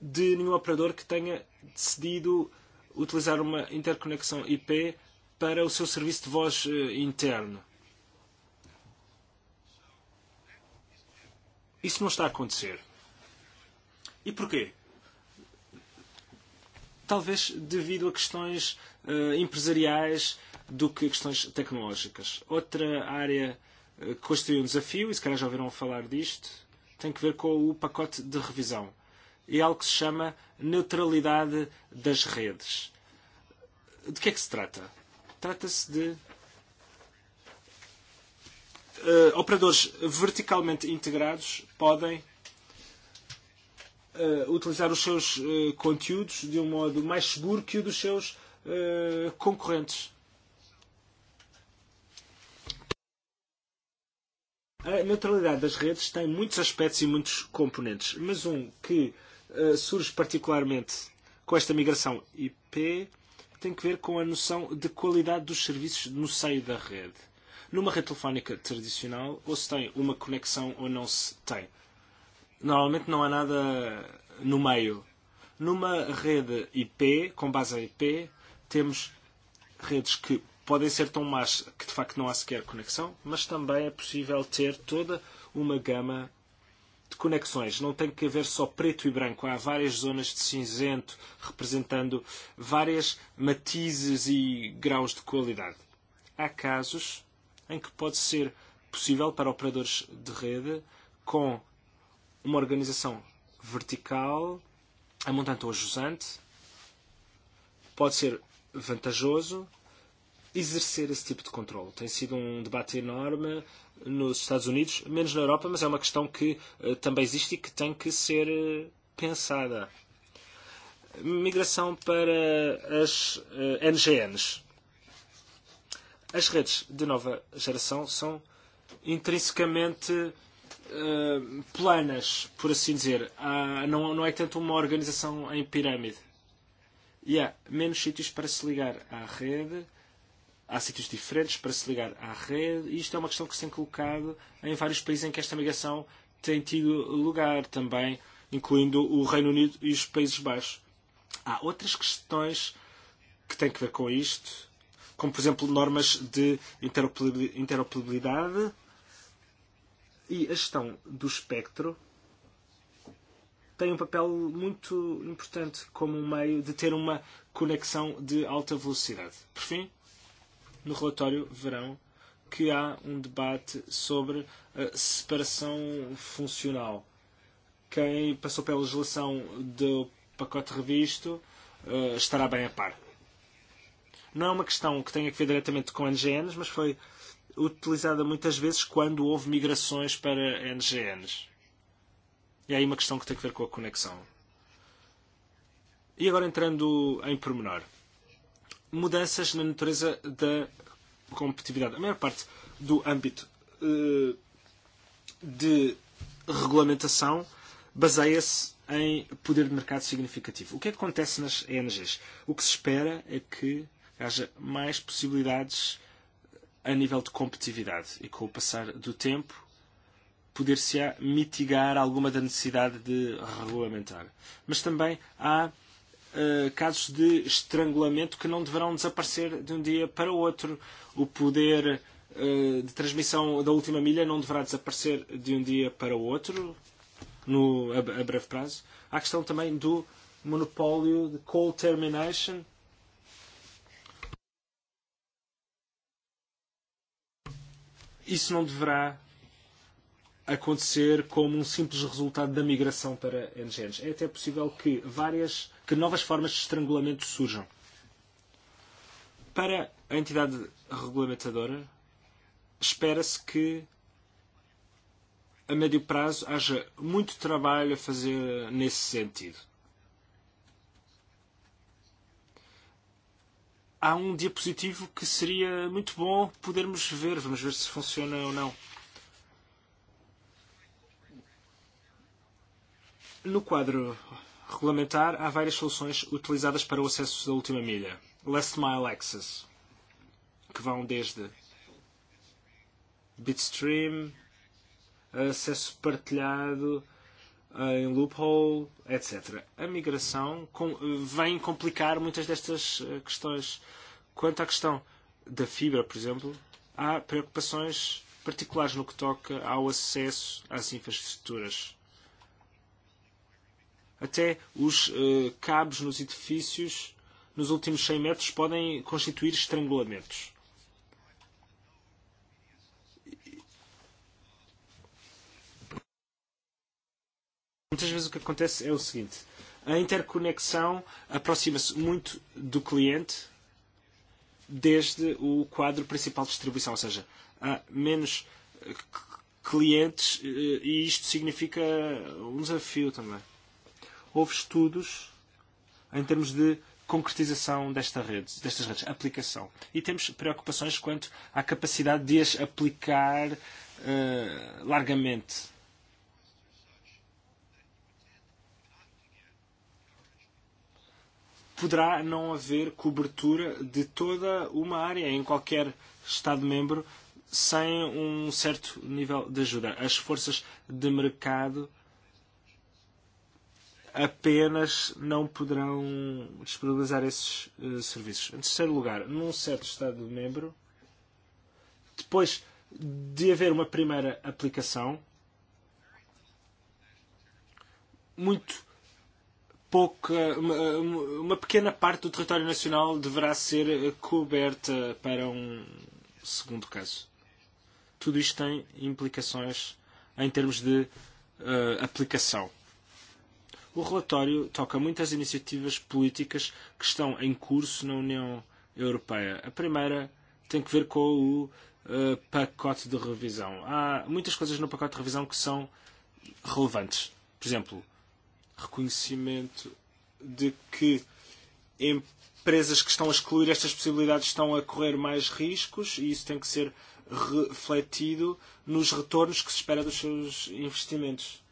S4: de nenhum operador que tenha decidido utilizar uma interconexão IP para o seu serviço de voz eh, interno. Isso não está a acontecer. E porquê? Talvez devido a questões uh, empresariais do que a questões tecnológicas. Outra área eh, que uh, constitui um desafio, e se calhar já ouviram falar disto, tem que ver com o pacote de revisão. É algo que se chama neutralidade das redes. De que é que se trata? Trata-se de uh, operadores verticalmente integrados podem uh, utilizar os seus uh, conteúdos de um modo mais seguro que o dos seus uh, concorrentes. A neutralidade das redes tem muitos aspectos e muitos componentes, mas um que uh, surge particularmente com esta migração IP tem que ver com a noção de qualidade dos serviços no seio da rede. Numa rede telefónica tradicional, ou se tem uma conexão ou não se tem. Normalmente não há nada no meio. Numa rede IP, com base em IP, temos redes que podem ser tão más que de facto não há sequer conexão, mas também é possível ter toda uma gama de conexões. Não tem que haver só preto e branco. Há várias zonas de cinzento representando várias matizes e graus de qualidade. Há casos em que pode ser possível para operadores de rede com uma organização vertical, a montante ou jusante, pode ser vantajoso exercer esse tipo de controle. Tem sido um debate enorme nos Estados Unidos, menos na Europa, mas é uma questão que eh, também existe e que tem que ser eh, pensada. Migração para as eh, NGNs. As redes de nova geração são intrinsecamente planas, por assim dizer. Há, não, não é tanto uma organização em pirâmide. E há menos sítios para se ligar à rede há sítios diferentes para se ligar à rede, e isto é uma questão que se tem colocado em vários países em que esta migração tem tido lugar também, incluindo o Reino Unido e os Países Baixos. Há outras questões que têm que ver com isto, como por exemplo normas de interoperabilidade e a gestão do espectro tem um papel muito importante como um meio de ter uma conexão de alta velocidade. Por fim, no relatório verão que há um debate sobre a separação funcional. Quem passou pela legislação do pacote revisto uh, estará bem a par. Não é uma questão que tenha que ver diretamente com NGNs, mas foi utilizada muitas vezes quando houve migrações para NGNs. E há aí uma questão que tem que ver com a conexão. E agora entrando em pormenor mudanças na natureza da competitividade. A maior parte do âmbito uh, e, de regulamentação baseia-se em poder de mercado significativo. O que é que acontece nas ENGs? O que se espera é que haja mais possibilidades a nível de competitividade e com o passar do tempo poder-se-á mitigar alguma da necessidade de regulamentar. Mas também há uh, casos de estrangulamento que não deverão desaparecer de um dia para o outro. O poder uh, de transmissão da última milha não deverá desaparecer de um dia para o outro, no, a, a breve prazo. Há a questão também do monopólio de coal termination. Isso não deverá acontecer como um simples resultado da migração para NGNs. É até possível que várias que novas formas de estrangulamento surjam. Para a entidade regulamentadora, espera-se que a médio prazo haja muito trabalho a fazer nesse sentido. Há um diapositivo que seria muito bom podermos ver, vamos ver se funciona ou não. No quadro regulamentar, há várias soluções utilizadas para o acesso da última milha. Last Mile Access, que vão desde bitstream, acesso partilhado eh, em loophole, etc. A migração vem complicar muitas destas eh, questões. Quanto à questão da fibra, por exemplo, há preocupações particulares no que toca ao acesso às infraestruturas até os uh, cabos nos edifícios nos últimos 100 metros podem constituir estrangulamentos. Muitas vezes o que acontece é o seguinte: a interconexão aproxima-se muito do cliente desde o quadro principal de distribuição, ou seja, há menos eh, clientes eh, e isto significa um desafio também houve estudos em termos de concretização desta rede, destas redes, aplicação. E temos preocupações quanto à capacidade de as aplicar uh, largamente. Poderá não haver cobertura de toda uma área em qualquer Estado-membro sem um certo nível de ajuda. As forças de mercado uh, apenas não poderão disponibilizar esses uh, serviços. Em terceiro lugar, num certo Estado-membro, depois de haver uma primeira aplicação, muito pouca, uma, uma pequena parte do território nacional deverá ser eh, coberta para um segundo caso. Tudo isto tem implicações em termos de uh, aplicação. O relatório toca muitas iniciativas políticas que estão em curso na União Europeia. A primeira tem que ver com o uh, pacote de revisão. Há muitas coisas no pacote de revisão que são relevantes. Por exemplo, reconhecimento de que empresas que estão a excluir estas possibilidades estão a correr mais riscos e isso tem que ser refletido nos retornos que se espera dos seus investimentos.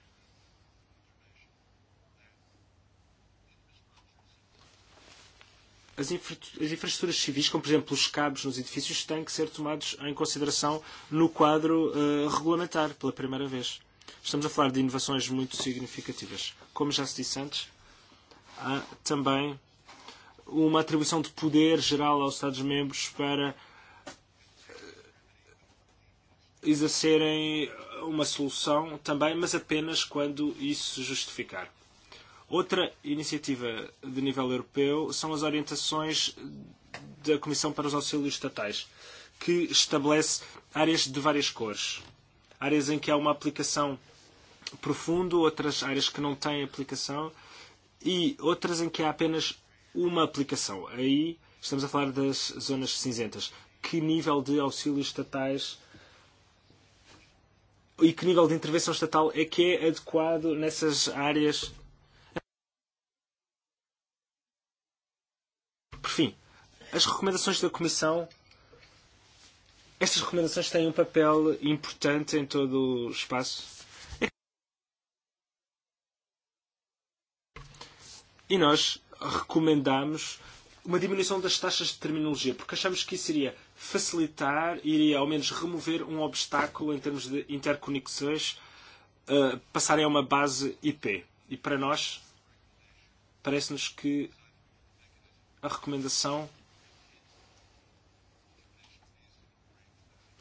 S4: as, infra as infraestruturas civis, como por exemplo os cabos nos edifícios, têm que ser tomados em consideração no quadro uh, regulamentar pela primeira vez. Estamos a falar de inovações muito significativas. Como já se disse antes, há também uma atribuição de poder geral aos Estados-membros para eh, exercerem uma solução também, mas apenas quando isso se justificar. Outra iniciativa de nível europeu são as orientações da Comissão para os Auxílios Estatais, que estabelece áreas de várias cores. Áreas em que há uma aplicação profunda, outras áreas que não têm aplicação e outras em que há apenas uma aplicação. Aí estamos a falar das zonas cinzentas. Que nível de auxílios estatais e que nível de intervenção estatal é que é adequado nessas áreas As recomendações da Comissão. Estas recomendações têm um papel importante em todo o espaço. E nós recomendamos uma diminuição das taxas de terminologia, porque achamos que isso iria facilitar, iria ao menos remover um obstáculo em termos de interconexões uh, passarem a uma base IP. E para nós, parece-nos que a recomendação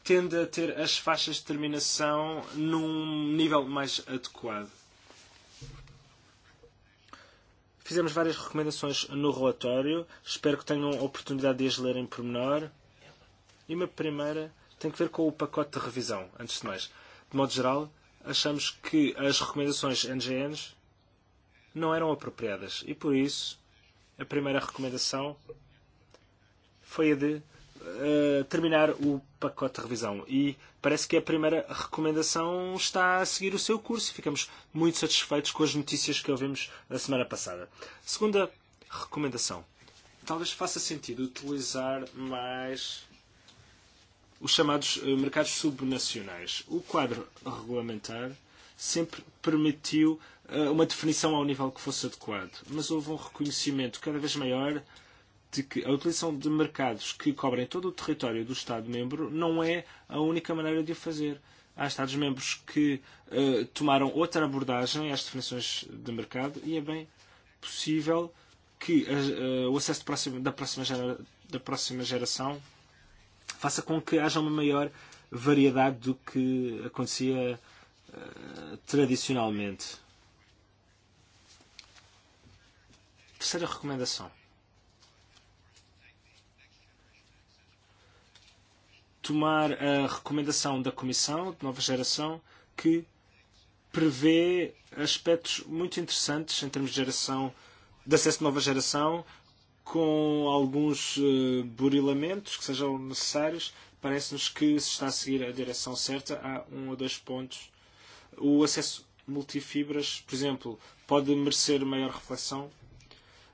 S4: tende a ter as faixas de terminação num nível mais adequado. Fizemos várias recomendações no relatório. Espero que tenham a oportunidade de as ler em pormenor. E uma primeira tem que ver com o pacote de revisão, antes de mais. De modo geral, achamos que as recomendações NGNs não eram apropriadas. E por isso, a primeira recomendação foi a de Eh, terminar o pacote de revisão. E parece que a primeira recomendação está a seguir o seu curso e ficamos muito satisfeitos com as notícias que ouvimos na semana passada. Segunda recomendação. Talvez faça sentido utilizar mais os chamados eh, mercados subnacionais. O quadro regulamentar sempre permitiu eh, uma definição ao nível que fosse adequado, mas houve um reconhecimento cada vez maior de que a utilização de mercados que cobrem todo o território do Estado-membro não é a única maneira de o fazer. Há Estados-membros que uh, tomaram outra abordagem às definições de mercado e é bem possível que uh, o acesso próxima, da, próxima gera, da próxima geração faça com que haja uma maior variedade do que acontecia uh, tradicionalmente. Terceira recomendação tomar a recomendação da Comissão de Nova Geração que prevê aspectos muito interessantes em termos de geração, de acesso de nova geração, com alguns uh, burilamentos que sejam necessários. Parece-nos que se está a seguir a direção certa, há um ou dois pontos. O acesso multifibras, por exemplo, pode merecer maior reflexão,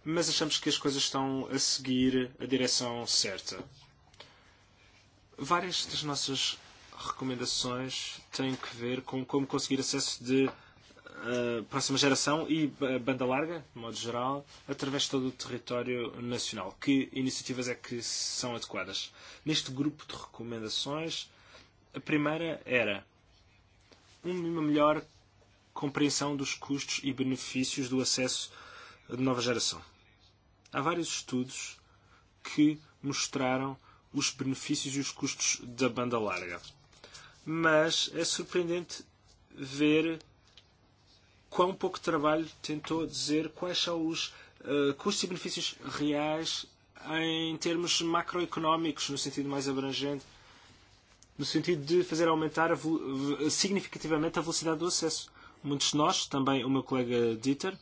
S4: mas achamos que as coisas estão a seguir a direção certa. Várias das nossas recomendações têm que ver com como conseguir acesso de uh, próxima geração e eh, banda larga, de modo geral, através de todo o território nacional. Que iniciativas é que são adequadas? Neste grupo de recomendações, a primeira era um, uma melhor compreensão dos custos e benefícios do acesso de nova geração. Há vários estudos que mostraram os benefícios e os custos da banda larga. Mas é surpreendente ver quão pouco trabalho tentou dizer quais são os uh, custos e benefícios reais em termos macroeconómicos, no sentido mais abrangente, no sentido de fazer aumentar a, eh, significativamente a velocidade do acesso. Muitos de nós, também o meu colega Dieter,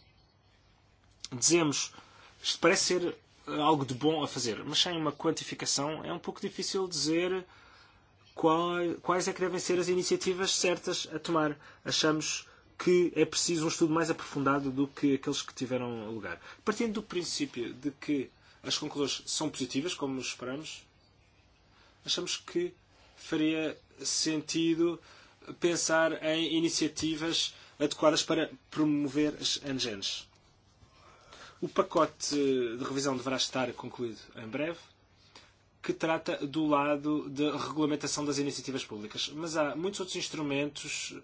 S4: dizemos isto parece ser Eh, algo de bom a fazer, mas sem uma quantificação é um pouco difícil dizer quais, quais é que devem ser as iniciativas certas a tomar. Achamos que é preciso um estudo mais aprofundado do que aqueles que tiveram lugar. Partindo do princípio de que as conclusões são positivas, como esperamos, achamos que faria sentido pensar em iniciativas adequadas para promover as NGNs. O pacote eh, de revisão deverá estar concluído em breve, que trata do lado da regulamentação das iniciativas públicas. Mas há muitos outros instrumentos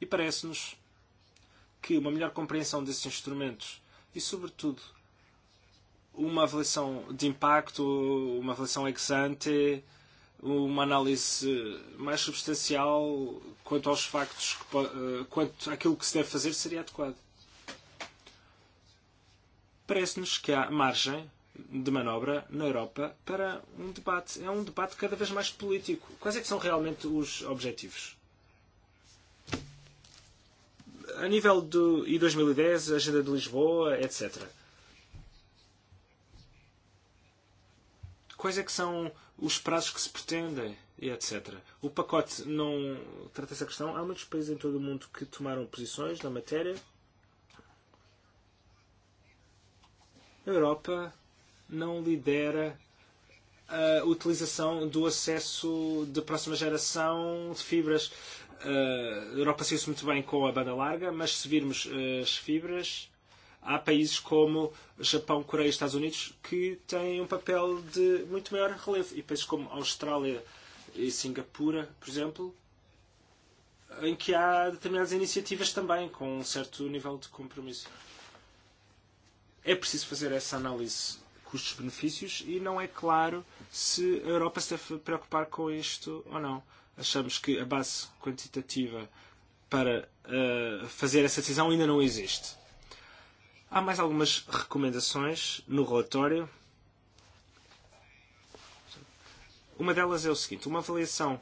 S4: e parece-nos que uma melhor compreensão desses instrumentos e, sobretudo, uma avaliação de impacto, uma avaliação ex ante, uma análise mais substancial quanto aos factos, eh, quanto àquilo que se deve fazer, seria adequado parece-nos que há margem de manobra na Europa para um debate. É um debate cada vez mais político. Quais é que são realmente os objetivos? A nível do e I 2010, e a Agenda de Lisboa, etc. Quais é que são os prazos que se pretendem e etc. O pacote não trata essa questão. Há muitos países em todo o mundo que tomaram posições na matéria. A Europa não lidera a eh, utilização do acesso de próxima geração de fibras. A eh, Europa saiu-se muito bem com a banda larga, mas se virmos eh, as fibras, há países como Japão, Coreia e Estados Unidos que têm um papel de muito maior relevo. E países como Austrália e Singapura, por exemplo, em que há determinadas iniciativas também com um certo nível de compromisso é preciso fazer essa análise custos-benefícios e não é claro se a Europa se deve preocupar com isto ou não. Achamos que a base quantitativa para uh, fazer essa decisão ainda não existe. Há mais algumas recomendações no relatório. Uma delas é o seguinte: uma avaliação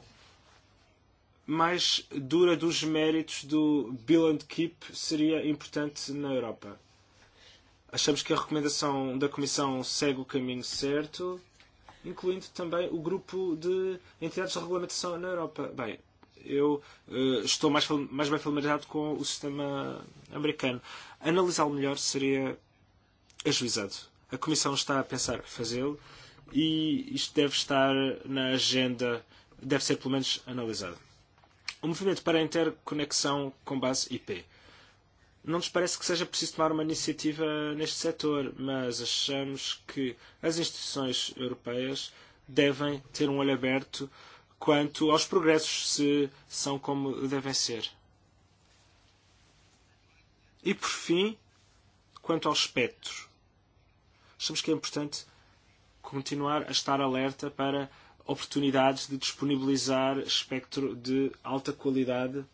S4: mais dura dos méritos do Bill and Keep seria importante na Europa Achamos que a recomendação da Comissão segue o caminho certo, incluindo também o grupo de entidades de regulamentação na Europa. Bem, eu uh, estou mais, mais bem familiarizado com o sistema americano. Analisá-lo melhor seria ajuizado. A Comissão está a pensar fazê-lo e isto deve estar na agenda, deve ser pelo menos analisado. O movimento para a interconexão com base IP. Não nos parece que seja preciso tomar uma iniciativa neste setor, mas achamos que as instituições europeias devem ter um olho aberto quanto aos progressos, se são como devem ser. E por fim, quanto ao espectro. Achamos que é importante continuar a estar alerta para oportunidades de disponibilizar espectro de alta qualidade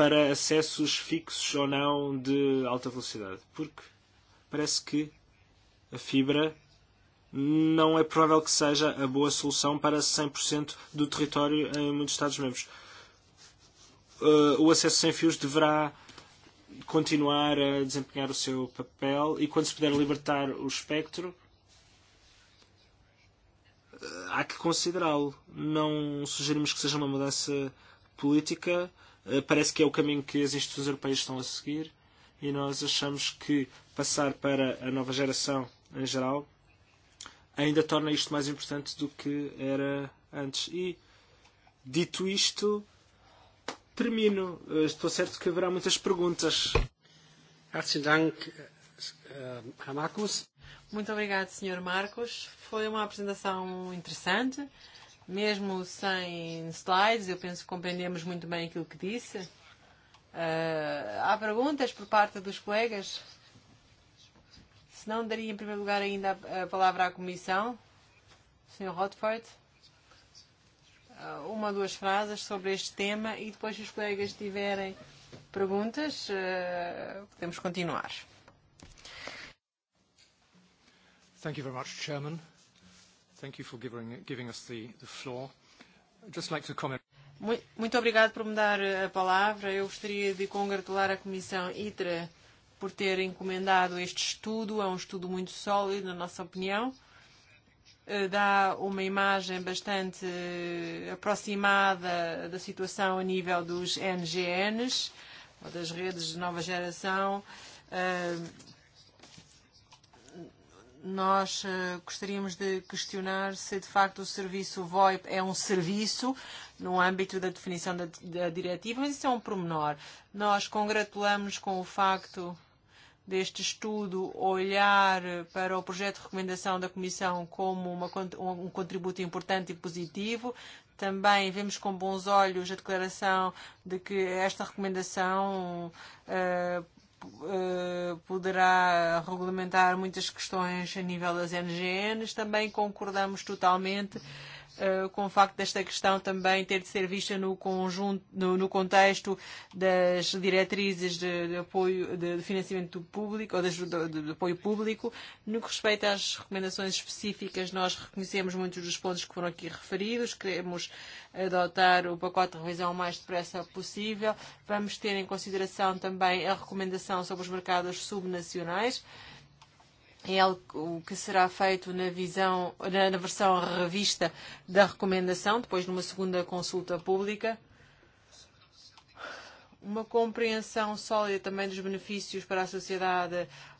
S4: para acessos fixos ou não de alta velocidade, porque parece que a fibra não é provável que seja a boa solução para 100% do território em muitos Estados-membros. Uh, o acesso sem fios deverá continuar a desempenhar o seu papel e quando se puder libertar o espectro, uh, há que considerá-lo. Não sugerimos que seja uma mudança política, uh, Eh, parece que é o caminho que as instituições europeias estão a seguir e nós achamos que passar para a nova geração em geral ainda torna isto mais importante do que era antes. E, dito isto, termino. Eh, estou certo que haverá muitas perguntas. Eh,
S1: Muito obrigado, Sr. Marcos. Foi uma apresentação interessante. Mesmo sem slides, eu penso que compreendemos muito bem aquilo que disse. Uh, há perguntas por parte dos colegas? Se não, daria em primeiro lugar ainda a, a palavra à Comissão. Sr. Rotford, eh, uma ou duas frases sobre este tema e depois, se os colegas tiverem perguntas, uh, podemos continuar.
S2: Thank you very much, Chairman. Thank you for giving, giving us the, the floor. I'd just like to comment.
S1: Muito, muito obrigado por me dar a eh, palavra. Eu gostaria de congratular a Comissão ITRE por ter encomendado este estudo. É um estudo muito sólido, na nossa opinião. Eh, dá uma imagem bastante eh, aproximada da situação a nível dos NGNs, ou das redes de nova geração. Uh, nós eh, gostaríamos de questionar se de facto o serviço VoIP é um serviço no âmbito da definição da, da diretiva, mas isso é um promenor. Nós congratulamos com o facto deste estudo olhar para o projeto de recomendação da Comissão como uma, um, um contributo importante e positivo. Também vemos com bons olhos a declaração de que esta recomendação uh, Eh, poderá regulamentar muitas questões a nível das NGNs. Também concordamos totalmente Eh, com o facto desta questão também ter de ser vista no conjunto, no, no contexto das diretrizes de, de apoio de, de financiamento público ou de, de, de apoio público. No que respeita às recomendações específicas, nós reconhecemos muitos dos pontos que foram aqui referidos, queremos adotar o pacote de revisão o mais depressa possível. Vamos ter em consideração também a recomendação sobre os mercados subnacionais. Uh, é algo que será feito na, visão, na, na versão revista da recomendação, depois numa segunda consulta pública. Uma compreensão sólida também dos benefícios para a sociedade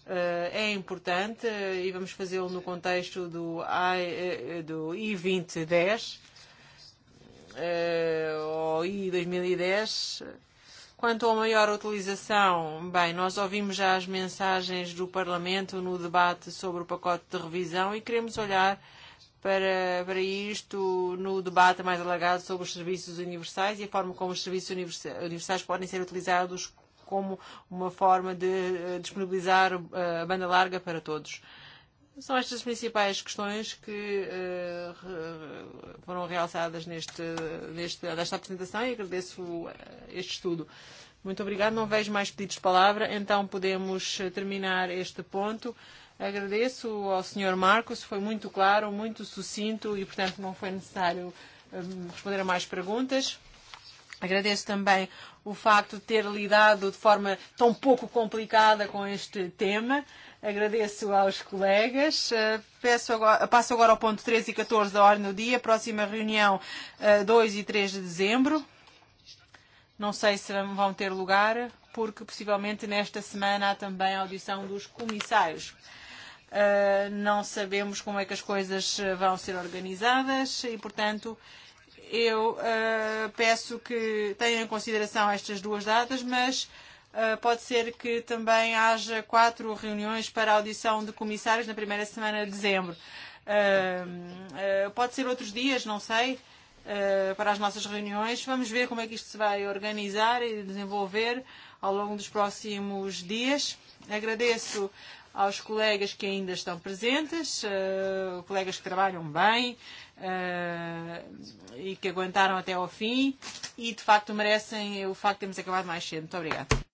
S1: uh, é importante uh, e vamos fazê-lo no contexto do, I, uh, do I2010 uh, ou I2010. Uh, Quanto à maior utilização, bem, nós ouvimos já as mensagens do Parlamento no debate sobre o pacote de revisão e queremos olhar para, para isto no debate mais alargado sobre os serviços universais e a forma como os serviços universais podem ser utilizados como uma forma de eh, disponibilizar eh, a banda larga para todos. São estas principais questões que uh, foram realçadas neste, neste, nesta apresentação e agradeço eh, este estudo. Muito obrigado. Não vejo mais pedidos de palavra, então podemos eh, terminar este ponto. Agradeço ao Sr. Marcos, foi muito claro, muito sucinto e, portanto, não foi necessário responder a mais perguntas. Agradeço também o facto de ter lidado de forma tão pouco complicada com este tema. Uh, Agradeço aos colegas. Eh, peço agora, passo agora ao ponto 13 e 14 da ordem do dia. Próxima reunião, 2 eh, e 3 de dezembro. Não sei se vão ter lugar, porque possivelmente nesta semana há também a audição dos comissários. Eh, não sabemos como é que as coisas vão ser organizadas e, portanto, eu peço que tenham em consideração estas duas datas, mas Eh, pode ser que também haja quatro reuniões para audição de comissários na primeira semana de dezembro. Eh, eh, pode ser outros dias, não sei, para as nossas reuniões. Vamos ver como é que isto se vai organizar e desenvolver ao longo dos próximos dias. Agradeço aos colegas que ainda estão presentes, uh, colegas que trabalham bem uh, e que aguentaram até ao fim e, de facto, merecem o facto de termos acabado mais cedo. Muito obrigada.